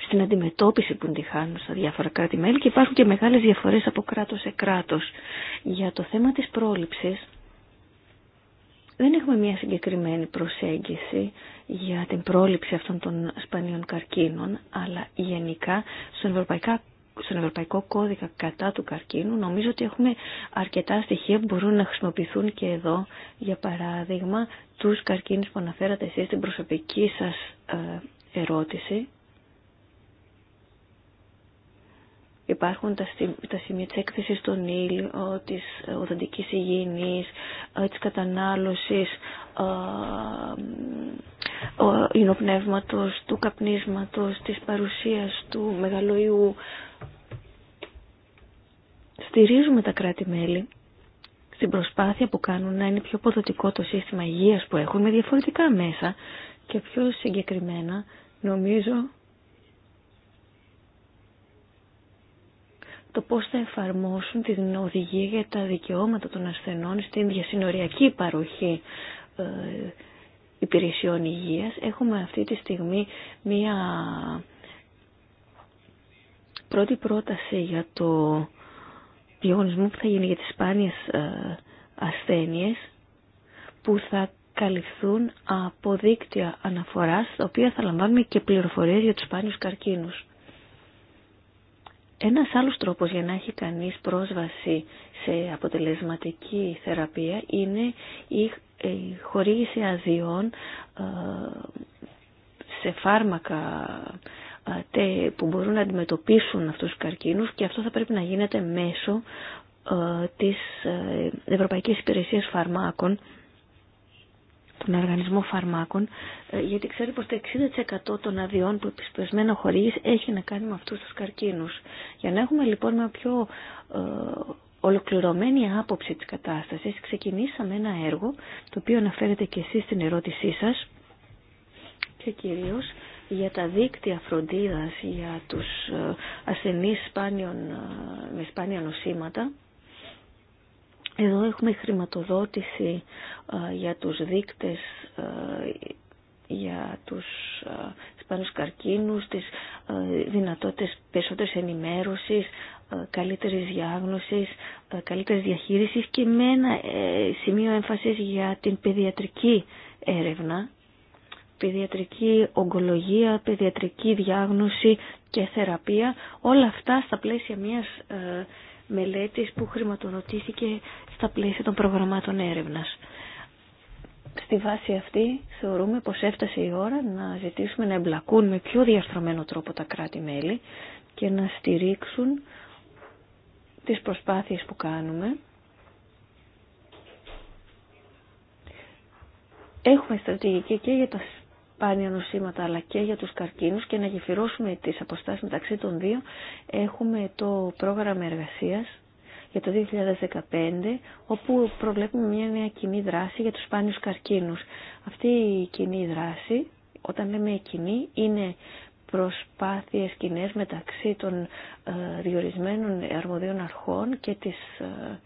στην αντιμετώπιση που τη στα διάφορα κράτη-μέλη και υπάρχουν και μεγάλες διαφορές από κράτος σε κράτος. Για το θέμα της πρόληψης δεν έχουμε μια συγκεκριμένη προσέγγιση για την πρόληψη αυτών των σπανίων καρκίνων, αλλά γενικά στον ευρωπαϊκά στον Ευρωπαϊκό Κώδικα κατά του καρκίνου, νομίζω ότι έχουμε αρκετά στοιχεία που μπορούν να χρησιμοποιηθούν και εδώ. Για παράδειγμα, τους καρκίνους που αναφέρατε εσείς στην προσωπική σας ε, ερώτηση. Υπάρχουν τα σημεία της έκθεσης στον ήλιο, της οδοντικής υγιεινής, ε, της κατανάλωσης, ε, υνοπνεύματος του καπνίσματος, της παρουσίας του μεγαλοϊού στηρίζουμε τα κράτη-μέλη στην προσπάθεια που κάνουν να είναι πιο ποδοτικό το σύστημα υγείας που έχουν με διαφορετικά μέσα και πιο συγκεκριμένα νομίζω το πώς θα εφαρμόσουν την οδηγία για τα δικαιώματα των ασθενών στην διασυνοριακή παροχή ε, υπηρεσιών υγείας. Έχουμε αυτή τη στιγμή μία πρώτη πρόταση για το διαγωνισμό που θα γίνει για τις σπάνιες ε, ασθένειες που θα καλυφθούν από δίκτυα αναφοράς, τα οποία θα λαμβάνουμε και πληροφορίες για τους σπάνιους καρκίνους. Ένας άλλος τρόπος για να έχει κανείς πρόσβαση σε αποτελεσματική θεραπεία είναι η χορήγηση αδειών ε, σε φάρμακα που μπορούν να αντιμετωπίσουν αυτούς τους καρκίνους και αυτό θα πρέπει να γίνεται μέσω ε, της ε, Ευρωπαϊκής Υπηρεσίας Φαρμάκων τον οργανισμό φαρμάκων, ε, γιατί ξέρει πως το 60% των αδειών που επισπεσμένα χωρίς έχει να κάνει με αυτούς τους καρκίνους. Για να έχουμε λοιπόν μια πιο ολοκληρωμένη άποψη της κατάστασης, ξεκινήσαμε ένα έργο, το οποίο αναφέρεται και εσείς στην ερώτησή σας, και κυρίως για τα δίκτυα φροντίδας για τους ε, ασθενείς σπάνιων, ε, με σπάνια νοσήματα. Εδώ έχουμε χρηματοδότηση ε, για τους δίκτες για τους σπάνιους καρκίνους, τις δυνατότητες περισσότερης ενημέρωσης, καλύτερης διάγνωσης, καλύτερης διαχείρισης και με ένα σημείο έμφασης για την παιδιατρική έρευνα παιδιατρική ογκολογία, παιδιατρική διάγνωση και θεραπεία, όλα αυτά στα πλαίσια μιας ε, μελέτης που χρηματοδοτήθηκε στα πλαίσια των προγραμμάτων έρευνας. Στη βάση αυτή θεωρούμε πως έφτασε η ώρα να ζητήσουμε να εμπλακούν με πιο διαστρωμένο τρόπο τα κράτη-μέλη και να στηρίξουν τις προσπάθειες που κάνουμε. Έχουμε στρατηγική και για τα σπάνια νοσήματα αλλά και για τους καρκίνους και να γεφυρώσουμε τις αποστάσεις μεταξύ των δύο έχουμε το πρόγραμμα εργασίας για το 2015 όπου προβλέπουμε μια νέα κοινή δράση για τους σπάνιους καρκίνους. Αυτή η κοινή δράση, όταν λέμε κοινή, είναι προσπάθειες κοινέ μεταξύ των ε, διορισμένων αρμοδίων αρχών και της ε,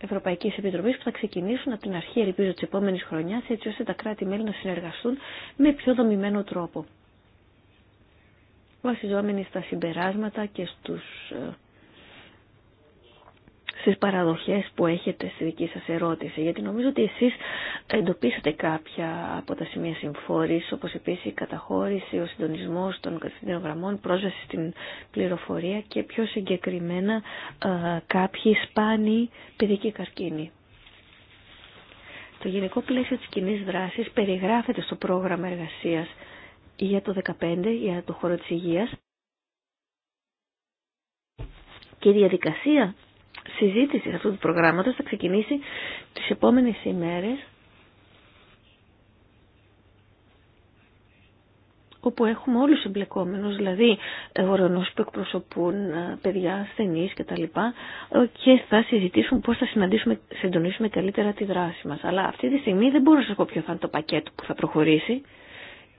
Ευρωπαϊκή Επιτροπή που θα ξεκινήσουν από την αρχή, ελπίζω, τη επόμενη χρόνια έτσι ώστε τα κράτη-μέλη να συνεργαστούν με πιο δομημένο τρόπο. Βασιζόμενοι στα συμπεράσματα και στους ε, στις παραδοχές που έχετε στη δική σας ερώτηση, γιατί νομίζω ότι εσείς εντοπίσατε κάποια από τα σημεία συμφόρης, όπως επίσης η καταχώρηση, ο συντονισμός των κατευθυντήρων γραμμών, πρόσβαση στην πληροφορία και πιο συγκεκριμένα ε, κάποιοι σπάνιοι παιδικοί καρκίνοι. Το γενικό πλαίσιο της κοινή δράσης περιγράφεται στο πρόγραμμα εργασίας για το 2015, για το χώρο της υγείας. Και η διαδικασία συζήτηση αυτού του προγράμματος θα ξεκινήσει τις επόμενες ημέρες όπου έχουμε όλους εμπλεκόμενους, δηλαδή γορονούς που εκπροσωπούν ε, παιδιά, ασθενείς κτλ. Ε, και θα συζητήσουν πώς θα συναντήσουμε, συντονίσουμε καλύτερα τη δράση μας. Αλλά αυτή τη στιγμή δεν μπορώ να σας πω ποιο θα είναι το πακέτο που θα προχωρήσει.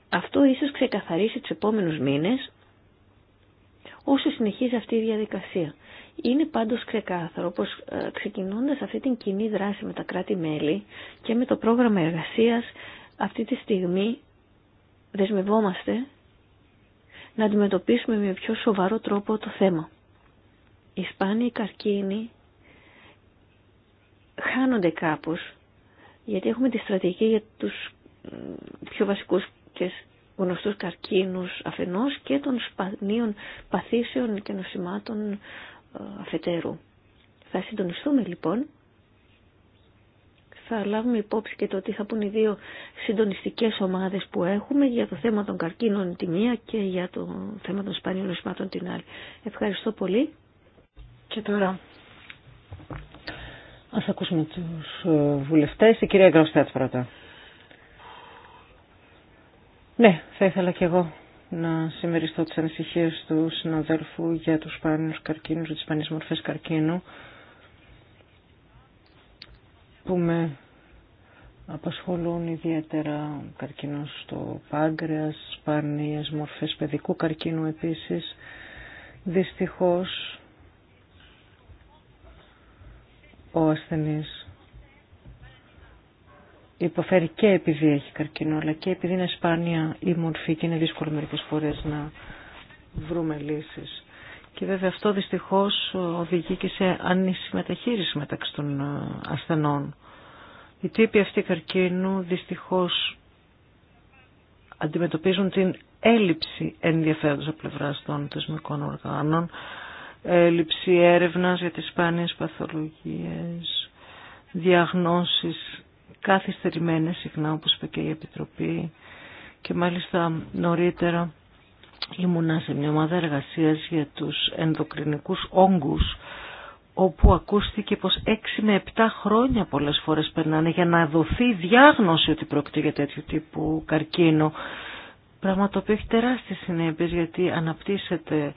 Αυτό ίσως ξεκαθαρίσει τους επόμενους μήνες όσο συνεχίζει αυτή η διαδικασία. Είναι πάντως ξεκάθαρο πως ε, ξεκινώντας αυτή την κοινή δράση με τα κράτη-μέλη και με το πρόγραμμα εργασίας αυτή τη στιγμή δεσμευόμαστε να αντιμετωπίσουμε με πιο σοβαρό τρόπο το θέμα. Οι σπάνιοι καρκίνοι χάνονται κάπως γιατί έχουμε τη στρατηγική για τους πιο βασικούς και γνωστούς καρκίνους αφενός και των σπανίων παθήσεων και νοσημάτων ε, αφετέρου. Θα συντονιστούμε λοιπόν. Θα λάβουμε υπόψη και το τι θα πούν οι δύο συντονιστικές ομάδες που έχουμε για το θέμα των καρκίνων τη μία και για το θέμα των σπανίων νοσημάτων την άλλη. Ευχαριστώ πολύ. Και τώρα ας ακούσουμε τους ε, βουλευτές. Η κυρία Γκροστέτ πρώτα. Ναι, θα ήθελα και εγώ να συμμεριστώ τις ανησυχίες του συναδέλφου για τους σπάνιους καρκίνους, για τις σπάνιες μορφές καρκίνου που με απασχολούν ιδιαίτερα καρκίνος στο πάγκρεας, σπάνιες μορφές παιδικού καρκίνου επίσης. Δυστυχώς ο ασθενής υποφέρει και επειδή έχει καρκίνο, αλλά και επειδή είναι σπάνια η μορφή και είναι δύσκολο μερικέ φορές να βρούμε λύσει. Και βέβαια αυτό δυστυχώ οδηγεί και σε μεταχείριση μεταξύ των ε, ασθενών. Οι τύποι αυτή καρκίνου δυστυχώ αντιμετωπίζουν την έλλειψη ενδιαφέροντος από πλευράς των θεσμικών οργάνων, έλλειψη έρευνας για τις σπάνιες παθολογίες, διαγνώσεις καθυστερημένες συχνά όπως είπε και η Επιτροπή και μάλιστα νωρίτερα ήμουνα σε μια ομάδα εργασία για τους ενδοκρινικούς όγκους όπου ακούστηκε πως 6 με 7 χρόνια πολλές φορές περνάνε για να δοθεί διάγνωση ότι πρόκειται για τέτοιου τύπου καρκίνο. Πράγμα το οποίο έχει τεράστιες συνέπειες γιατί αναπτύσσεται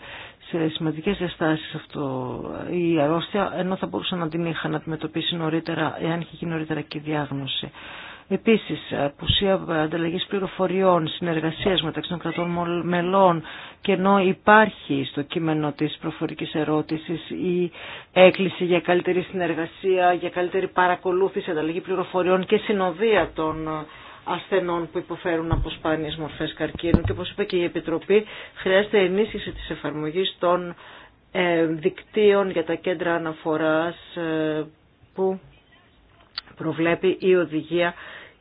σε σημαντικές διαστάσεις αυτό η αρρώστια, ενώ θα μπορούσαν να την είχαν αντιμετωπίσει νωρίτερα, εάν είχε γίνει νωρίτερα και η διάγνωση. Επίσης, απουσία ανταλλαγής πληροφοριών, συνεργασίας μεταξύ των κρατών μελών και ενώ υπάρχει στο κείμενο της προφορικής ερώτησης η έκκληση για καλύτερη συνεργασία, για καλύτερη παρακολούθηση, ανταλλαγή πληροφοριών και συνοδεία των ασθενών που υποφέρουν από σπάνιες μορφές καρκίνου και όπως είπε και η Επιτροπή χρειάζεται ενίσχυση της εφαρμογής των ε, δικτύων για τα κέντρα αναφοράς ε, που προβλέπει η οδηγία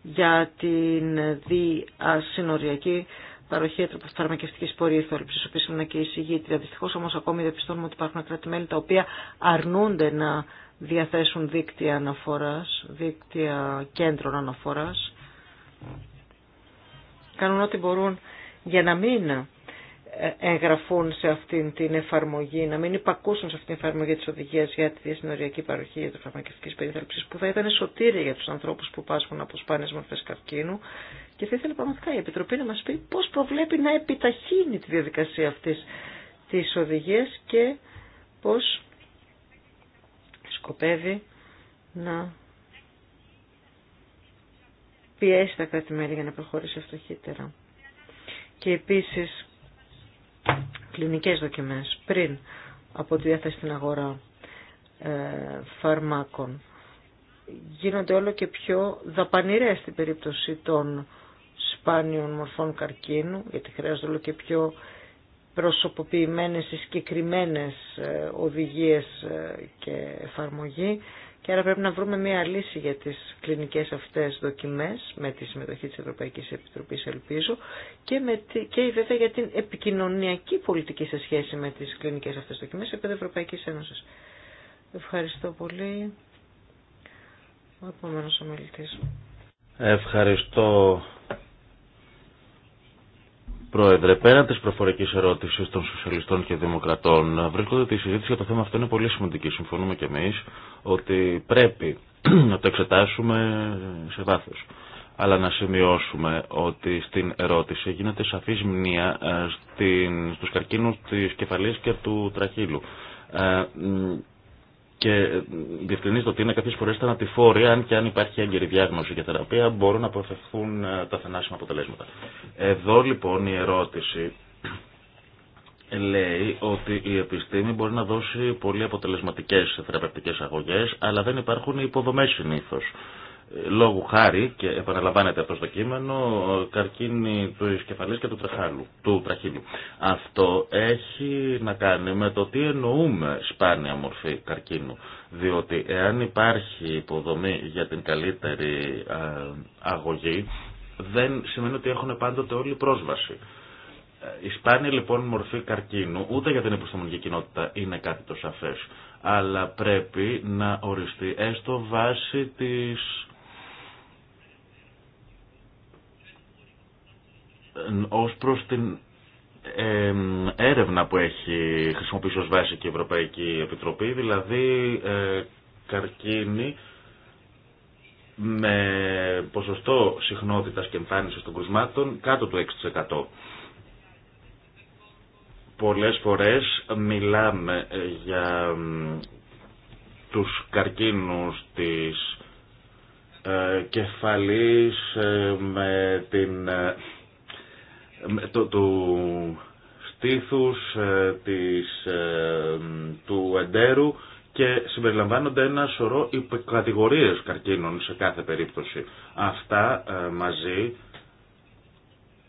για την διασυνοριακή παροχή φαρμακευτική πορεία θόρυψη, οποίο είναι και η συγγήτρια. Δυστυχώ όμω πιστωνουμε διαπιστώνουμε ότι υπάρχουν κράτη-μέλη τα οποία αρνούνται να διαθέσουν δίκτυα αναφορά, δίκτυα κέντρων αναφορά. Κάνουν ό,τι μπορούν για να μην ε, εγγραφούν σε αυτήν την εφαρμογή, να μην υπακούσουν σε αυτήν την εφαρμογή της οδηγία για τη διασυνοριακή παροχή φαρμακευτική περιθαλψής που θα ήταν σωτήρια για τους ανθρώπους που πάσχουν από σπάνιε μορφές καρκίνου και θα ήθελα πραγματικά η Επιτροπή να μας πει πώς προβλέπει να επιταχύνει τη διαδικασία αυτή τη οδηγία και πώς σκοπεύει να πιέσει τα κράτη-μέλη για να προχωρήσει αυτοχύτερα. Και επίσης κλινικές δοκιμές πριν από τη διάθεση στην αγορά ε, φαρμάκων γίνονται όλο και πιο δαπανηρές στην περίπτωση των σπάνιων μορφών καρκίνου, γιατί χρειάζονται όλο και πιο προσωποποιημένες ή ε, οδηγίες ε, και εφαρμογή και άρα πρέπει να βρούμε μια λύση για τις κλινικές αυτές δοκιμές με τη συμμετοχή της Ευρωπαϊκής Επιτροπής ελπίζω και, με, και βέβαια για την επικοινωνιακή πολιτική σε σχέση με τις κλινικές αυτές δοκιμές επί επίπεδο Ευρωπαϊκής Ένωσης. Ευχαριστώ πολύ. Ο επόμενος ομιλητής. Ευχαριστώ Πρόεδρε, πέραν τη προφορική ερώτηση των Σοσιαλιστών και Δημοκρατών, βρίσκονται ότι η συζήτηση για το θέμα αυτό είναι πολύ σημαντική. Συμφωνούμε κι εμεί ότι πρέπει [CLEARS THROAT] να το εξετάσουμε σε βάθο. Αλλά να σημειώσουμε ότι στην ερώτηση γίνεται σαφή μνήμα ε, στου καρκίνου τη κεφαλή και του τραχύλου. Ε, και διευκρινίζεται ότι είναι κάποιε φορέ θανατηφόροι, αν και αν υπάρχει έγκαιρη διάγνωση και θεραπεία, μπορούν να προφευθούν ε, τα θανάσιμα αποτελέσματα. Εδώ λοιπόν η ερώτηση λέει ότι η επιστήμη μπορεί να δώσει πολύ αποτελεσματικέ θεραπευτικέ αγωγέ, αλλά δεν υπάρχουν υποδομέ συνήθω λόγου χάρη, και επαναλαμβάνεται αυτό το κείμενο, καρκίνη του κεφαλής και του, τραχάλου, του τραχύλου. Αυτό έχει να κάνει με το τι εννοούμε σπάνια μορφή καρκίνου. Διότι εάν υπάρχει υποδομή για την καλύτερη αγωγή, δεν σημαίνει ότι έχουν πάντοτε όλη πρόσβαση. Η σπάνια λοιπόν μορφή καρκίνου ούτε για την επιστημονική κοινότητα είναι κάτι το σαφές αλλά πρέπει να οριστεί έστω βάσει της ως προς την έρευνα που έχει χρησιμοποιήσει ως βάση και η Ευρωπαϊκή Επιτροπή, δηλαδή ε, καρκίνη με ποσοστό συχνότητας και εμφάνισης των κρουσμάτων κάτω του 6%. Πολλές φορές μιλάμε ε, για τους καρκίνους της ε, κεφαλής ε, με την ε, το, του στήθους, ε, της, ε, του εντέρου και συμπεριλαμβάνονται ένα σωρό υποκατηγορίες καρκίνων σε κάθε περίπτωση. Αυτά ε, μαζί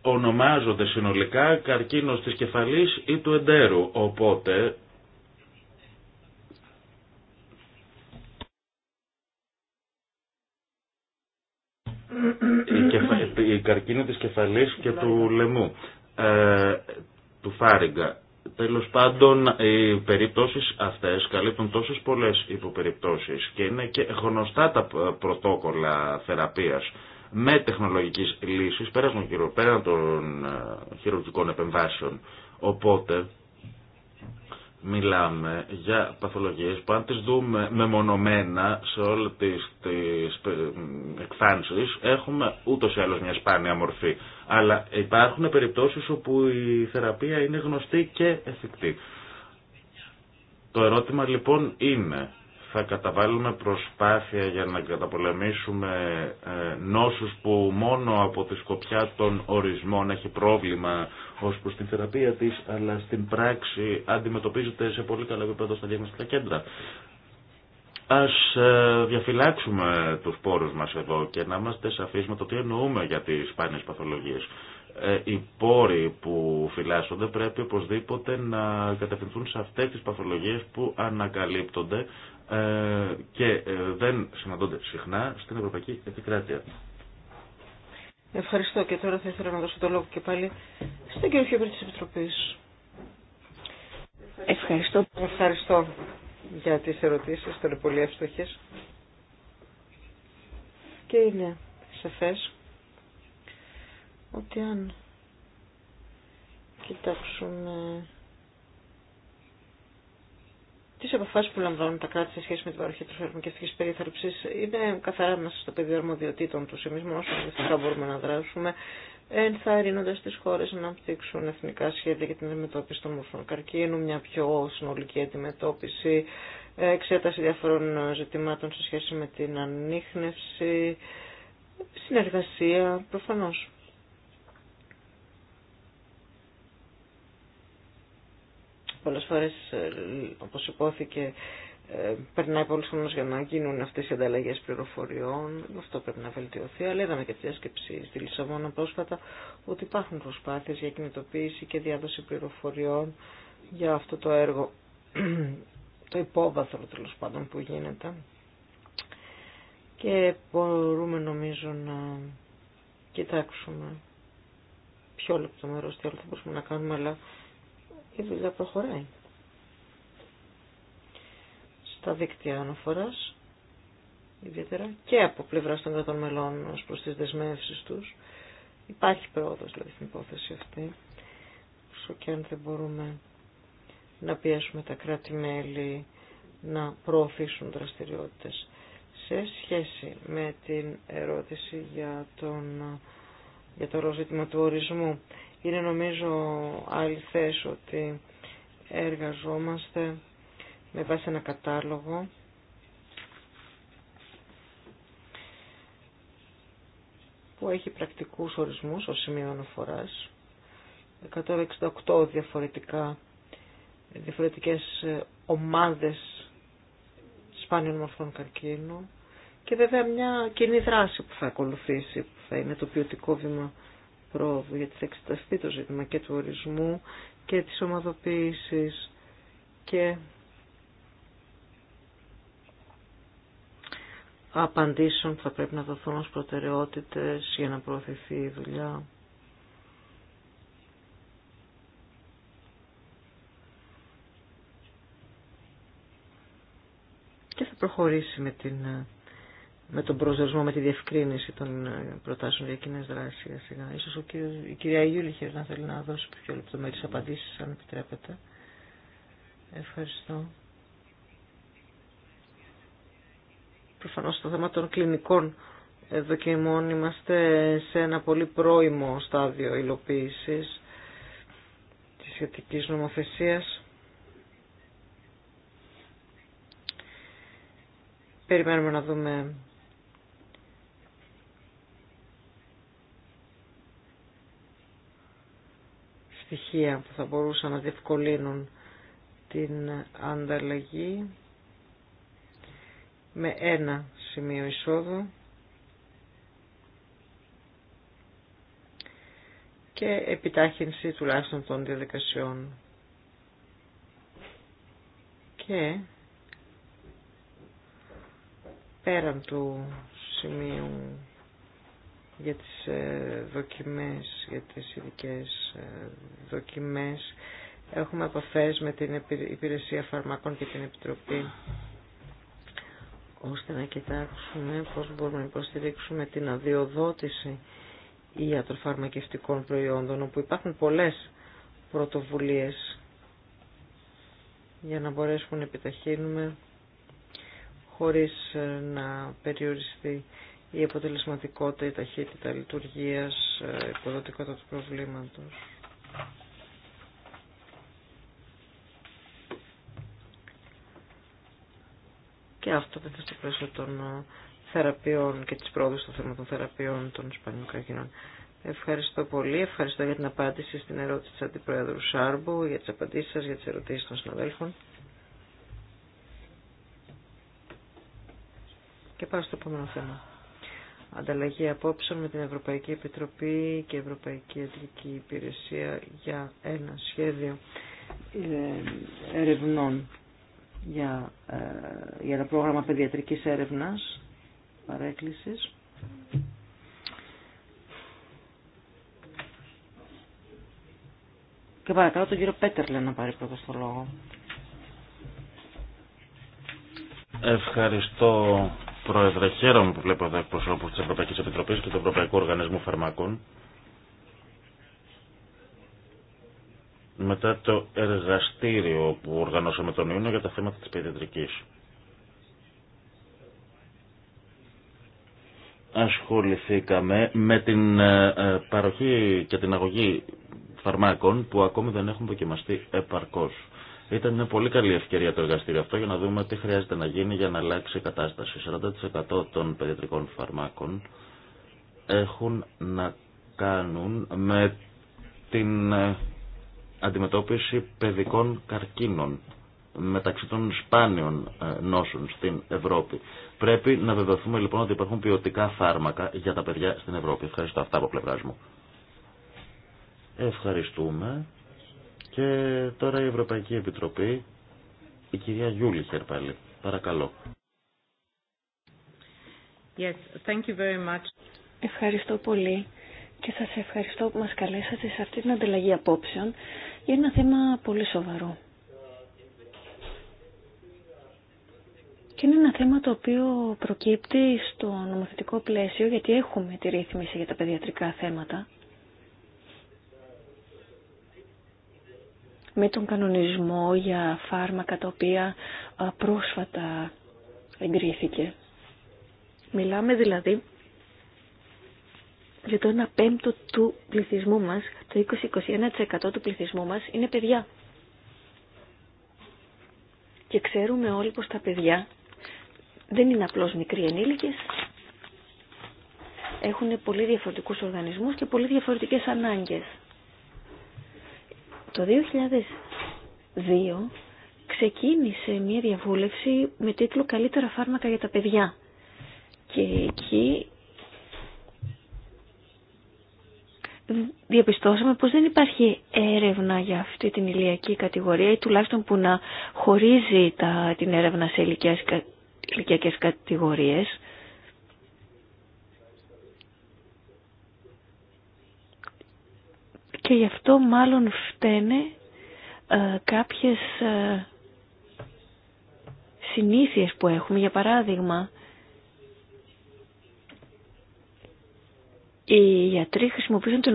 ονομάζονται συνολικά καρκίνος της κεφαλής ή του εντέρου. Οπότε την καρκίνο της κεφαλής και του λαιμού, ε, του φάριγγα. Τέλο πάντων, οι περιπτώσεις αυτές καλύπτουν τόσες πολλές υποπεριπτώσεις και είναι και γνωστά τα πρωτόκολλα θεραπείας με τεχνολογικής λύσης πέρα των ε, χειρουργικών επεμβάσεων. Οπότε, μιλάμε για παθολογίες που αν τις δούμε μεμονωμένα σε όλες τις, τις εκφάνσεις έχουμε ούτως ή άλλως μια σπάνια μορφή. Αλλά υπάρχουν περιπτώσεις όπου η θεραπεία είναι γνωστή και εφικτή. Το ερώτημα λοιπόν είναι θα καταβάλουμε προσπάθεια για να καταπολεμήσουμε ε, νόσους που μόνο από τη σκοπιά των ορισμών έχει πρόβλημα ως προς την θεραπεία της, αλλά στην πράξη αντιμετωπίζεται σε πολύ καλό επίπεδο στα διαγνωστικά κέντρα. Ας ε, διαφυλάξουμε τους πόρους μας εδώ και να είμαστε σαφείς με το τι εννοούμε για τις σπάνιες παθολογίες. Ε, οι πόροι που φυλάσσονται πρέπει οπωσδήποτε να κατευθυνθούν σε αυτές τις παθολογίες που ανακαλύπτονται ε, και ε, δεν συναντώνται συχνά στην Ευρωπαϊκή Επικράτεια. Ευχαριστώ και τώρα θα ήθελα να δώσω το λόγο και πάλι στον κύριο Χιούμπερ της Επιτροπής. Ευχαριστώ. Ευχαριστώ για τις ερωτήσεις, ήταν πολύ εύστοχες. Και είναι σαφές ότι αν κοιτάξουμε τι αποφάσει που λαμβάνουν τα κράτη σε σχέση με την παροχή φαρμακευτική περίθαλψη είναι καθαρά μέσα στο πεδίο αρμοδιοτήτων του. Εμεί μόνο θα μπορούμε να δράσουμε, ενθαρρύνοντα τι χώρε να αναπτύξουν εθνικά σχέδια για την αντιμετώπιση των μορφών καρκίνου, μια πιο συνολική αντιμετώπιση, εξέταση διαφορών ζητημάτων σε σχέση με την ανείχνευση, συνεργασία προφανώ. πολλές φορές, ε, όπως υπόθηκε, ε, περνάει πολλούς χρόνους για να γίνουν αυτές οι ανταλλαγές πληροφοριών, αυτό πρέπει να βελτιωθεί, αλλά είδαμε και τη διάσκεψη στη Λισαβόνα πρόσφατα ότι υπάρχουν προσπάθειες για κινητοποίηση και διάδοση πληροφοριών για αυτό το έργο, [CLEARS THROAT] το υπόβαθρο τέλο πάντων που γίνεται και μπορούμε νομίζω να κοιτάξουμε πιο λεπτομερώς τι άλλο θα μπορούμε να κάνουμε, αλλά η δουλειά προχωράει. Στα δίκτυα αναφορα, ιδιαίτερα και από πλευρά των κρατών μελών προ τι δεσμεύσει του. υπάρχει πρόοδο δηλαδή στην υπόθεση αυτή, όσο και αν δεν μπορούμε να πιέσουμε τα κράτη-μέλη να προωθήσουν δραστηριότητε Σε σχέση με την ερώτηση για, τον, για το ρόλο ζήτημα του ορισμού, είναι νομίζω αληθές ότι εργαζόμαστε με βάση ένα κατάλογο που έχει πρακτικούς ορισμούς ως σημείο αναφοράς. 168 διαφορετικά, διαφορετικές ε, ομάδες σπάνιων μορφών καρκίνου και βέβαια μια κοινή δράση που θα ακολουθήσει, που θα είναι το ποιοτικό βήμα πρόοδου, γιατί θα εξεταστεί το ζήτημα και του ορισμού και της ομαδοποίησης και απαντήσεων που θα πρέπει να δοθούν ως προτεραιότητες για να προωθηθεί η δουλειά. Και θα προχωρήσει με την με τον προσδιορισμό, με τη διευκρίνηση των ε, προτάσεων για κοινέ δράσει σιγά Ίσως η κυρία Γιούλιχερ να θέλει να δώσει πιο λεπτομέρειες απαντήσει αν επιτρέπετε. Ευχαριστώ. Προφανώ στο θέμα των κλινικών δοκιμών είμαστε σε ένα πολύ πρώιμο στάδιο υλοποίηση της σχετική νομοθεσίας. Περιμένουμε να δούμε στοιχεία που θα μπορούσαν να διευκολύνουν την ανταλλαγή με ένα σημείο εισόδου και επιτάχυνση τουλάχιστον των διαδικασιών. Και πέραν του σημείου για τις ε, δοκιμές, για τις ειδικέ ε, δοκιμές. Έχουμε επαφές με την Υπηρεσία Φαρμακών και την Επιτροπή ώστε να κοιτάξουμε πώς μπορούμε να υποστηρίξουμε την αδειοδότηση ιατροφαρμακευτικών προϊόντων όπου υπάρχουν πολλές πρωτοβουλίες για να μπορέσουμε να επιταχύνουμε χωρίς ε, να περιοριστεί η αποτελεσματικότητα, η ταχύτητα λειτουργίας, η ε, υποδοτικότητα του προβλήματος. Και αυτό βέβαια στο πλαίσιο των ε, θεραπείων και της πρόοδου στο θέμα των θεραπείων των Ισπανικών Καγινών. Ευχαριστώ πολύ. Ευχαριστώ για την απάντηση στην ερώτηση της Αντιπρόεδρου Σάρμπου, για τις απαντήσεις σας, για τις ερωτήσεις των συναδέλφων. Και πάω στο επόμενο θέμα ανταλλαγή απόψεων με την Ευρωπαϊκή Επιτροπή και Ευρωπαϊκή Ιατρική Υπηρεσία για ένα σχέδιο ε, ερευνών για, ε, για το πρόγραμμα παιδιατρικής έρευνας παρέκκλησης. Και παρακαλώ τον κύριο Πέτερλε να πάρει πρώτα στο λόγο. Ευχαριστώ Πρόεδρε, χαίρομαι που βλέπω εδώ εκπροσώπου τη Ευρωπαϊκή Επιτροπή και του Ευρωπαϊκού Οργανισμού Φαρμάκων. Μετά το εργαστήριο που οργανώσαμε τον Ιούνιο για τα θέματα τη παιδιατρικής. Ασχοληθήκαμε με την ε, ε, παροχή και την αγωγή φαρμάκων που ακόμη δεν έχουν δοκιμαστεί επαρκώς. Ήταν μια πολύ καλή ευκαιρία το εργαστήριο αυτό για να δούμε τι χρειάζεται να γίνει για να αλλάξει η κατάσταση. 40% των παιδιατρικών φαρμάκων έχουν να κάνουν με την ε, αντιμετώπιση παιδικών καρκίνων μεταξύ των σπάνιων ε, νόσων στην Ευρώπη. Πρέπει να βεβαιωθούμε λοιπόν ότι υπάρχουν ποιοτικά φάρμακα για τα παιδιά στην Ευρώπη. Ευχαριστώ αυτά από πλευρά μου. Ευχαριστούμε. Και τώρα η Ευρωπαϊκή Επιτροπή, η κυρία Γιούλιχερ πάλι. Παρακαλώ. Ευχαριστώ πολύ και σας ευχαριστώ που μας καλέσατε σε αυτή την ανταλλαγή απόψεων για ένα θέμα πολύ σοβαρό. Και είναι ένα θέμα το οποίο προκύπτει στο νομοθετικό πλαίσιο γιατί έχουμε τη ρύθμιση για τα παιδιατρικά θέματα με τον κανονισμό για φάρμακα τα οποία πρόσφατα εγκρίθηκε. Μιλάμε δηλαδή για το 1 πέμπτο του πληθυσμού μας, το 20-21% του πληθυσμού μας είναι παιδιά. Και ξέρουμε όλοι πως τα παιδιά δεν είναι απλώς μικροί ενήλικες, έχουν πολύ διαφορετικούς οργανισμούς και πολύ διαφορετικές ανάγκες. Το 2002 ξεκίνησε μια διαβούλευση με τίτλο «Καλύτερα φάρμακα για τα παιδιά». Και εκεί διαπιστώσαμε πως δεν υπάρχει έρευνα για αυτή την ηλιακή κατηγορία ή τουλάχιστον που να χωρίζει τα, την έρευνα σε ηλικιακές κατηγορίες και γι' αυτό μάλλον φταίνε ε, κάποιες ε, συνήθειες που έχουμε. Για παράδειγμα, οι γιατροί χρησιμοποιούν την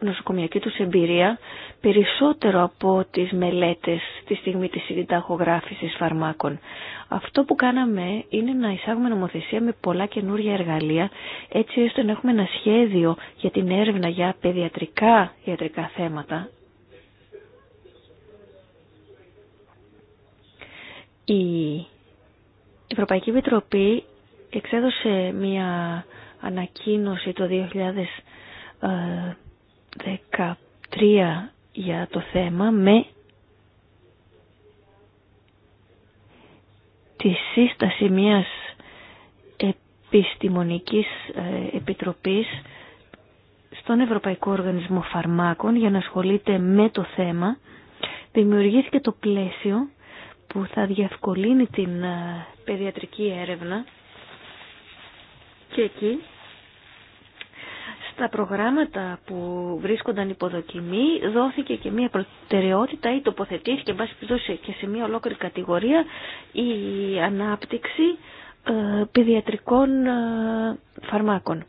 νοσοκομιακή τους, τους εμπειρία περισσότερο από τις μελέτες τη στιγμή της συνταχογράφησης φαρμάκων. Αυτό που κάναμε είναι να εισάγουμε νομοθεσία με πολλά καινούργια εργαλεία έτσι ώστε να έχουμε ένα σχέδιο για την έρευνα για παιδιατρικά ιατρικά θέματα. Η Ευρωπαϊκή Επιτροπή εξέδωσε μια ανακοίνωση το 2013 ε, για το θέμα με τη σύσταση μιας επιστημονικής ε, επιτροπής στον Ευρωπαϊκό Οργανισμό Φαρμάκων για να ασχολείται με το θέμα δημιουργήθηκε το πλαίσιο που θα διευκολύνει την ε, παιδιατρική έρευνα και εκεί στα προγράμματα που βρίσκονταν υποδοκιμή δόθηκε και μια προτεραιότητα ή τοποθετήθηκε και σε μια ολόκληρη κατηγορία η ανάπτυξη ε, παιδιατρικών ε, φαρμάκων.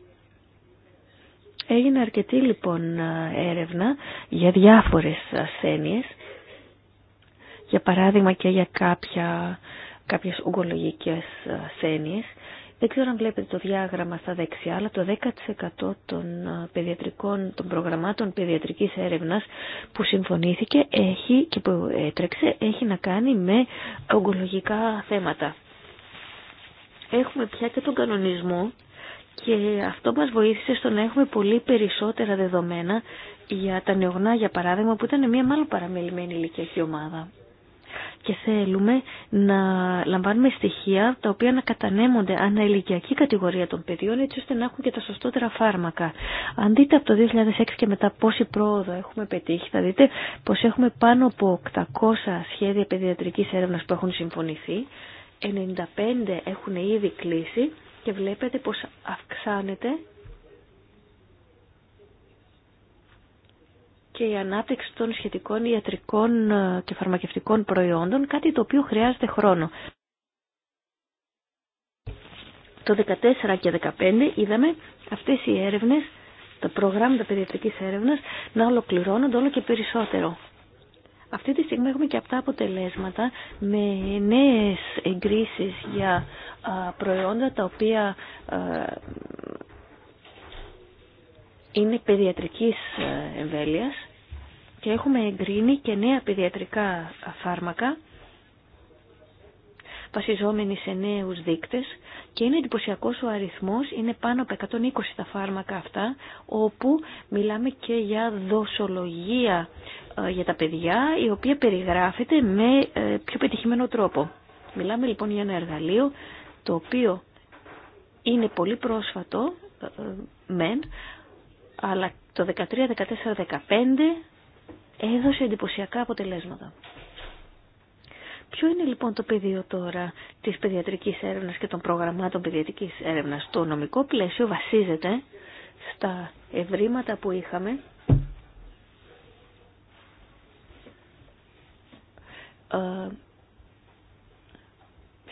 Έγινε αρκετή λοιπόν έρευνα για διάφορες ασθένειες, για παράδειγμα και για κάποια, κάποιες ογκολογικές ασθένειες δεν ξέρω αν βλέπετε το διάγραμμα στα δεξιά, αλλά το 10% των, παιδιατρικών, των προγραμμάτων παιδιατρικής έρευνας που συμφωνήθηκε έχει, και που έτρεξε έχει να κάνει με ογκολογικά θέματα. Έχουμε πια και τον κανονισμό και αυτό μας βοήθησε στο να έχουμε πολύ περισσότερα δεδομένα για τα νεογνά, για παράδειγμα, που ήταν μια μάλλον παραμελημένη ηλικιακή ομάδα και θέλουμε να λαμβάνουμε στοιχεία τα οποία να κατανέμονται αναηλικιακή κατηγορία των παιδιών έτσι ώστε να έχουν και τα σωστότερα φάρμακα. Αν δείτε από το 2006 και μετά πόση πρόοδο έχουμε πετύχει θα δείτε πως έχουμε πάνω από 800 σχέδια παιδιατρικής έρευνας που έχουν συμφωνηθεί, 95 έχουν ήδη κλείσει και βλέπετε πως αυξάνεται και η ανάπτυξη των σχετικών ιατρικών ε, και φαρμακευτικών προϊόντων, κάτι το οποίο χρειάζεται χρόνο. Το 2014 και 2015 είδαμε αυτές οι έρευνες, τα προγράμματα παιδιατρικής έρευνας, να ολοκληρώνονται όλο και περισσότερο. Αυτή τη στιγμή έχουμε και αυτά αποτελέσματα με νέες εγκρίσεις για προϊόντα τα οποία είναι παιδιατρικής ε, εμβέλειας και έχουμε εγκρίνει και νέα παιδιατρικά φάρμακα βασιζόμενοι σε νέους δείκτες και είναι εντυπωσιακό ο αριθμός, είναι πάνω από 120 τα φάρμακα αυτά, όπου μιλάμε και για δοσολογία ε, για τα παιδιά, η οποία περιγράφεται με ε, πιο πετυχημένο τρόπο. Μιλάμε λοιπόν για ένα εργαλείο το οποίο είναι πολύ πρόσφατο, μεν, αλλά το 13, 14, 15 έδωσε εντυπωσιακά αποτελέσματα. Ποιο είναι λοιπόν το πεδίο τώρα της παιδιατρικής έρευνας και των προγραμμάτων παιδιατρικής έρευνας. Το νομικό πλαίσιο βασίζεται στα ευρήματα που είχαμε ε,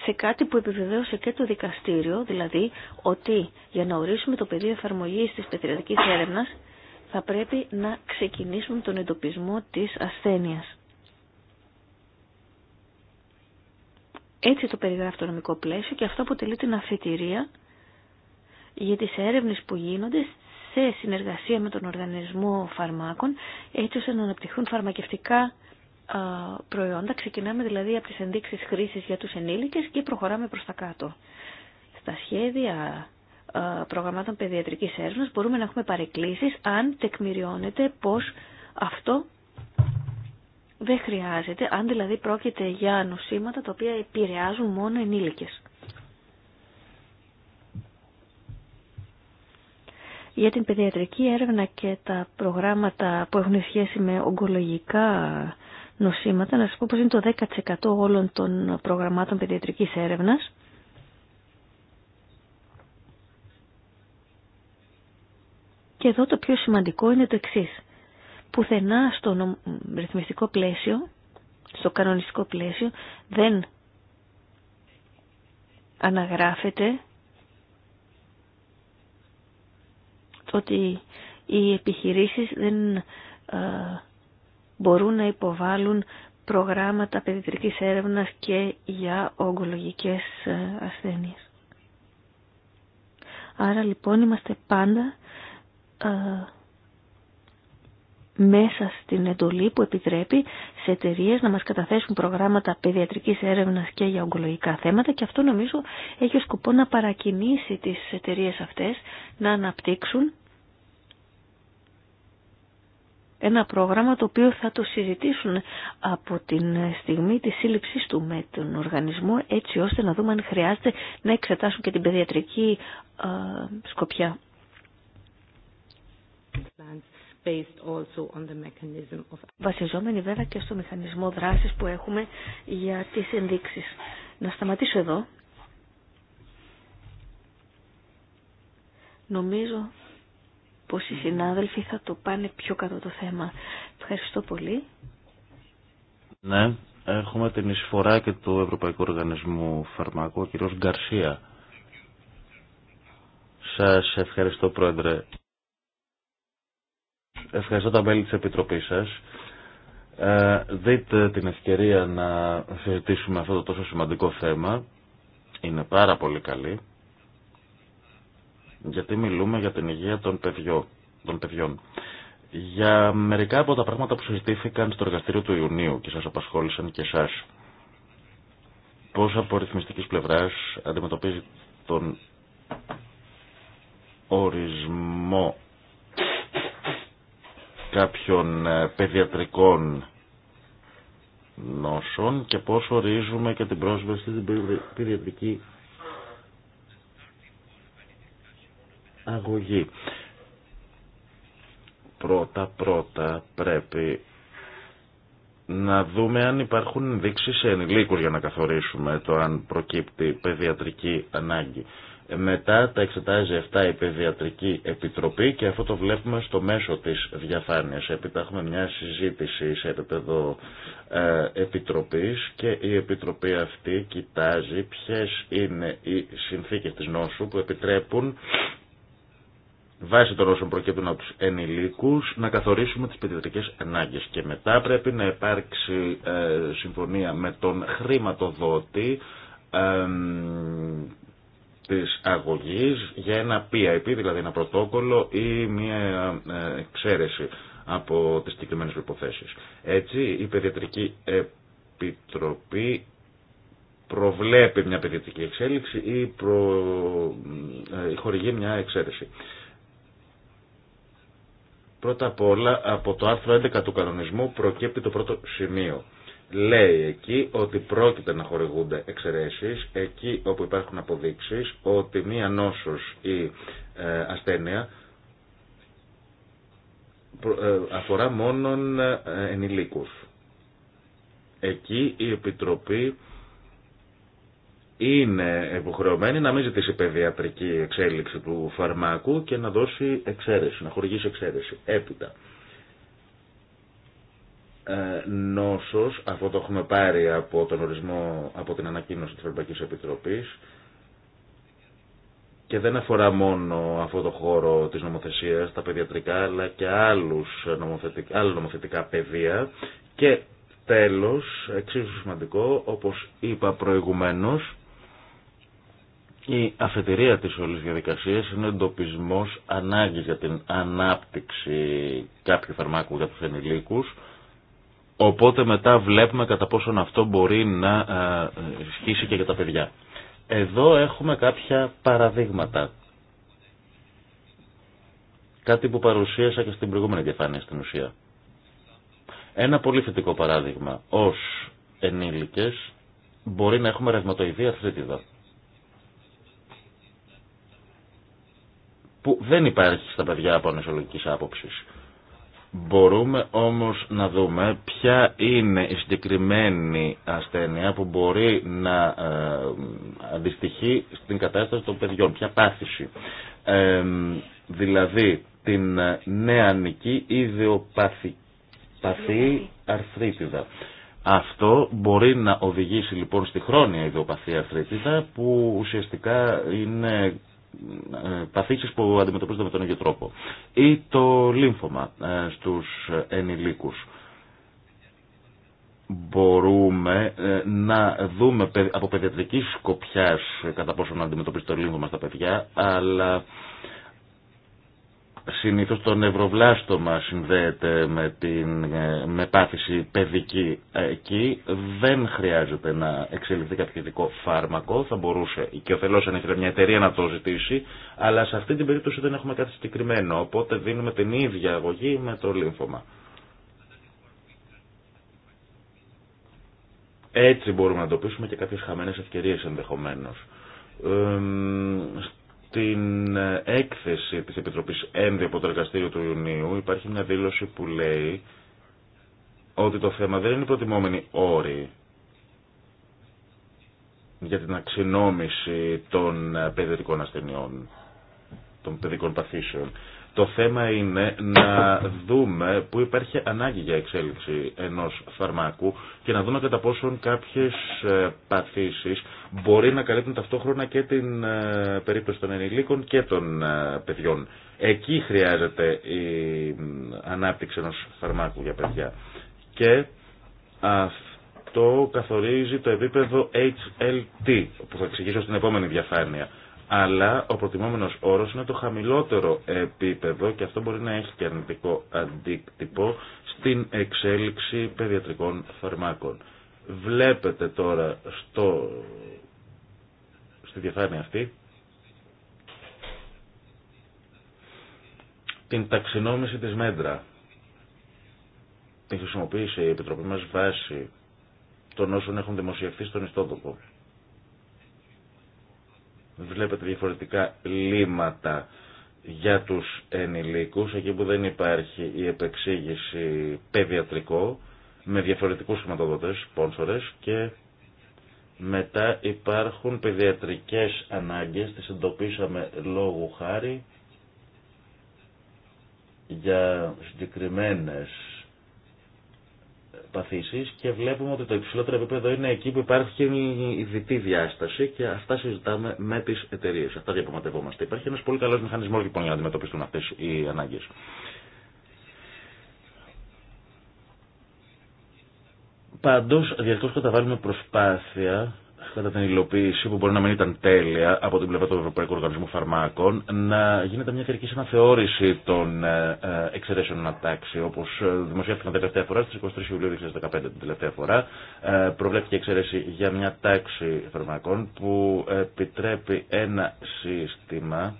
σε κάτι που επιβεβαίωσε και το δικαστήριο, δηλαδή ότι για να ορίσουμε το πεδίο εφαρμογή της πετριατική έρευνα θα πρέπει να ξεκινήσουμε τον εντοπισμό της ασθένειας. Έτσι το περιγράφει το νομικό πλαίσιο και αυτό αποτελεί την αφιτηρία για τις έρευνες που γίνονται σε συνεργασία με τον Οργανισμό Φαρμάκων έτσι ώστε να αναπτυχθούν φαρμακευτικά προϊόντα. Ξεκινάμε δηλαδή από τις ενδείξεις χρήσης για τους ενήλικες και προχωράμε προς τα κάτω. Στα σχέδια προγραμμάτων παιδιατρικής έρευνας μπορούμε να έχουμε παρεκκλήσεις αν τεκμηριώνεται πως αυτό δεν χρειάζεται, αν δηλαδή πρόκειται για νοσήματα τα οποία επηρεάζουν μόνο ενήλικες. Για την παιδιατρική έρευνα και τα προγράμματα που έχουν σχέση με ογκολογικά νοσήματα, να σας πω πως είναι το 10% όλων των προγραμμάτων παιδιατρικής έρευνας. Και εδώ το πιο σημαντικό είναι το εξή. Πουθενά στο ρυθμιστικό πλαίσιο, στο κανονιστικό πλαίσιο, δεν αναγράφεται ότι οι επιχειρήσεις δεν ε, μπορούν να υποβάλουν προγράμματα παιδιτρικής έρευνας και για ογκολογικές ε, ασθένειες. Άρα λοιπόν είμαστε πάντα ε, μέσα στην εντολή που επιτρέπει σε εταιρείε να μας καταθέσουν προγράμματα παιδιατρικής έρευνας και για ογκολογικά θέματα και αυτό νομίζω έχει σκοπό να παρακινήσει τις εταιρείε αυτές να αναπτύξουν ένα πρόγραμμα το οποίο θα το συζητήσουν από την στιγμή της σύλληψής του με τον οργανισμό έτσι ώστε να δούμε αν χρειάζεται να εξετάσουν και την παιδιατρική σκοπιά. Based also on the Βασιζόμενοι βέβαια και στο μηχανισμό δράσης που έχουμε για τις ενδείξεις. Να σταματήσω εδώ. Νομίζω πως οι συνάδελφοι θα το πάνε πιο κάτω το θέμα. Ευχαριστώ πολύ. Ναι, έχουμε την εισφορά και του Ευρωπαϊκού Οργανισμού Φαρμακού, ο κ. Γκαρσία. Σας ευχαριστώ Πρόεδρε. Ευχαριστώ τα μέλη της Επιτροπής σας. Ε, δείτε την ευκαιρία να συζητήσουμε αυτό το τόσο σημαντικό θέμα. Είναι πάρα πολύ καλή γιατί μιλούμε για την υγεία των, παιδιών. Για μερικά από τα πράγματα που συζητήθηκαν στο εργαστήριο του Ιουνίου και σας απασχόλησαν και εσάς, πώς από ρυθμιστικής πλευράς αντιμετωπίζει τον ορισμό κάποιων ε, παιδιατρικών νόσων και πώς ορίζουμε και την πρόσβαση στην παιδιατρική αγωγή. Πρώτα πρώτα πρέπει να δούμε αν υπάρχουν ενδείξεις σε για να καθορίσουμε το αν προκύπτει παιδιατρική ανάγκη. Ε, μετά τα εξετάζει αυτά η Παιδιατρική Επιτροπή και αυτό το βλέπουμε στο μέσο της διαφάνειας. Έπειτα έχουμε μια συζήτηση σε επίπεδο ε, Επιτροπής και η Επιτροπή αυτή κοιτάζει ποιες είναι οι συνθήκες της νόσου που επιτρέπουν βάσει των όσων προκύπτουν από του ενηλίκους να καθορίσουμε τι παιδιατρικές ανάγκε. και μετά πρέπει να υπάρξει ε, συμφωνία με τον χρηματοδότη ε, της αγωγής για ένα PIP, δηλαδή ένα πρωτόκολλο ή μια ε, εξαίρεση από τις συγκεκριμένες προϋποθέσεις. Έτσι η Παιδιατρική Επιτροπή προβλέπει μια παιδιατρική τις συγκεκριμένε προποθέσει. ετσι προ... Ε, χορηγεί μια παιδιατρικη εξελιξη η χορηγει μια εξαιρεση Πρώτα απ' όλα από το άρθρο 11 του κανονισμού προκύπτει το πρώτο σημείο. Λέει εκεί ότι πρόκειται να χορηγούνται εξαιρέσεις εκεί όπου υπάρχουν αποδείξεις ότι μία νόσος ή ε, ασθένεια ε, αφορά μόνον ε, ενηλίκους. Εκεί η Επιτροπή είναι υποχρεωμένη να μην ζητήσει παιδιατρική εξέλιξη του φαρμάκου και να δώσει εξαίρεση, να χορηγήσει εξαίρεση. Έπειτα. Ε, νόσος, αυτό το έχουμε πάρει από τον ορισμό, από την ανακοίνωση της Ευρωπαϊκής Επιτροπής και δεν αφορά μόνο αυτό το χώρο της νομοθεσίας, τα παιδιατρικά, αλλά και άλλους νομοθετικά, άλλα νομοθετικά πεδία και τέλος, εξίσου σημαντικό, όπως είπα προηγουμένως, η αφετηρία της όλης διαδικασίας είναι ο εντοπισμός ανάγκης για την ανάπτυξη κάποιου φαρμάκου για τους ενηλίκους, οπότε μετά βλέπουμε κατά πόσον αυτό μπορεί να ε, ισχύσει και για τα παιδιά. Εδώ έχουμε κάποια παραδείγματα. Κάτι που παρουσίασα και στην προηγούμενη διαφάνεια στην ουσία. Ένα πολύ θετικό παράδειγμα. Ως ενήλικες μπορεί να έχουμε ρευματοειδή που δεν υπάρχει στα παιδιά από ανεσολογικής άποψης. Μπορούμε όμως να δούμε ποια είναι η συγκεκριμένη ασθένεια που μπορεί να ε, αντιστοιχεί στην κατάσταση των παιδιών, ποια πάθηση. Ε, δηλαδή την ε, νεανική ιδεοπαθή αρθρίτιδα. Αυτό μπορεί να οδηγήσει λοιπόν στη χρόνια ιδιοπάθη αρθρίτιδα που ουσιαστικά είναι ε, Παθήσει που αντιμετωπίζονται με τον ίδιο τρόπο. Ή το λύμφωμα ε, στους ενηλίκους. Μπορούμε ε, να δούμε από παιδιατρική σκοπιά κατά πόσο να αντιμετωπίσει το λύμφωμα στα παιδιά, αλλά συνήθως το νευροβλάστομα συνδέεται με, την, ε, με πάθηση παιδική εκεί. Δεν χρειάζεται να εξελιχθεί κάποιο ειδικό φάρμακο. Θα μπορούσε και ο θελός αν ήθελε μια εταιρεία να το ζητήσει. Αλλά σε αυτή την περίπτωση δεν έχουμε κάτι συγκεκριμένο. Οπότε δίνουμε την ίδια αγωγή με το λύμφωμα. Έτσι μπορούμε να εντοπίσουμε και κάποιες χαμένες ευκαιρίες ενδεχομένως. Στην έκθεση της Επιτροπής ΕΝΔΙ από το εργαστήριο του Ιουνίου υπάρχει μια δήλωση που λέει ότι το θέμα δεν είναι προτιμόμενη προτιμόμενοι για την αξινόμηση των παιδικών ασθενειών, των παιδικών παθήσεων. Το θέμα είναι να δούμε που υπάρχει ανάγκη για εξέλιξη ενός φαρμάκου και να δούμε κατά πόσον κάποιες ε, παθήσεις μπορεί να καλύπτουν ταυτόχρονα και την ε, περίπτωση των ενηλίκων και των ε, παιδιών. Εκεί χρειάζεται η ανάπτυξη ενός φαρμάκου για παιδιά. Και αυτό καθορίζει το επίπεδο HLT που θα εξηγήσω στην επόμενη διαφάνεια αλλά ο προτιμόμενος όρος είναι το χαμηλότερο επίπεδο και αυτό μπορεί να έχει και αρνητικό αντίκτυπο στην εξέλιξη παιδιατρικών φαρμάκων. Βλέπετε τώρα στο, στη διαφάνεια αυτή την ταξινόμηση της μέτρα. Την χρησιμοποίησε η Επιτροπή μας βάση των όσων έχουν δημοσιευθεί στον ιστότοπο βλέπετε διαφορετικά λύματα για τους ενηλίκους, εκεί που δεν υπάρχει η επεξήγηση παιδιατρικό, με διαφορετικούς χρηματοδότες, σπόνσορες και μετά υπάρχουν παιδιατρικές ανάγκες, τις εντοπίσαμε λόγου χάρη για συγκεκριμένες παθήσεις και βλέπουμε ότι το υψηλότερο επίπεδο είναι εκεί που υπάρχει η δυτή διάσταση και αυτά συζητάμε με τις εταιρείε. Αυτά διαπραγματευόμαστε. Υπάρχει ένας πολύ καλός μηχανισμός λοιπόν για να αντιμετωπιστούν αυτές οι ανάγκες. Παντώ, διαρκώς καταβάλουμε προσπάθεια κατά την υλοποίηση που μπορεί να μην ήταν τέλεια από την πλευρά του Ευρωπαϊκού Οργανισμού Φαρμάκων να γίνεται μια κριτική αναθεώρηση των ε, ε, εξαιρέσεων ανατάξη όπως ε, δημοσιεύτηκαν τελευταία φορά στις 23 Ιουλίου 2015 την τελευταία φορά προβλέφθηκε εξαιρέση για μια τάξη φαρμάκων που επιτρέπει ένα σύστημα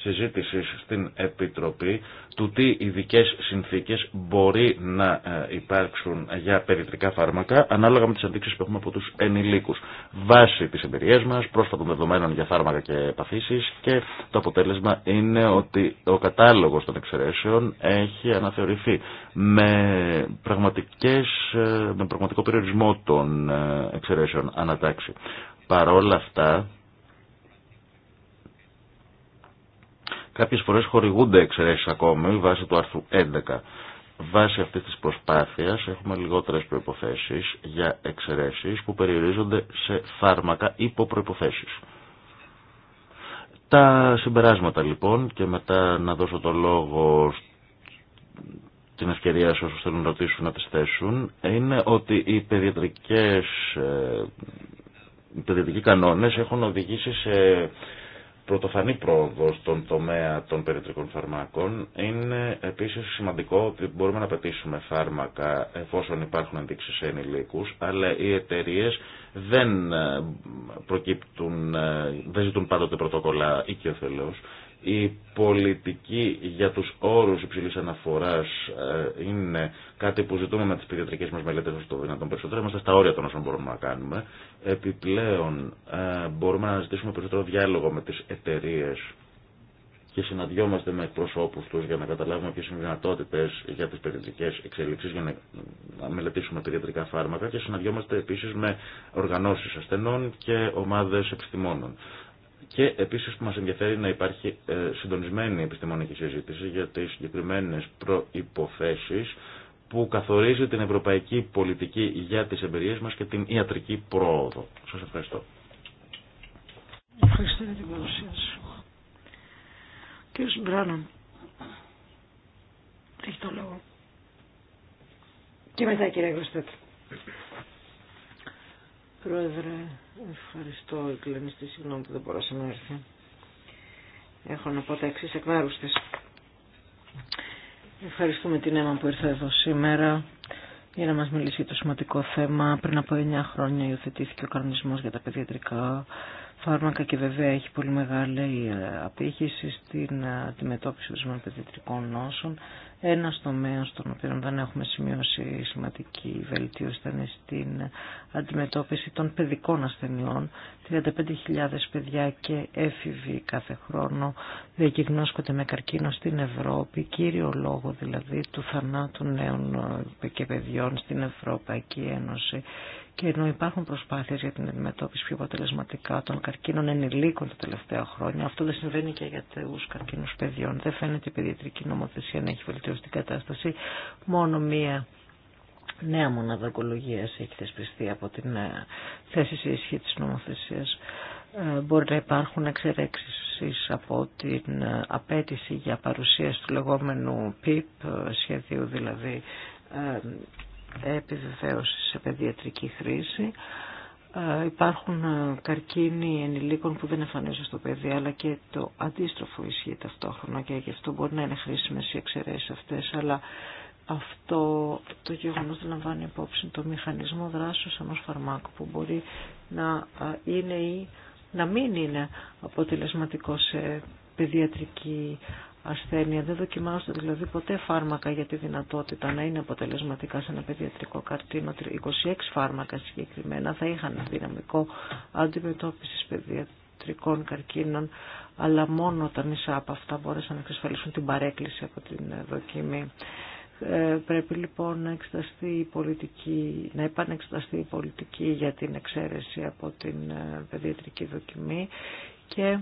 Συζήτηση στην Επιτροπή του τι ειδικέ συνθήκες μπορεί να ε, υπάρξουν για περιτρικά φάρμακα ανάλογα με τις ενδείξει που έχουμε από του ενηλίκους. Βάσει τη εμπειρία μας, πρόσφατων δεδομένων για φάρμακα και παθήσεις και το αποτέλεσμα είναι ότι ο κατάλογος των εξαιρέσεων έχει αναθεωρηθεί με, πραγματικές, ε, με πραγματικό περιορισμό των ε, εξαιρέσεων ανατάξει. Παρόλα αυτά, Κάποιες φορές χορηγούνται εξαιρέσεις ακόμη βάσει του άρθρου 11. Βάσει αυτής της προσπάθειας έχουμε λιγότερες προϋποθέσεις για εξαιρέσεις που περιορίζονται σε φάρμακα υπό προϋποθέσεις. Τα συμπεράσματα λοιπόν και μετά να δώσω το λόγο την ευκαιρία σε όσους θέλουν να ρωτήσουν να τις θέσουν είναι ότι οι παιδιατρικές ε, παιδιατρικοί κανόνες έχουν οδηγήσει σε πρωτοφανή πρόοδο στον τομέα των περιτρικών φαρμάκων. Είναι επίσης σημαντικό ότι μπορούμε να πετύσουμε φάρμακα εφόσον υπάρχουν ενδείξεις σε ενηλίκους, αλλά οι εταιρείε δεν ε, προκύπτουν, ε, δεν ζητούν πάντοτε πρωτοκολλά οικειοθελώ. Η πολιτική για τους όρους υψηλής αναφοράς ε, είναι κάτι που ζητούμε με τις παιδιατρικές μας μελέτες όσο το δυνατόν περισσότερο. Είμαστε στα όρια των όσων μπορούμε να κάνουμε. Επιπλέον ε, μπορούμε να ζητήσουμε περισσότερο διάλογο με τις εταιρείε και συναντιόμαστε με εκπροσώπους τους για να καταλάβουμε ποιες είναι οι δυνατότητες για τις παιδιατρικέ εξελίξεις, για να μελετήσουμε παιδιατρικά φάρμακα και συναντιόμαστε επίσης με οργανώσεις ασθενών και ομάδες επιστημόνων. Και επίση που μας ενδιαφέρει να υπάρχει ε, συντονισμένη επιστημονική συζήτηση για τις συγκεκριμένε προϋποθέσεις που καθορίζει την ευρωπαϊκή πολιτική για τις εμπειρίε μα και την ιατρική πρόοδο. Σα ευχαριστώ. Ευχαριστώ για την παρουσία σου. Κύριε Μπράνον, έχει το λόγο. Και μετά κύριε Γκοστέτ. Πρόεδρε, ευχαριστώ. Εκλεμιστή, συγγνώμη που δεν μπορούσα να έρθει. Έχω να πω τα εξή εκ Ευχαριστούμε την αίμα που ήρθε εδώ σήμερα για να μας μιλήσει για το σημαντικό θέμα. Πριν από 9 χρόνια υιοθετήθηκε ο κανονισμός για τα παιδιατρικά φάρμακα και βέβαια έχει πολύ μεγάλη ε, απήχηση στην ε, αντιμετώπιση των παιδιτρικών νόσων. Ένα τομέα στον οποίο δεν έχουμε σημειώσει σημαντική βελτίωση ήταν στην αντιμετώπιση των παιδικών ασθενειών. 35.000 παιδιά και έφηβοι κάθε χρόνο διακυγνώσκονται με καρκίνο στην Ευρώπη, κύριο λόγο δηλαδή του θανάτου νέων ε, και παιδιών στην Ευρωπαϊκή Ένωση. Και ενώ υπάρχουν προσπάθειε για την αντιμετώπιση πιο αποτελεσματικά των καρκίνων ενηλίκων τα τελευταία χρόνια, αυτό δεν συμβαίνει και για του καρκίνου παιδιών. Δεν φαίνεται η παιδιατρική νομοθεσία να έχει βελτιώσει την κατάσταση. Μόνο μία νέα μονάδα ογκολογίας έχει θεσπιστεί από την ε, θέση σε ισχύ τη νομοθεσία. Ε, μπορεί να υπάρχουν εξαιρέξει από την ε, απέτηση για παρουσίαση του λεγόμενου PIP, σχεδίου δηλαδή επιβεβαίωση σε παιδιατρική χρήση. Ε, υπάρχουν ε, καρκίνοι ενηλίκων που δεν εμφανίζονται στο παιδί, αλλά και το αντίστροφο ισχύει ταυτόχρονα και γι' αυτό μπορεί να είναι χρήσιμε οι εξαιρέσει αυτές, αλλά αυτό το γεγονός δεν λαμβάνει υπόψη το μηχανισμό δράση ενό φαρμάκου που μπορεί να ε, είναι ή να μην είναι αποτελεσματικό σε παιδιατρική ασθένεια. Δεν δοκιμάζονται δηλαδή ποτέ φάρμακα για τη δυνατότητα να είναι αποτελεσματικά σε ένα παιδιατρικό καρτίνο. 26 φάρμακα συγκεκριμένα θα είχαν δυναμικό αντιμετώπιση παιδιατρικών καρκίνων, αλλά μόνο τα μισά από αυτά μπόρεσαν να εξασφαλίσουν την παρέκκληση από την ε, δοκιμή. Ε, πρέπει λοιπόν να, εξεταστεί η πολιτική, να επανεξεταστεί η πολιτική για την εξαίρεση από την ε, παιδιατρική δοκιμή και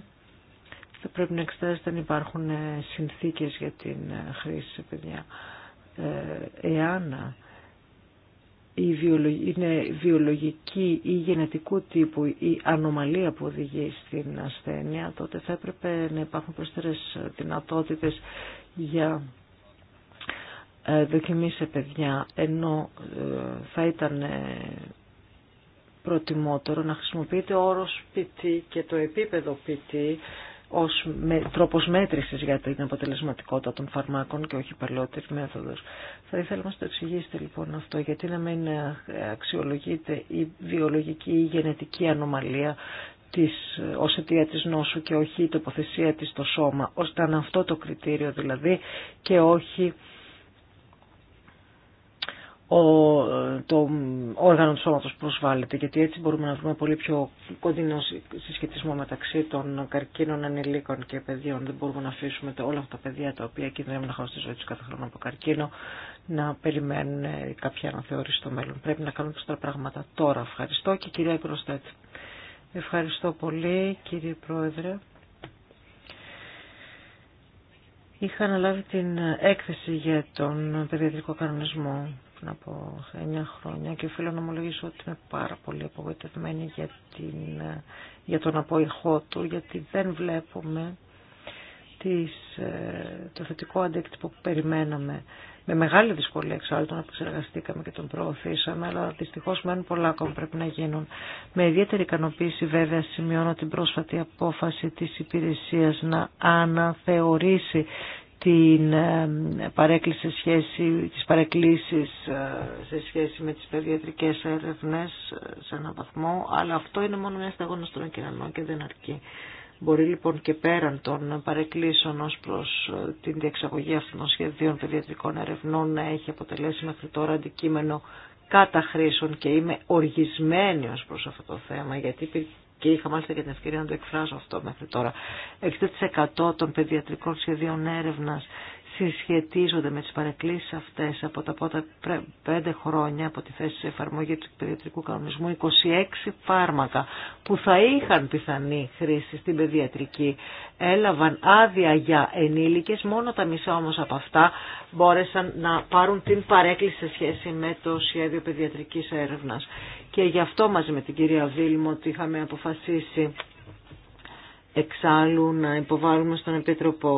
θα πρέπει να εξετάζεται αν υπάρχουν ε, συνθήκες για την ε, χρήση σε παιδιά. Ε, εάν είναι βιολογική ή γενετικού τύπου ή ανομαλία που οδηγεί στην ασθένεια, τότε θα έπρεπε να υπάρχουν προσθέρες δυνατότητες για δοκιμή σε παιδιά, ενώ θα ήταν προτιμότερο να χρησιμοποιείται όρος ποιτη και το επίπεδο ποιτη ως με, τρόπος μέτρησης για την αποτελεσματικότητα των φαρμάκων και όχι παλαιότερη μέθοδος. Θα ήθελα να το εξηγήσετε λοιπόν αυτό, γιατί να μην ε, αξιολογείται η βιολογική ή η γενετικη ανομαλία της, ε, ως αιτία της νόσου και όχι η τοποθεσία της στο σώμα, ώστε αν αυτό το κριτήριο δηλαδή και όχι το όργανο του σώματος προσβάλλεται, γιατί έτσι μπορούμε να βρούμε πολύ πιο κοντινό συσχετισμό μεταξύ των καρκίνων ανηλίκων και παιδιών. Δεν μπορούμε να αφήσουμε όλα αυτά τα παιδιά τα οποία κινδυνεύουν να χάσουν τη ζωή του κάθε χρόνο από καρκίνο να περιμένουν ε, κάποια αναθεώρηση στο μέλλον. Πρέπει να κάνουμε τα πράγματα τώρα. Ευχαριστώ και κυρία Κροστέτ. Ευχαριστώ πολύ κύριε Πρόεδρε. Είχα αναλάβει την έκθεση για τον παιδιατρικό κανονισμό πριν από 9 χρόνια και οφείλω να ομολογήσω ότι είμαι πάρα πολύ απογοητευμένη για, τον αποϊχό του γιατί δεν βλέπουμε τις, ε, το θετικό αντίκτυπο που περιμέναμε. Με μεγάλη δυσκολία εξάλλου τον επεξεργαστήκαμε και τον προωθήσαμε, αλλά δυστυχώ μένουν πολλά ακόμα πρέπει να γίνουν. Με ιδιαίτερη ικανοποίηση βέβαια σημειώνω την πρόσφατη απόφαση της υπηρεσίας να αναθεωρήσει την παρέκκληση σε σχέση, τις παρεκκλήσεις ε, σε σχέση με τις παιδιατρικές έρευνες ε, σε έναν βαθμό, αλλά αυτό είναι μόνο μια σταγόνα στον κοινωνό και δεν αρκεί. Μπορεί λοιπόν και πέραν των παρεκκλήσεων ως προς ε, την διεξαγωγή αυτών των σχεδίων παιδιατρικών ερευνών να έχει αποτελέσει μέχρι τώρα αντικείμενο καταχρήσεων και είμαι οργισμένη ως προς αυτό το θέμα γιατί και είχα μάλιστα και την ευκαιρία να το εκφράζω αυτό μέχρι τώρα. 60% των παιδιατρικών σχεδίων έρευνας συσχετίζονται με τις παρεκκλήσεις αυτές από τα πρώτα πέντε χρόνια από τη θέση της εφαρμογή του παιδιατρικού κανονισμού 26 φάρμακα που θα είχαν πιθανή χρήση στην παιδιατρική έλαβαν άδεια για ενήλικες μόνο τα μισά όμως από αυτά μπόρεσαν να πάρουν την παρέκκληση σε σχέση με το σχέδιο παιδιατρικής έρευνας και γι' αυτό μαζί με την κυρία Βίλμο ότι είχαμε αποφασίσει εξάλλου να υποβάλουμε στον Επίτροπο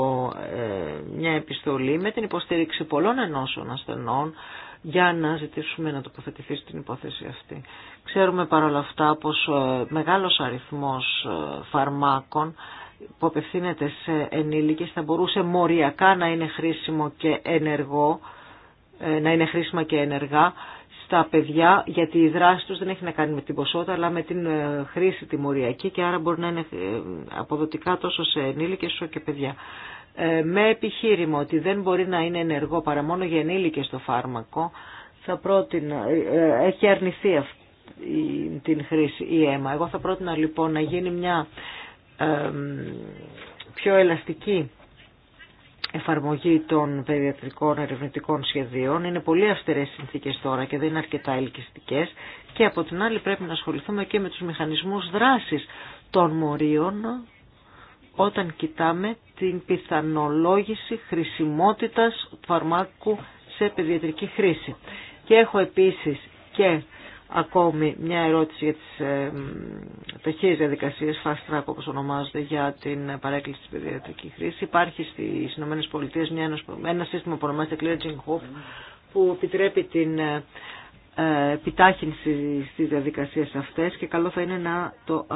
ε, μια επιστολή με την υποστήριξη πολλών ενώσεων ασθενών για να ζητήσουμε να τοποθετηθεί στην υπόθεση αυτή. Ξέρουμε παρόλα αυτά πως ε, μεγάλος αριθμός ε, φαρμάκων που απευθύνεται σε ενήλικες θα μπορούσε μοριακά να είναι χρήσιμο και ενεργό, να είναι χρήσιμα και ενεργά τα παιδιά, γιατί η δράση τους δεν έχει να κάνει με την ποσότητα, αλλά με την ε, χρήση τιμωριακή και άρα μπορεί να είναι ε, αποδοτικά τόσο σε ενήλικες όσο και παιδιά. Ε, με επιχείρημα ότι δεν μπορεί να είναι ενεργό παρά μόνο για ενήλικες το φάρμακο, θα πρότεινα, έχει αρνηθεί αυτή την χρήση η αίμα. Εγώ θα πρότεινα λοιπόν να γίνει μια πιο ελαστική εφαρμογή των παιδιατρικών ερευνητικών σχεδίων. Είναι πολύ αυστηρές συνθήκες τώρα και δεν είναι αρκετά ελκυστικές και από την άλλη πρέπει να ασχοληθούμε και με τους μηχανισμούς δράσης των μορίων όταν κοιτάμε την πιθανολόγηση χρησιμότητας φαρμάκου σε παιδιατρική χρήση. Και έχω επίσης και ακόμη μια ερώτηση για τις ε, ταχύες διαδικασίες, fast track όπως ονομάζεται, για την παρέκκληση της παιδιατρική χρήση. Υπάρχει στις ΗΠΑ μια, ένα σύστημα που ονομάζεται Clearing Hope που επιτρέπει την ε, επιτάχυνση στις διαδικασίες αυτές και καλό θα είναι να το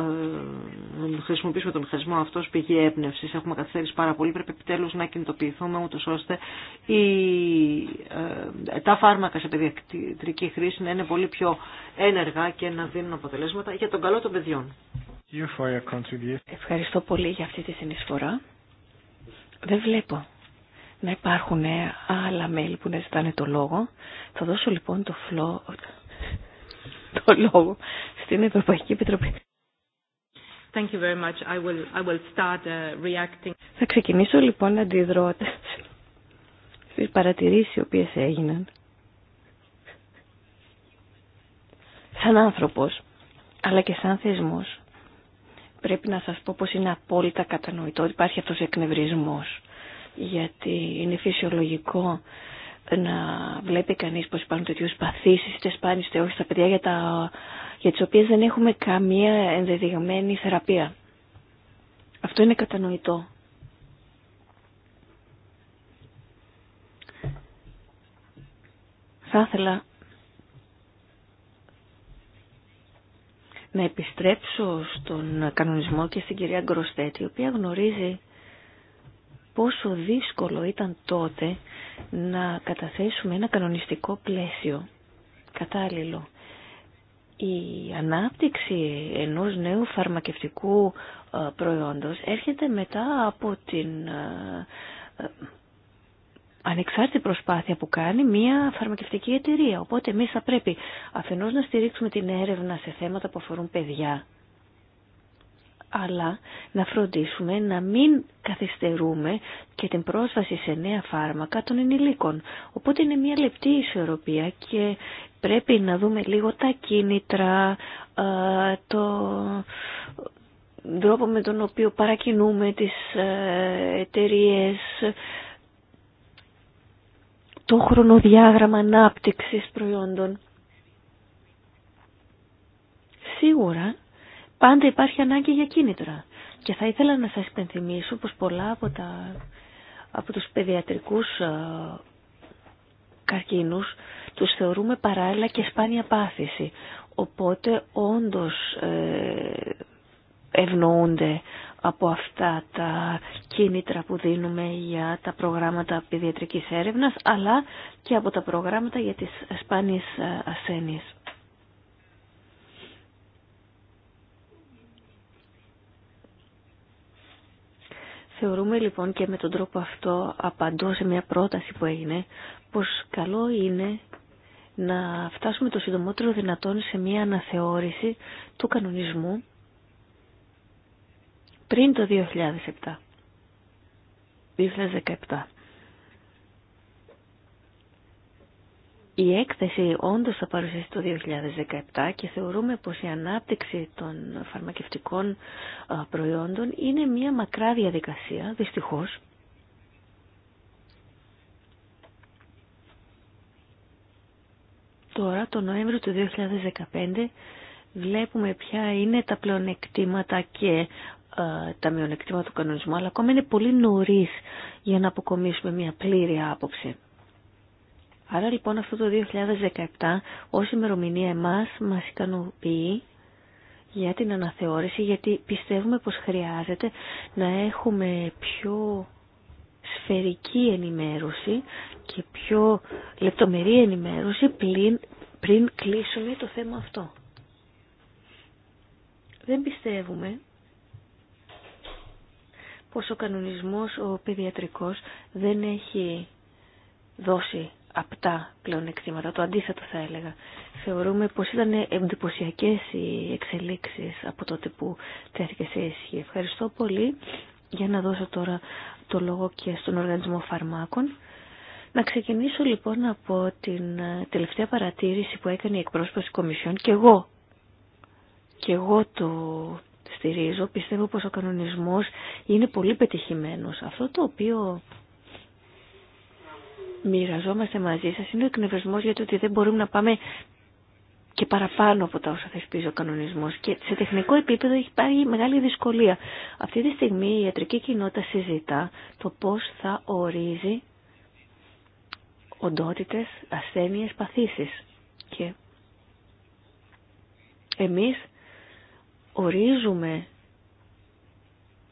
ε, χρησιμοποιήσουμε τον χρησμό αυτό ως πηγή έμπνευση. Έχουμε καθυστερήσει πάρα πολύ, πρέπει επιτέλους να κινητοποιηθούμε ούτως ώστε η, ε, τα φάρμακα σε παιδιατρική χρήση να είναι πολύ πιο ένεργα και να δίνουν αποτελέσματα για τον καλό των παιδιών. Ευχαριστώ πολύ για αυτή τη συνεισφορά. Δεν βλέπω να υπάρχουν ε, άλλα μέλη που να ζητάνε το λόγο. Θα δώσω λοιπόν το, φλό, το λόγο στην Ευρωπαϊκή Επιτροπή. Θα ξεκινήσω λοιπόν να αντιδρώ στις παρατηρήσεις οι οποίες έγιναν. Σαν άνθρωπος, αλλά και σαν θεσμός, πρέπει να σας πω πως είναι απόλυτα κατανοητό ότι υπάρχει αυτός ο εκνευρισμός γιατί είναι φυσιολογικό να βλέπει κανείς πως υπάρχουν τέτοιου παθήσεις, είτε σπάνιες είτε όχι στα παιδιά για, τα, για τις οποίες δεν έχουμε καμία ενδεδειγμένη θεραπεία. Αυτό είναι κατανοητό. Θα ήθελα να επιστρέψω στον κανονισμό και στην κυρία Γκροστέτη, η οποία γνωρίζει πόσο δύσκολο ήταν τότε να καταθέσουμε ένα κανονιστικό πλαίσιο κατάλληλο. Η ανάπτυξη ενός νέου φαρμακευτικού ε, προϊόντος έρχεται μετά από την ε, ε, ανεξάρτητη προσπάθεια που κάνει μια φαρμακευτική εταιρεία. Οπότε εμείς θα πρέπει αφενός να στηρίξουμε την έρευνα σε θέματα που αφορούν παιδιά αλλά να φροντίσουμε να μην καθυστερούμε και την πρόσβαση σε νέα φάρμακα των ενηλίκων. Οπότε είναι μια λεπτή ισορροπία και πρέπει να δούμε λίγο τα κίνητρα, το τρόπο με τον οποίο παρακινούμε τις ε, εταιρείε, το χρονοδιάγραμμα ανάπτυξης προϊόντων. Σίγουρα πάντα υπάρχει ανάγκη για κίνητρα. Και θα ήθελα να σας υπενθυμίσω πως πολλά από, τα, από τους παιδιατρικούς ε, καρκίνους τους θεωρούμε παράλληλα και σπάνια πάθηση. Οπότε όντως ε, ευνοούνται από αυτά τα κίνητρα που δίνουμε για τα προγράμματα παιδιατρικής έρευνας αλλά και από τα προγράμματα για τις σπάνιες ε, ασθένειες. Θεωρούμε λοιπόν και με τον τρόπο αυτό απαντώ σε μια πρόταση που έγινε πως καλό είναι να φτάσουμε το συντομότερο δυνατόν σε μια αναθεώρηση του κανονισμού πριν το 2007. 2017. Η έκθεση όντως θα παρουσιαστεί το 2017 και θεωρούμε πως η ανάπτυξη των φαρμακευτικών προϊόντων είναι μια μακρά διαδικασία, δυστυχώς. Τώρα, το Νοέμβριο του 2015, βλέπουμε ποια είναι τα πλεονεκτήματα και τα μειονεκτήματα του κανονισμού, αλλά ακόμα είναι πολύ νωρίς για να αποκομίσουμε μια πλήρη άποψη. Άρα λοιπόν αυτό το 2017 ως ημερομηνία εμάς μας ικανοποιεί για την αναθεώρηση γιατί πιστεύουμε πως χρειάζεται να έχουμε πιο σφαιρική ενημέρωση και πιο λεπτομερή ενημέρωση πριν κλείσουμε το θέμα αυτό. Δεν πιστεύουμε πως ο κανονισμός ο παιδιατρικός δεν έχει δώσει απτά πλεονεκτήματα, το αντίθετο θα έλεγα. Θεωρούμε πως ήταν εντυπωσιακέ οι εξελίξεις από τότε που τέθηκε σε ίσχυ. Ευχαριστώ πολύ για να δώσω τώρα το λόγο και στον Οργανισμό Φαρμάκων. Να ξεκινήσω λοιπόν από την τελευταία παρατήρηση που έκανε η εκπρόσωπος Κομισιόν και εγώ. Και εγώ το στηρίζω. Πιστεύω πως ο κανονισμός είναι πολύ πετυχημένος. Αυτό το οποίο μοιραζόμαστε μαζί σας είναι ο εκνευρισμός γιατί δεν μπορούμε να πάμε και παραπάνω από τα όσα θεσπίζει ο κανονισμό. Και σε τεχνικό επίπεδο έχει πάρει μεγάλη δυσκολία. Αυτή τη στιγμή η ιατρική κοινότητα συζητά το πώς θα ορίζει οντότητε, ασθένειε, παθήσεις. Και εμείς ορίζουμε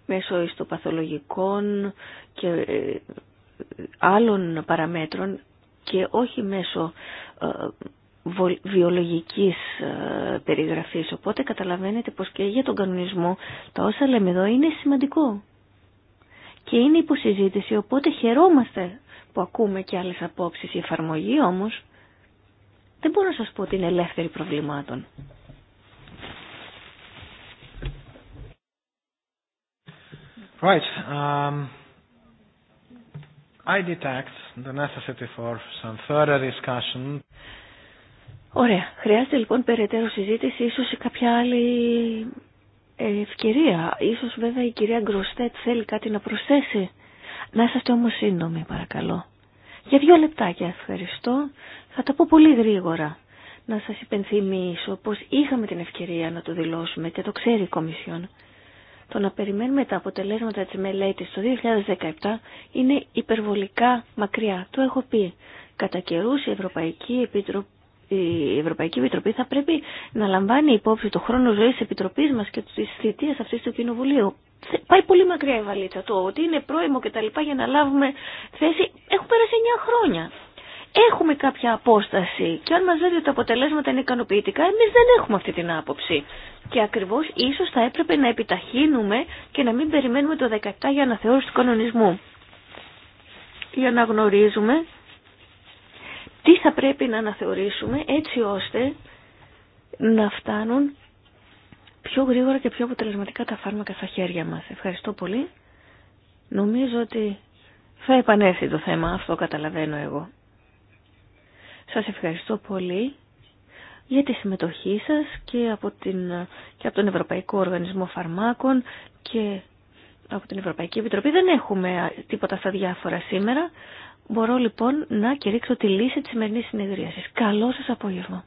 μέσω ιστοπαθολογικών και ε, άλλων παραμέτρων και όχι μέσω ε, βιολογικής ε, περιγραφής. Οπότε καταλαβαίνετε πως και για τον κανονισμό τα όσα λέμε εδώ είναι σημαντικό. Και είναι υποσυζήτηση, οπότε χαιρόμαστε που ακούμε και άλλες απόψεις. Η εφαρμογή όμως δεν μπορώ να σας πω ότι είναι ελεύθερη προβλημάτων. Right. Um... I the necessity for some further discussion. Ωραία. Χρειάζεται λοιπόν περαιτέρω συζήτηση, ίσως σε κάποια άλλη ε, ευκαιρία. Ίσως βέβαια η κυρία Γκροστέτ θέλει κάτι να προσθέσει. Να είσαστε όμως σύντομοι παρακαλώ. Για δύο λεπτάκια ευχαριστώ. Θα τα πω πολύ γρήγορα. Να σας υπενθυμίσω πως είχαμε την ευκαιρία να το δηλώσουμε και το ξέρει η Κομισιόν το να περιμένουμε τα αποτελέσματα της μελέτης το 2017 είναι υπερβολικά μακριά. Το έχω πει. Κατά καιρού η Ευρωπαϊκή Επιτροπή Ευρωπαϊκή Επιτροπή θα πρέπει να λαμβάνει υπόψη το χρόνο ζωής της Επιτροπής μας και της θητείας αυτής του Κοινοβουλίου. Πάει πολύ μακριά η βαλίτσα το ότι είναι πρόημο και τα λοιπά για να λάβουμε θέση. Έχουν περάσει 9 χρόνια έχουμε κάποια απόσταση και αν μας λέτε ότι τα αποτελέσματα είναι ικανοποιητικά, εμείς δεν έχουμε αυτή την άποψη. Και ακριβώς ίσως θα έπρεπε να επιταχύνουμε και να μην περιμένουμε το 17 για αναθεώρηση του κανονισμού. Για να γνωρίζουμε τι θα πρέπει να αναθεωρήσουμε έτσι ώστε να φτάνουν πιο γρήγορα και πιο αποτελεσματικά τα φάρμακα στα χέρια μας. Ευχαριστώ πολύ. Νομίζω ότι θα επανέλθει το θέμα, αυτό καταλαβαίνω εγώ. Σας ευχαριστώ πολύ για τη συμμετοχή σας και από, την, και από τον Ευρωπαϊκό Οργανισμό Φαρμάκων και από την Ευρωπαϊκή Επιτροπή. Δεν έχουμε τίποτα στα διάφορα σήμερα. Μπορώ λοιπόν να κηρύξω τη λύση της σημερινής συνεδρίασης. Καλό σας απόγευμα.